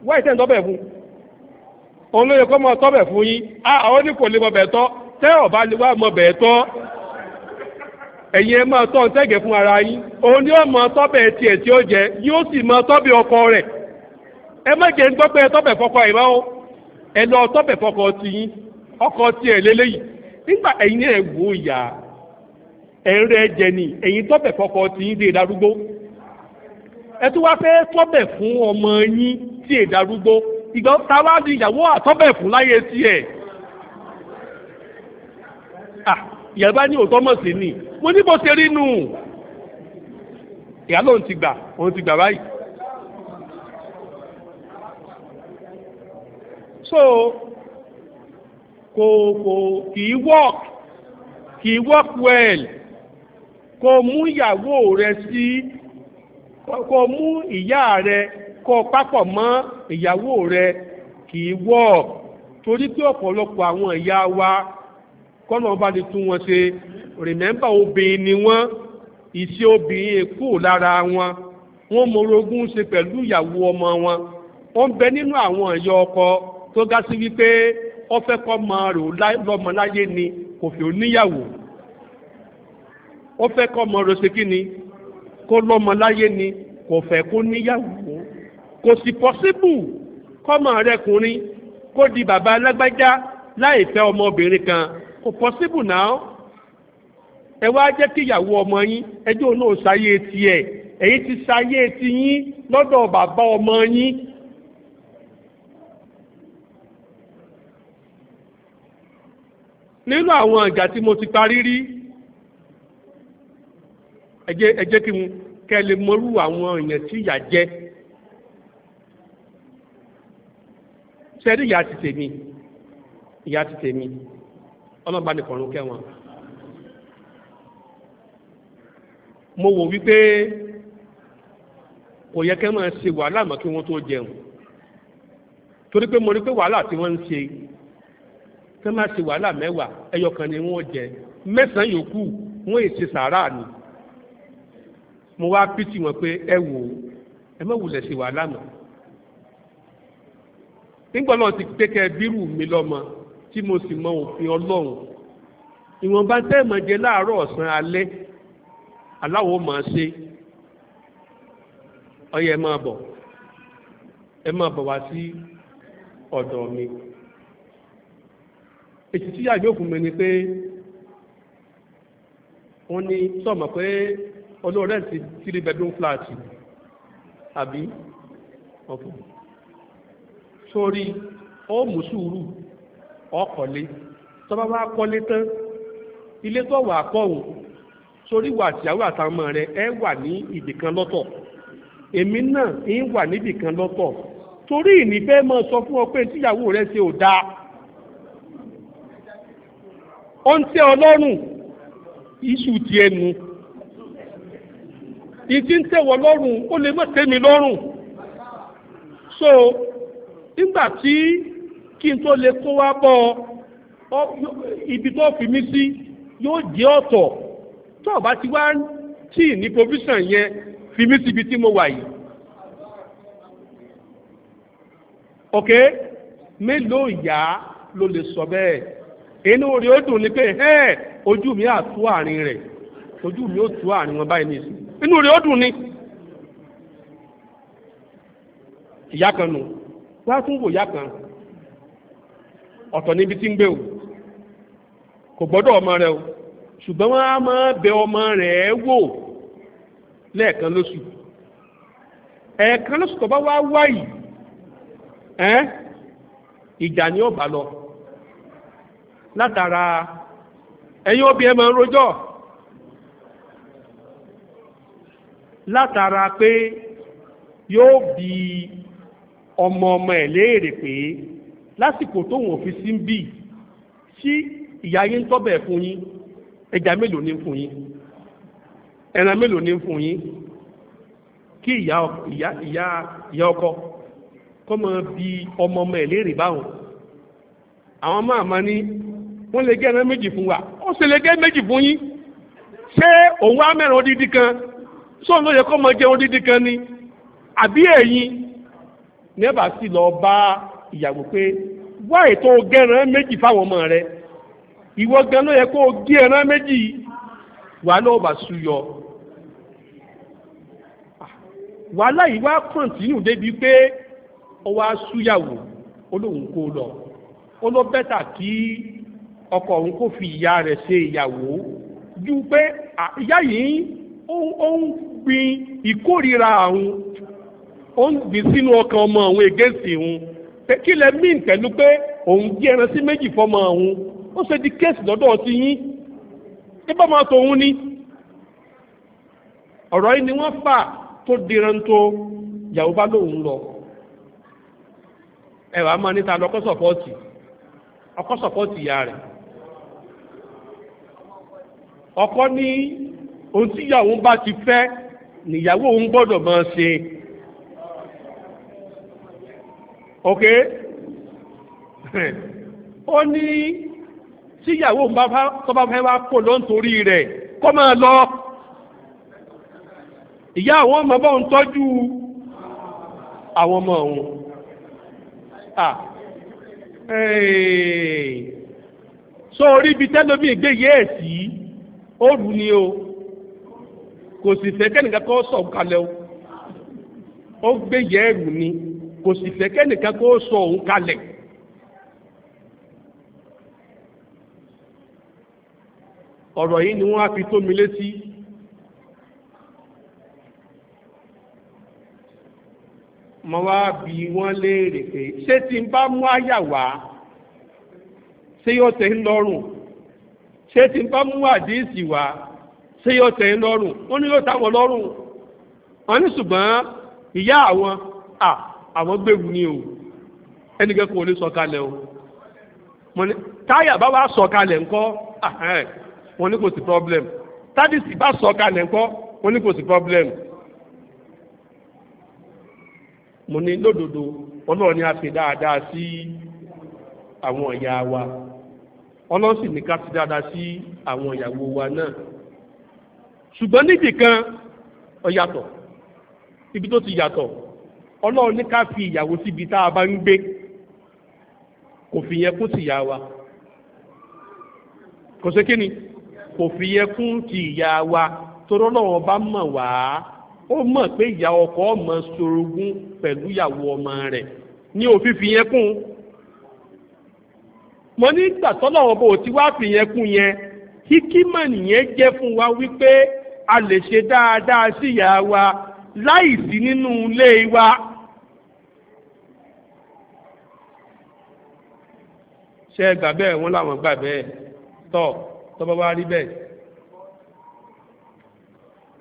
wáì tẹ́ tọ́bẹ̀ fún òun kọ́ mọ tọ́bẹ̀ fún yín ah, àwọn ní kò lè mọ bẹ̀ẹ́ tọ́ tẹ́ ọ̀bá lè wá mọ bẹ̀ẹ́ tọ́ ẹ̀yin ẹ máa tọ́ ǹtẹ́gẹ̀ fún ara yín òun ni ó mọ tọ́bẹ̀ tiẹ̀ tí ó jẹ yóò sì mọ tọ́bẹ̀ ọkọ rẹ̀ ẹ má jẹ́ gbọ́ pé tọ́bẹ̀ fọkọ ẹ̀ máa ẹ lọ tọ́bẹ̀ fọkọ ti yín ọkọ tiẹ̀ lélẹ́yìí nígbà ẹ̀yin ẹ̀ wò yá ẹ̀ ń rẹ jẹ ni ẹ̀yin tọ́bẹ̀ fọkọ ti yín dé darúgbó ẹ tún wá fẹ́ tọ́bẹ̀ fún ọmọ yín tí è darúgbó ìgbà táwa ni àtọ́bẹ̀ fún láyé tiẹ̀ ah ìyá bá ní òótọ́ mọ̀ sí ni mo ní bó ṣe rí nù ìyá lòun ti gbà òun ti gbà báyìí. so kò kò kì í work kì í work well kò mú ìyàwó rẹ sí kò mú ìyá rẹ kò papọ̀ mọ́ ìyàwó rẹ kì í work torí pé ọ̀pọ̀lọpọ̀ àwọn ìyá wa kọ́nà ọba lè tún wọn ṣe rìmẹ́mbà obìnrin ni wọ́n ìṣe obìnrin èkó lára wọn wọ́n morogún ṣe pẹ̀lú ìyàwó ọmọ wọn ó ń bẹ nínú àwọn ẹ̀yọ ọkọ tó ga sí wípé ó fẹ́ kọ́ ọmọ rẹ̀ lọ́mọ láyé ni kò fi oníyàwó ó fẹ́ kọ́ ọmọ rẹ̀ ṣe kí ni kó lọ́mọ láyé ni kò fẹ́ kó níyàwó kò sì pọ́síbù kọ́mọ rẹ̀ kùnrin kó di bàbá alágbájá láì fẹ́ ọmọbìnrin kan kò pọ́síbù náà ẹ wá jẹ́ kí ìyàwó ọmọ yín ẹjọ́ náà ṣayé tiẹ̀ èyí ti ṣayé ti yín lọ́dọ̀ bàbá ọmọ yín. nínú àwọn ìjà tí mo ti parí rí ẹ jẹ́ kí n kẹ́ lè mọrú àwọn èèyàn tí ìyà jẹ sẹ́rí ìyà ti tèmi ìyà ti tèmi ọlọ́ba ní kọ̀ọ̀rùn kẹwọn. mo wò wípé kò yẹ kẹ́ máa ṣe wàhálà mọ́ kí wọ́n tó jẹun torí pé mo rí pé wàhálà tí wọ́n ń ṣe kẹ́ máa ṣe wàhálà mẹ́wàá ẹyọ kan ni wọ́n jẹ mẹ́sàn-án yòókù wọ́n èsì sàárà ni mo wá pìtì wọn pé ẹ wò ó ẹ má wulẹ̀ ṣe wàhálà mọ́ nígbà náà ti pé kẹ́ bírù mi lọ́mọ tí mo sì mọ òfin ọlọ́run ìwọ̀nba tẹ́ẹ̀mọ̀ jẹ láàárọ̀ ọ̀sán alẹ́ aláwo máa ṣe ọyẹ ẹ máa bọ̀ ẹ máa bọ̀ wá sí ọ̀dọ̀ mi èsì tí yàgbé òkú mi ni pé wọ́n ní sọ̀mọ̀ pé olóòrẹ́ ti three bedroom flat àbí ọ̀pọ̀ sórí ó mú sùúrù ọkọ̀lé tọ́ba wá kọ́lé tán ilé tó wà kọ́ sórí wà tíyàwó àtàwọn ọmọ rẹ ẹ wà ní ibìkan lọ́tọ̀ èmi náà ń wà níbìkan lọ́tọ̀ torí ìní fẹ́ sọ fún ọ pé tíyàwó rẹ ṣe ò dáa ó ń tẹ́ ọlọ́rùn iṣu ti ẹnu ìdí ń tẹ̀wọ̀ lọ́rùn ó lè mọ̀ lọ́rùn so nígbà tí kí n tó lè kó wá bọ́ ọ ibi tó fi mí sí yóò jẹ́ ọ̀tọ̀ tó o bá ti wá tí ní provision yẹn fi mí síbi tí mo wà yìí. ok mélòó ìyá ló lè sọ bẹ́ẹ̀ inú rẹ̀ ó dùn ní pé ẹ́ẹ̀ ojú mi á tú àárín rẹ̀ ojú mi ó tú àárín wọn báyìí nìyí inú rẹ̀ ó dùn ni. ìyá kan nù wá tún wò ìyá kan. ọ̀tọ̀ níbi tí ń gbé o kò gbọ́dọ̀ ọmọ rẹ o ṣùgbọ́n wọ́n á máa bẹ ọmọ rẹ̀ wò lẹ́ẹ̀kan lóṣù ẹ̀ẹ̀kan lóṣù tó bá wá wá yìí ẹ́ ìjà ni ó bá lọ látara ẹ̀yin òbí ẹ máa ń rojọ́ látara pé yóò bi ọmọ ọmọ ẹ̀ léèrè pé lásìkò tóun ò fi sí ń bì tí ìyá yín ń tọ́bẹ̀ fún yín ẹja mélòó ní fún yín ẹran mélòó ní fún yín kí ìyá ìyá ìyá ìyá ọkọ kọ́ mọ bí ọmọ ọmọ ẹ̀ léèrè báwọn àwọn máa ma ní wọ́n lè gé ẹran méjì fún wa ó sì lè gé méjì fún yín ṣé òun á mẹ́rin odidi kan sóun ló yẹ kó mọ jẹ odidi kan ni àbí ẹ̀yin ní ẹ bá sì lọ bá ìyàwó pé wá ètò gẹ́ran méjì fáwọn ọmọ rẹ ìwọ gan ló yẹ kó o gé ẹran méjì wàá lọ́wọ́ bá súyọ wàhálà yìí wá kọ̀ǹtínú débi pé ó wá súyàwó olóhùn kó lọ ó ló bẹ́tà kí ọkọ òun kò fi ìyá rẹ̀ ṣe ìyàwó ju pé ìyá yìí ó ń gbin ìkórìíra àwọn ó ń gbin sínú ọkàn ọmọ àwọn ègéǹsì òun kí lẹ mín pẹ̀lú pé òun gé ẹran sí méjì fọmọ òun ó ṣe di kéèsì lọ́dọ̀ ti yín nígbà máa tó òun ni ọ̀rọ̀ yìí ni wọ́n fà tó diran tó yàwó bá lóun lọ ẹ wàá máa níta lọ kọ́sọ̀pọ́ọ̀tì ọkọ́sọ̀pọ́ọ̀tì ìyá rẹ̀ ọkọ ní ohun tíyàwó bá ti fẹ́ nìyàwó òun gbọ́dọ̀ máa ṣe. ok ó ní tíyàwó tó bá fẹ́ wá kó ló ń torí rẹ̀ kó máa lọ ìyá àwọn ọmọ bá ń tọ́jú àwọn ọmọ òun so orí ibi tẹ́lómi gbé yẹ́ẹ̀sì ó rù ni o kò sì fẹ́ kẹ́nìkan kọ́ sọ̀kalẹ̀ o ó gbé yẹ́ẹ̀rù ni kò sì fẹ́ kẹ́nìkan kó sọ òun kalẹ̀. ọ̀rọ̀ yìí ni wọ́n á fi tó mi létí. mo wá bi wọ́n léèrè pé ṣé tí n bá mú àyà wá ṣé yóò tẹ́ ń lọ́rùn ṣé tí n bá mú àdíìsì wá ṣé yóò tẹ́ ń lọ́rùn wọ́n ní yóò táwọn lọ́rùn wọ́n ní ṣùgbọ́n ìyá àwọn àwọn gbèrú ni o ẹnìkan kò lè sọ̀kalẹ̀ o wọ́n ní táyà bá wá sọ̀kalẹ̀ ńkọ́ wọ́n ní kò sí problem tádìsì bá sọ̀kalẹ̀ ńkọ́ wọ́n ní kò sí problem mo ní lódodo ọlọ́run ni a fi dáadáa sí àwọn ìyá wa ọlọ́run sì ní ká fi dáadáa sí àwọn ìyàwó wa náà ṣùgbọ́n nídìí kan ó yàtọ̀ ibi tó ti yàtọ̀ ọlọ́run ní ká fi ìyàwó síbi tá a bá ń gbé kò fi yẹ kún ti ìyá wa kò sí kíni kò fi yẹ kún ti ìyá wa torọ́ lọ́wọ́ bá mọ̀ wá ó mọ̀ pé ìyá ọkọ ọmọ sorogún pẹ̀lú ìyàwó ọmọ rẹ̀ ní òfin fi yẹn kún mo ní ìgbà tọ́lọ́wọ́ bó ti wá fi yẹn kún yẹn hikima nìyẹn jẹ́ fún wa wípé a lè ṣe dáadáa sí ìyá wa láìsí nínú ilé wa. ṣé ẹ bẹ́ẹ̀ wọ́n láwọn gbà bẹ́ẹ̀ tọ́ tọ́ba wá rí bẹ́ẹ̀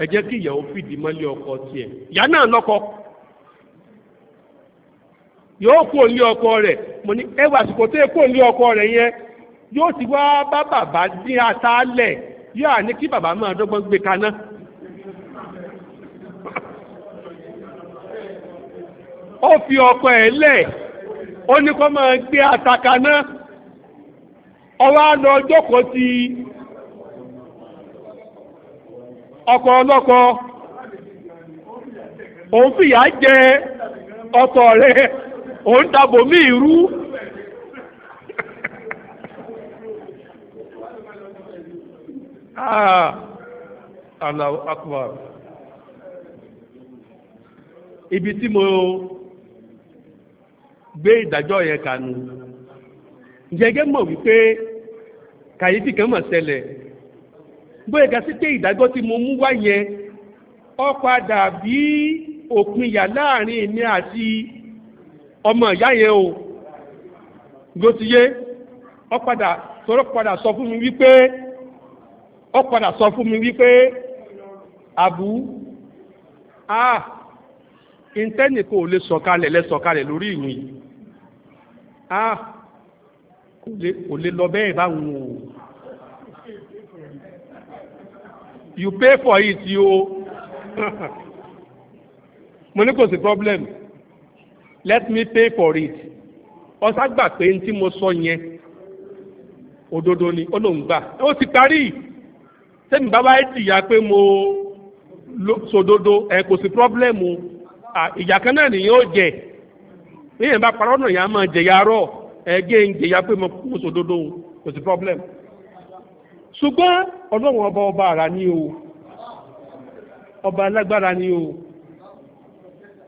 ẹ jẹ́ kí ìyàwó fìdí mọ́lé ọkọ tiẹ̀ ìyá náà lọ́kọ yóò ọkọ rẹ̀ mo ní ẹwà àsìkò tó yẹ kú òní ọkọ rẹ̀ yẹn yóò ti wá bá bàbá dín aṣáálẹ̀ yóò ni ki kí bàbá máa dọ́gbọ́n gbé kaná. ó fi ọkọ ẹ̀ lẹ̀ ó ní kó máa gbé atakaná. ọwọ́ á lọ jókòó ti ọkọ̀ ọlọ́kọ̀ òun fìyà jẹ ọ̀tọ̀ rẹ̀ òun dàbò mí ìrú ah Allahu Akbar ibi tí mo gbé ìdájọ́ yẹn kànú jẹgẹ́ mọ̀ wípé kàyéfì kan mọ̀ sẹlẹ̀ bóyá gà pé tí mo mú wá yẹn padà bí òpinya láàrin àti ọmọ ìyá yẹn o ló padà sọ fún mi wípé ọ padà sọ fún mi wípé àbú a ìntẹ́nìkò lè sọ̀kalẹ̀ lórí a. kò lè lọ bẹ́ẹ̀ báwọn o you pay for it o mo ní kò sí problem let me pay for it ọ̀sá gbà pé ní tí mo sọ yẹn òdodo ni ó lòún gbà ó ti parí sẹ́ni bàbá ẹ̀ dìyà pé mo sòdodo ẹ̀ kò sí problem o ìyà kan náà nìyẹn ó jẹ níyẹn bá parọ́ náà yẹn á máa jẹ̀yà rọ̀ ẹ̀ẹ́gẹ́ ń jẹ̀yà pé mo sòdodo kò sí problem ṣùgbọ́n ọlọ́run ọba ọba àrà ni o ọba alágbára ni o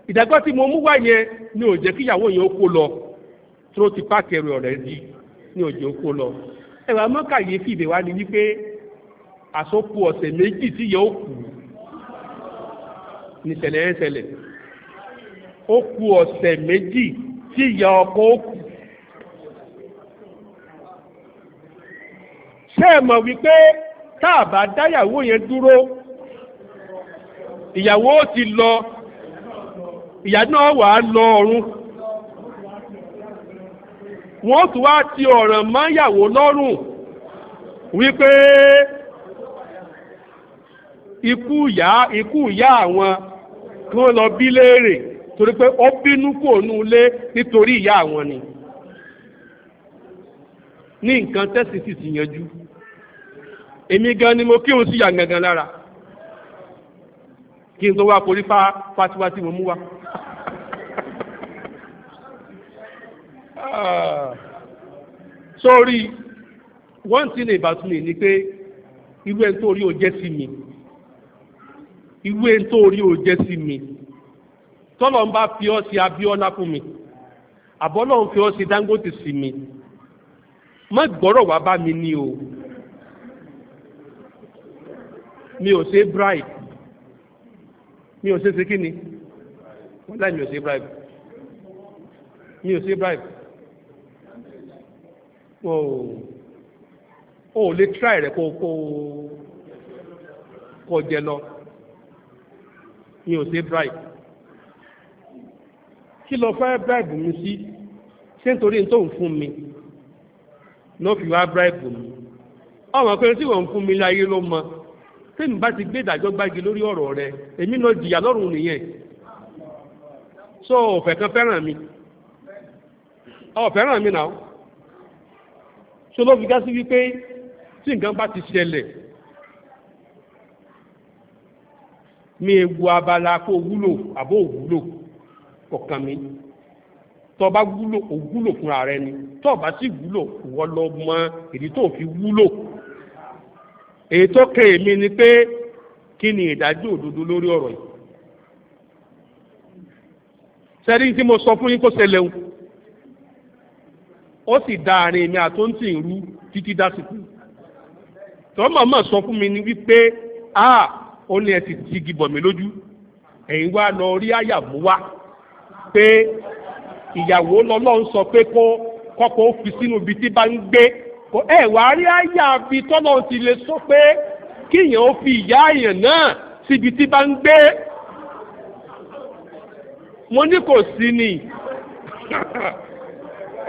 ìdàgbà tí mo mú wá yẹn ni ò jẹ́ kíyàwó yẹn ó kó lọ tó ti páàkì ẹrù ọ̀rẹ́ di ni ò jẹ́ ó kó lọ ẹ̀wà mọ́kàyéfì ìbẹ̀ wá ni wípé àsopọ̀ ọ̀sẹ̀ méjì tí yẹ ó kù nìṣẹ̀lẹ̀ ẹ̀ṣẹ̀lẹ̀ ó kù ọ̀sẹ̀ méjì tí ìyá ọkọ ó kù ṣé ẹ mọ̀ wípé tá dáyàwó yẹn dúró ìyàwó ti lọ ìyá náà wà á lọ ọ̀run wọ́n tún wá ti ọ̀ràn máyàwó lọ́rùn wípé ikú ìyá ikú ìyá àwọn kí wọ́n lọ bí léèrè torí pé ó bínú kò nú ilé nítorí ìyá àwọn ni ní nǹkan tẹ́sí sì ti yanjú. èmi gan ni mo kírun sí ìyá gangan lára kí n tó wá porí fá tí mo mú wá. Ah. sọ́ọ́rí one thing about me ni pé irú ẹni tó rí o jẹ́ sí mi irú ẹni tó rí o jẹ́ sí mi tọ́lọ̀ ń bá fi ọ́ sí Abíọ́lá fún mi àbọ́lọ́ ń fi ọ́ sí Dangote sí mi má gbọ́rọ̀ wá bá mi ní o mi ò ṣe bribe mi ò ṣe ṣe kíni wọ́n láì mi ò ṣe bribe mi ò ṣe bribe o ò lè try rẹ̀ kó kó kó jẹ lọ mi ò ṣe bribe kí ló fẹ́ bribe mi sí ṣé nítorí tó ń fún mi ló fi wá bribe mi ọmọ pé tí wọ́n ń fún mi láyé ló mọ tẹ́mi bá ti gbé ìdájọ́ gbági lórí ọ̀rọ̀ rẹ èmi lọ jìyà lọ́rùn nìyẹn so ọ̀fẹ́ kan fẹ́ràn mi ọ̀fẹ́ràn mi náà so ló fi já sí wípé tí nǹkan bá ti ṣẹlẹ̀ mi ewu abala kó wúlò àbó òwúlò ọ̀kan mi tó bá wúlò òwúlò fúnra rẹ ni tó bá sì wúlò ìwọ lọ mọ èdè tó fi wúlò. èyí tó kẹ èmi ni pé kí ni ìdájọ́ òdodo lórí ọ̀rọ̀ yìí sẹ́rí tí mo sọ fún yín kó ṣẹlẹ̀ o ó sì da àárín èmi àtúntì ìrú títí dásìkò tọ́mọ̀ mọ̀ sọ fún mi ni wípé a ó ní ẹ ti tigi bọ̀ mí lójú ẹ̀yin wá lọ rí àyàmú wá pé ìyàwó lọ́lọ́run sọ pé kó kọ́kọ́ ó fi sínú ibi tí bá ń gbé kò ẹ wà á rí àyà bíi tọ́lọ̀ ti lè sọ pé kíyàn ó fi ìyá èèyàn náà síbi tí bá ń gbé mo ní kò sí ni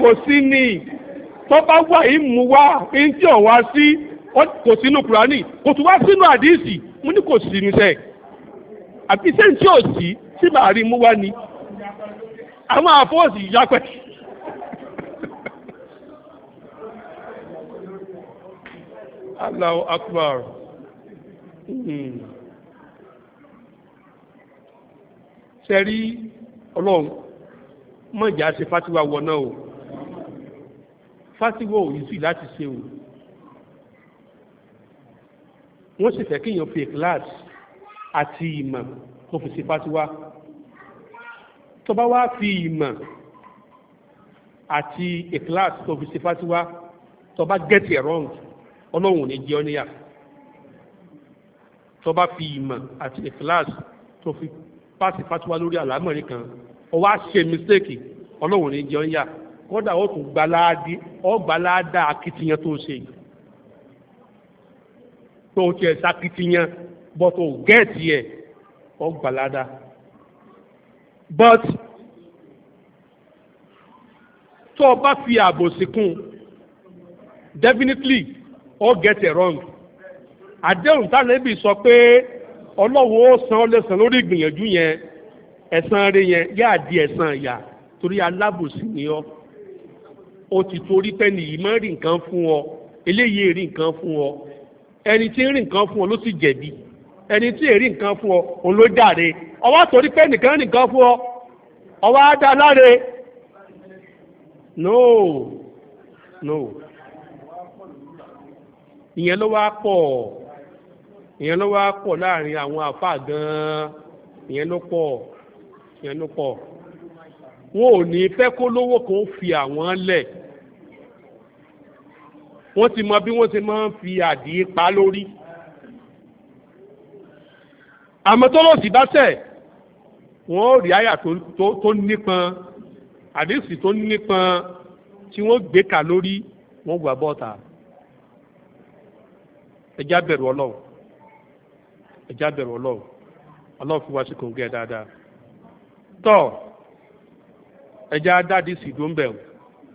kò sí ni tó bá wà yìí mú wá ní tí ò wá sí kò sínú kùránì kò tún wá sínú àdìsí mo ní kò sí ni sẹ́ẹ̀ àbí sẹ́ǹtì ò sí sí màá rí mú wá ni àwọn àfọwọ́sì yápẹ́. Allahu Akbar. Sẹ́rí hmm. ọlọ́run mọ̀já ṣe fásiwá wọ náà o. Fásiwá ò yí sí láti ṣe o. Wọ́n sì fẹ́ kéèyàn fi kíláàsì àti ìmọ̀ kó fi ṣe fásiwá. Tó bá wá fi ìmọ̀ àti ìkíláàsì tó fi ṣe fásiwá tó bá get it wrong ọlọ́run ò ní jẹ́ ọ́níyà tó bá fi ìmọ̀ àti ìkíláàsì tó fi pàṣẹ fatuwa lórí àlámọ̀rí kan ó wá ṣe mistake ọlọ́run ò ní jẹ́ ọ́níyà kódà ó tún gbaláàdì ó gbaláàdà akitiyan tó ṣe tó tiẹ̀ sakitiyan bọ́tò gẹ́ẹ̀tì ẹ̀ ó gbaláàdà but tó o bá fi ààbò sí kún definitely ó get it wrong àdéhùn tánẹ́bì sọ pé ọlọ́wọ́ ó san ọ́ lórí ìgbìyànjú yẹn ẹ̀san rẹ yẹn yáà di ẹ̀sán ìyà torí alábòsí ni ọ́ ó ti torí pẹ́ni yìí máa ń rí nǹkan fún ọ eléyìí rí nǹkan fún ọ ẹni tí ń rí nǹkan fún ọ ló sì jẹ̀bi ẹni tí èrí nǹkan fún ọ òun ló dáre ọwọ́ torí pé nìkan rí nǹkan fún ọ ọwọ́ á dá láre no no. ìyẹn ló wá pọ̀ ìyẹn ló wá pọ̀ láàrin àwọn àfáà gan-an ìyẹn ló pọ̀ ìyẹn ló pọ̀ wọn ò ní fẹ́ kó lówó kan fi àwọn lẹ̀ wọ́n ti mọ bí wọ́n ti máa ń fi àdìí pa lórí àmọ́ tọ́lọ́sì bá tẹ̀ wọ́n ó rí àyà tó nípọn àdìsí tó nípọn tí wọ́n gbé kà lórí wọ́n gbà bọ́ta ẹjá bẹ̀rù ọlọ́run ẹjá bẹ̀rù ọlọ́run ọlọ́run fún wa sí kòǹgẹ́ dáadáa tọ́ ẹjá dáàdì sì dó ń bẹ̀rù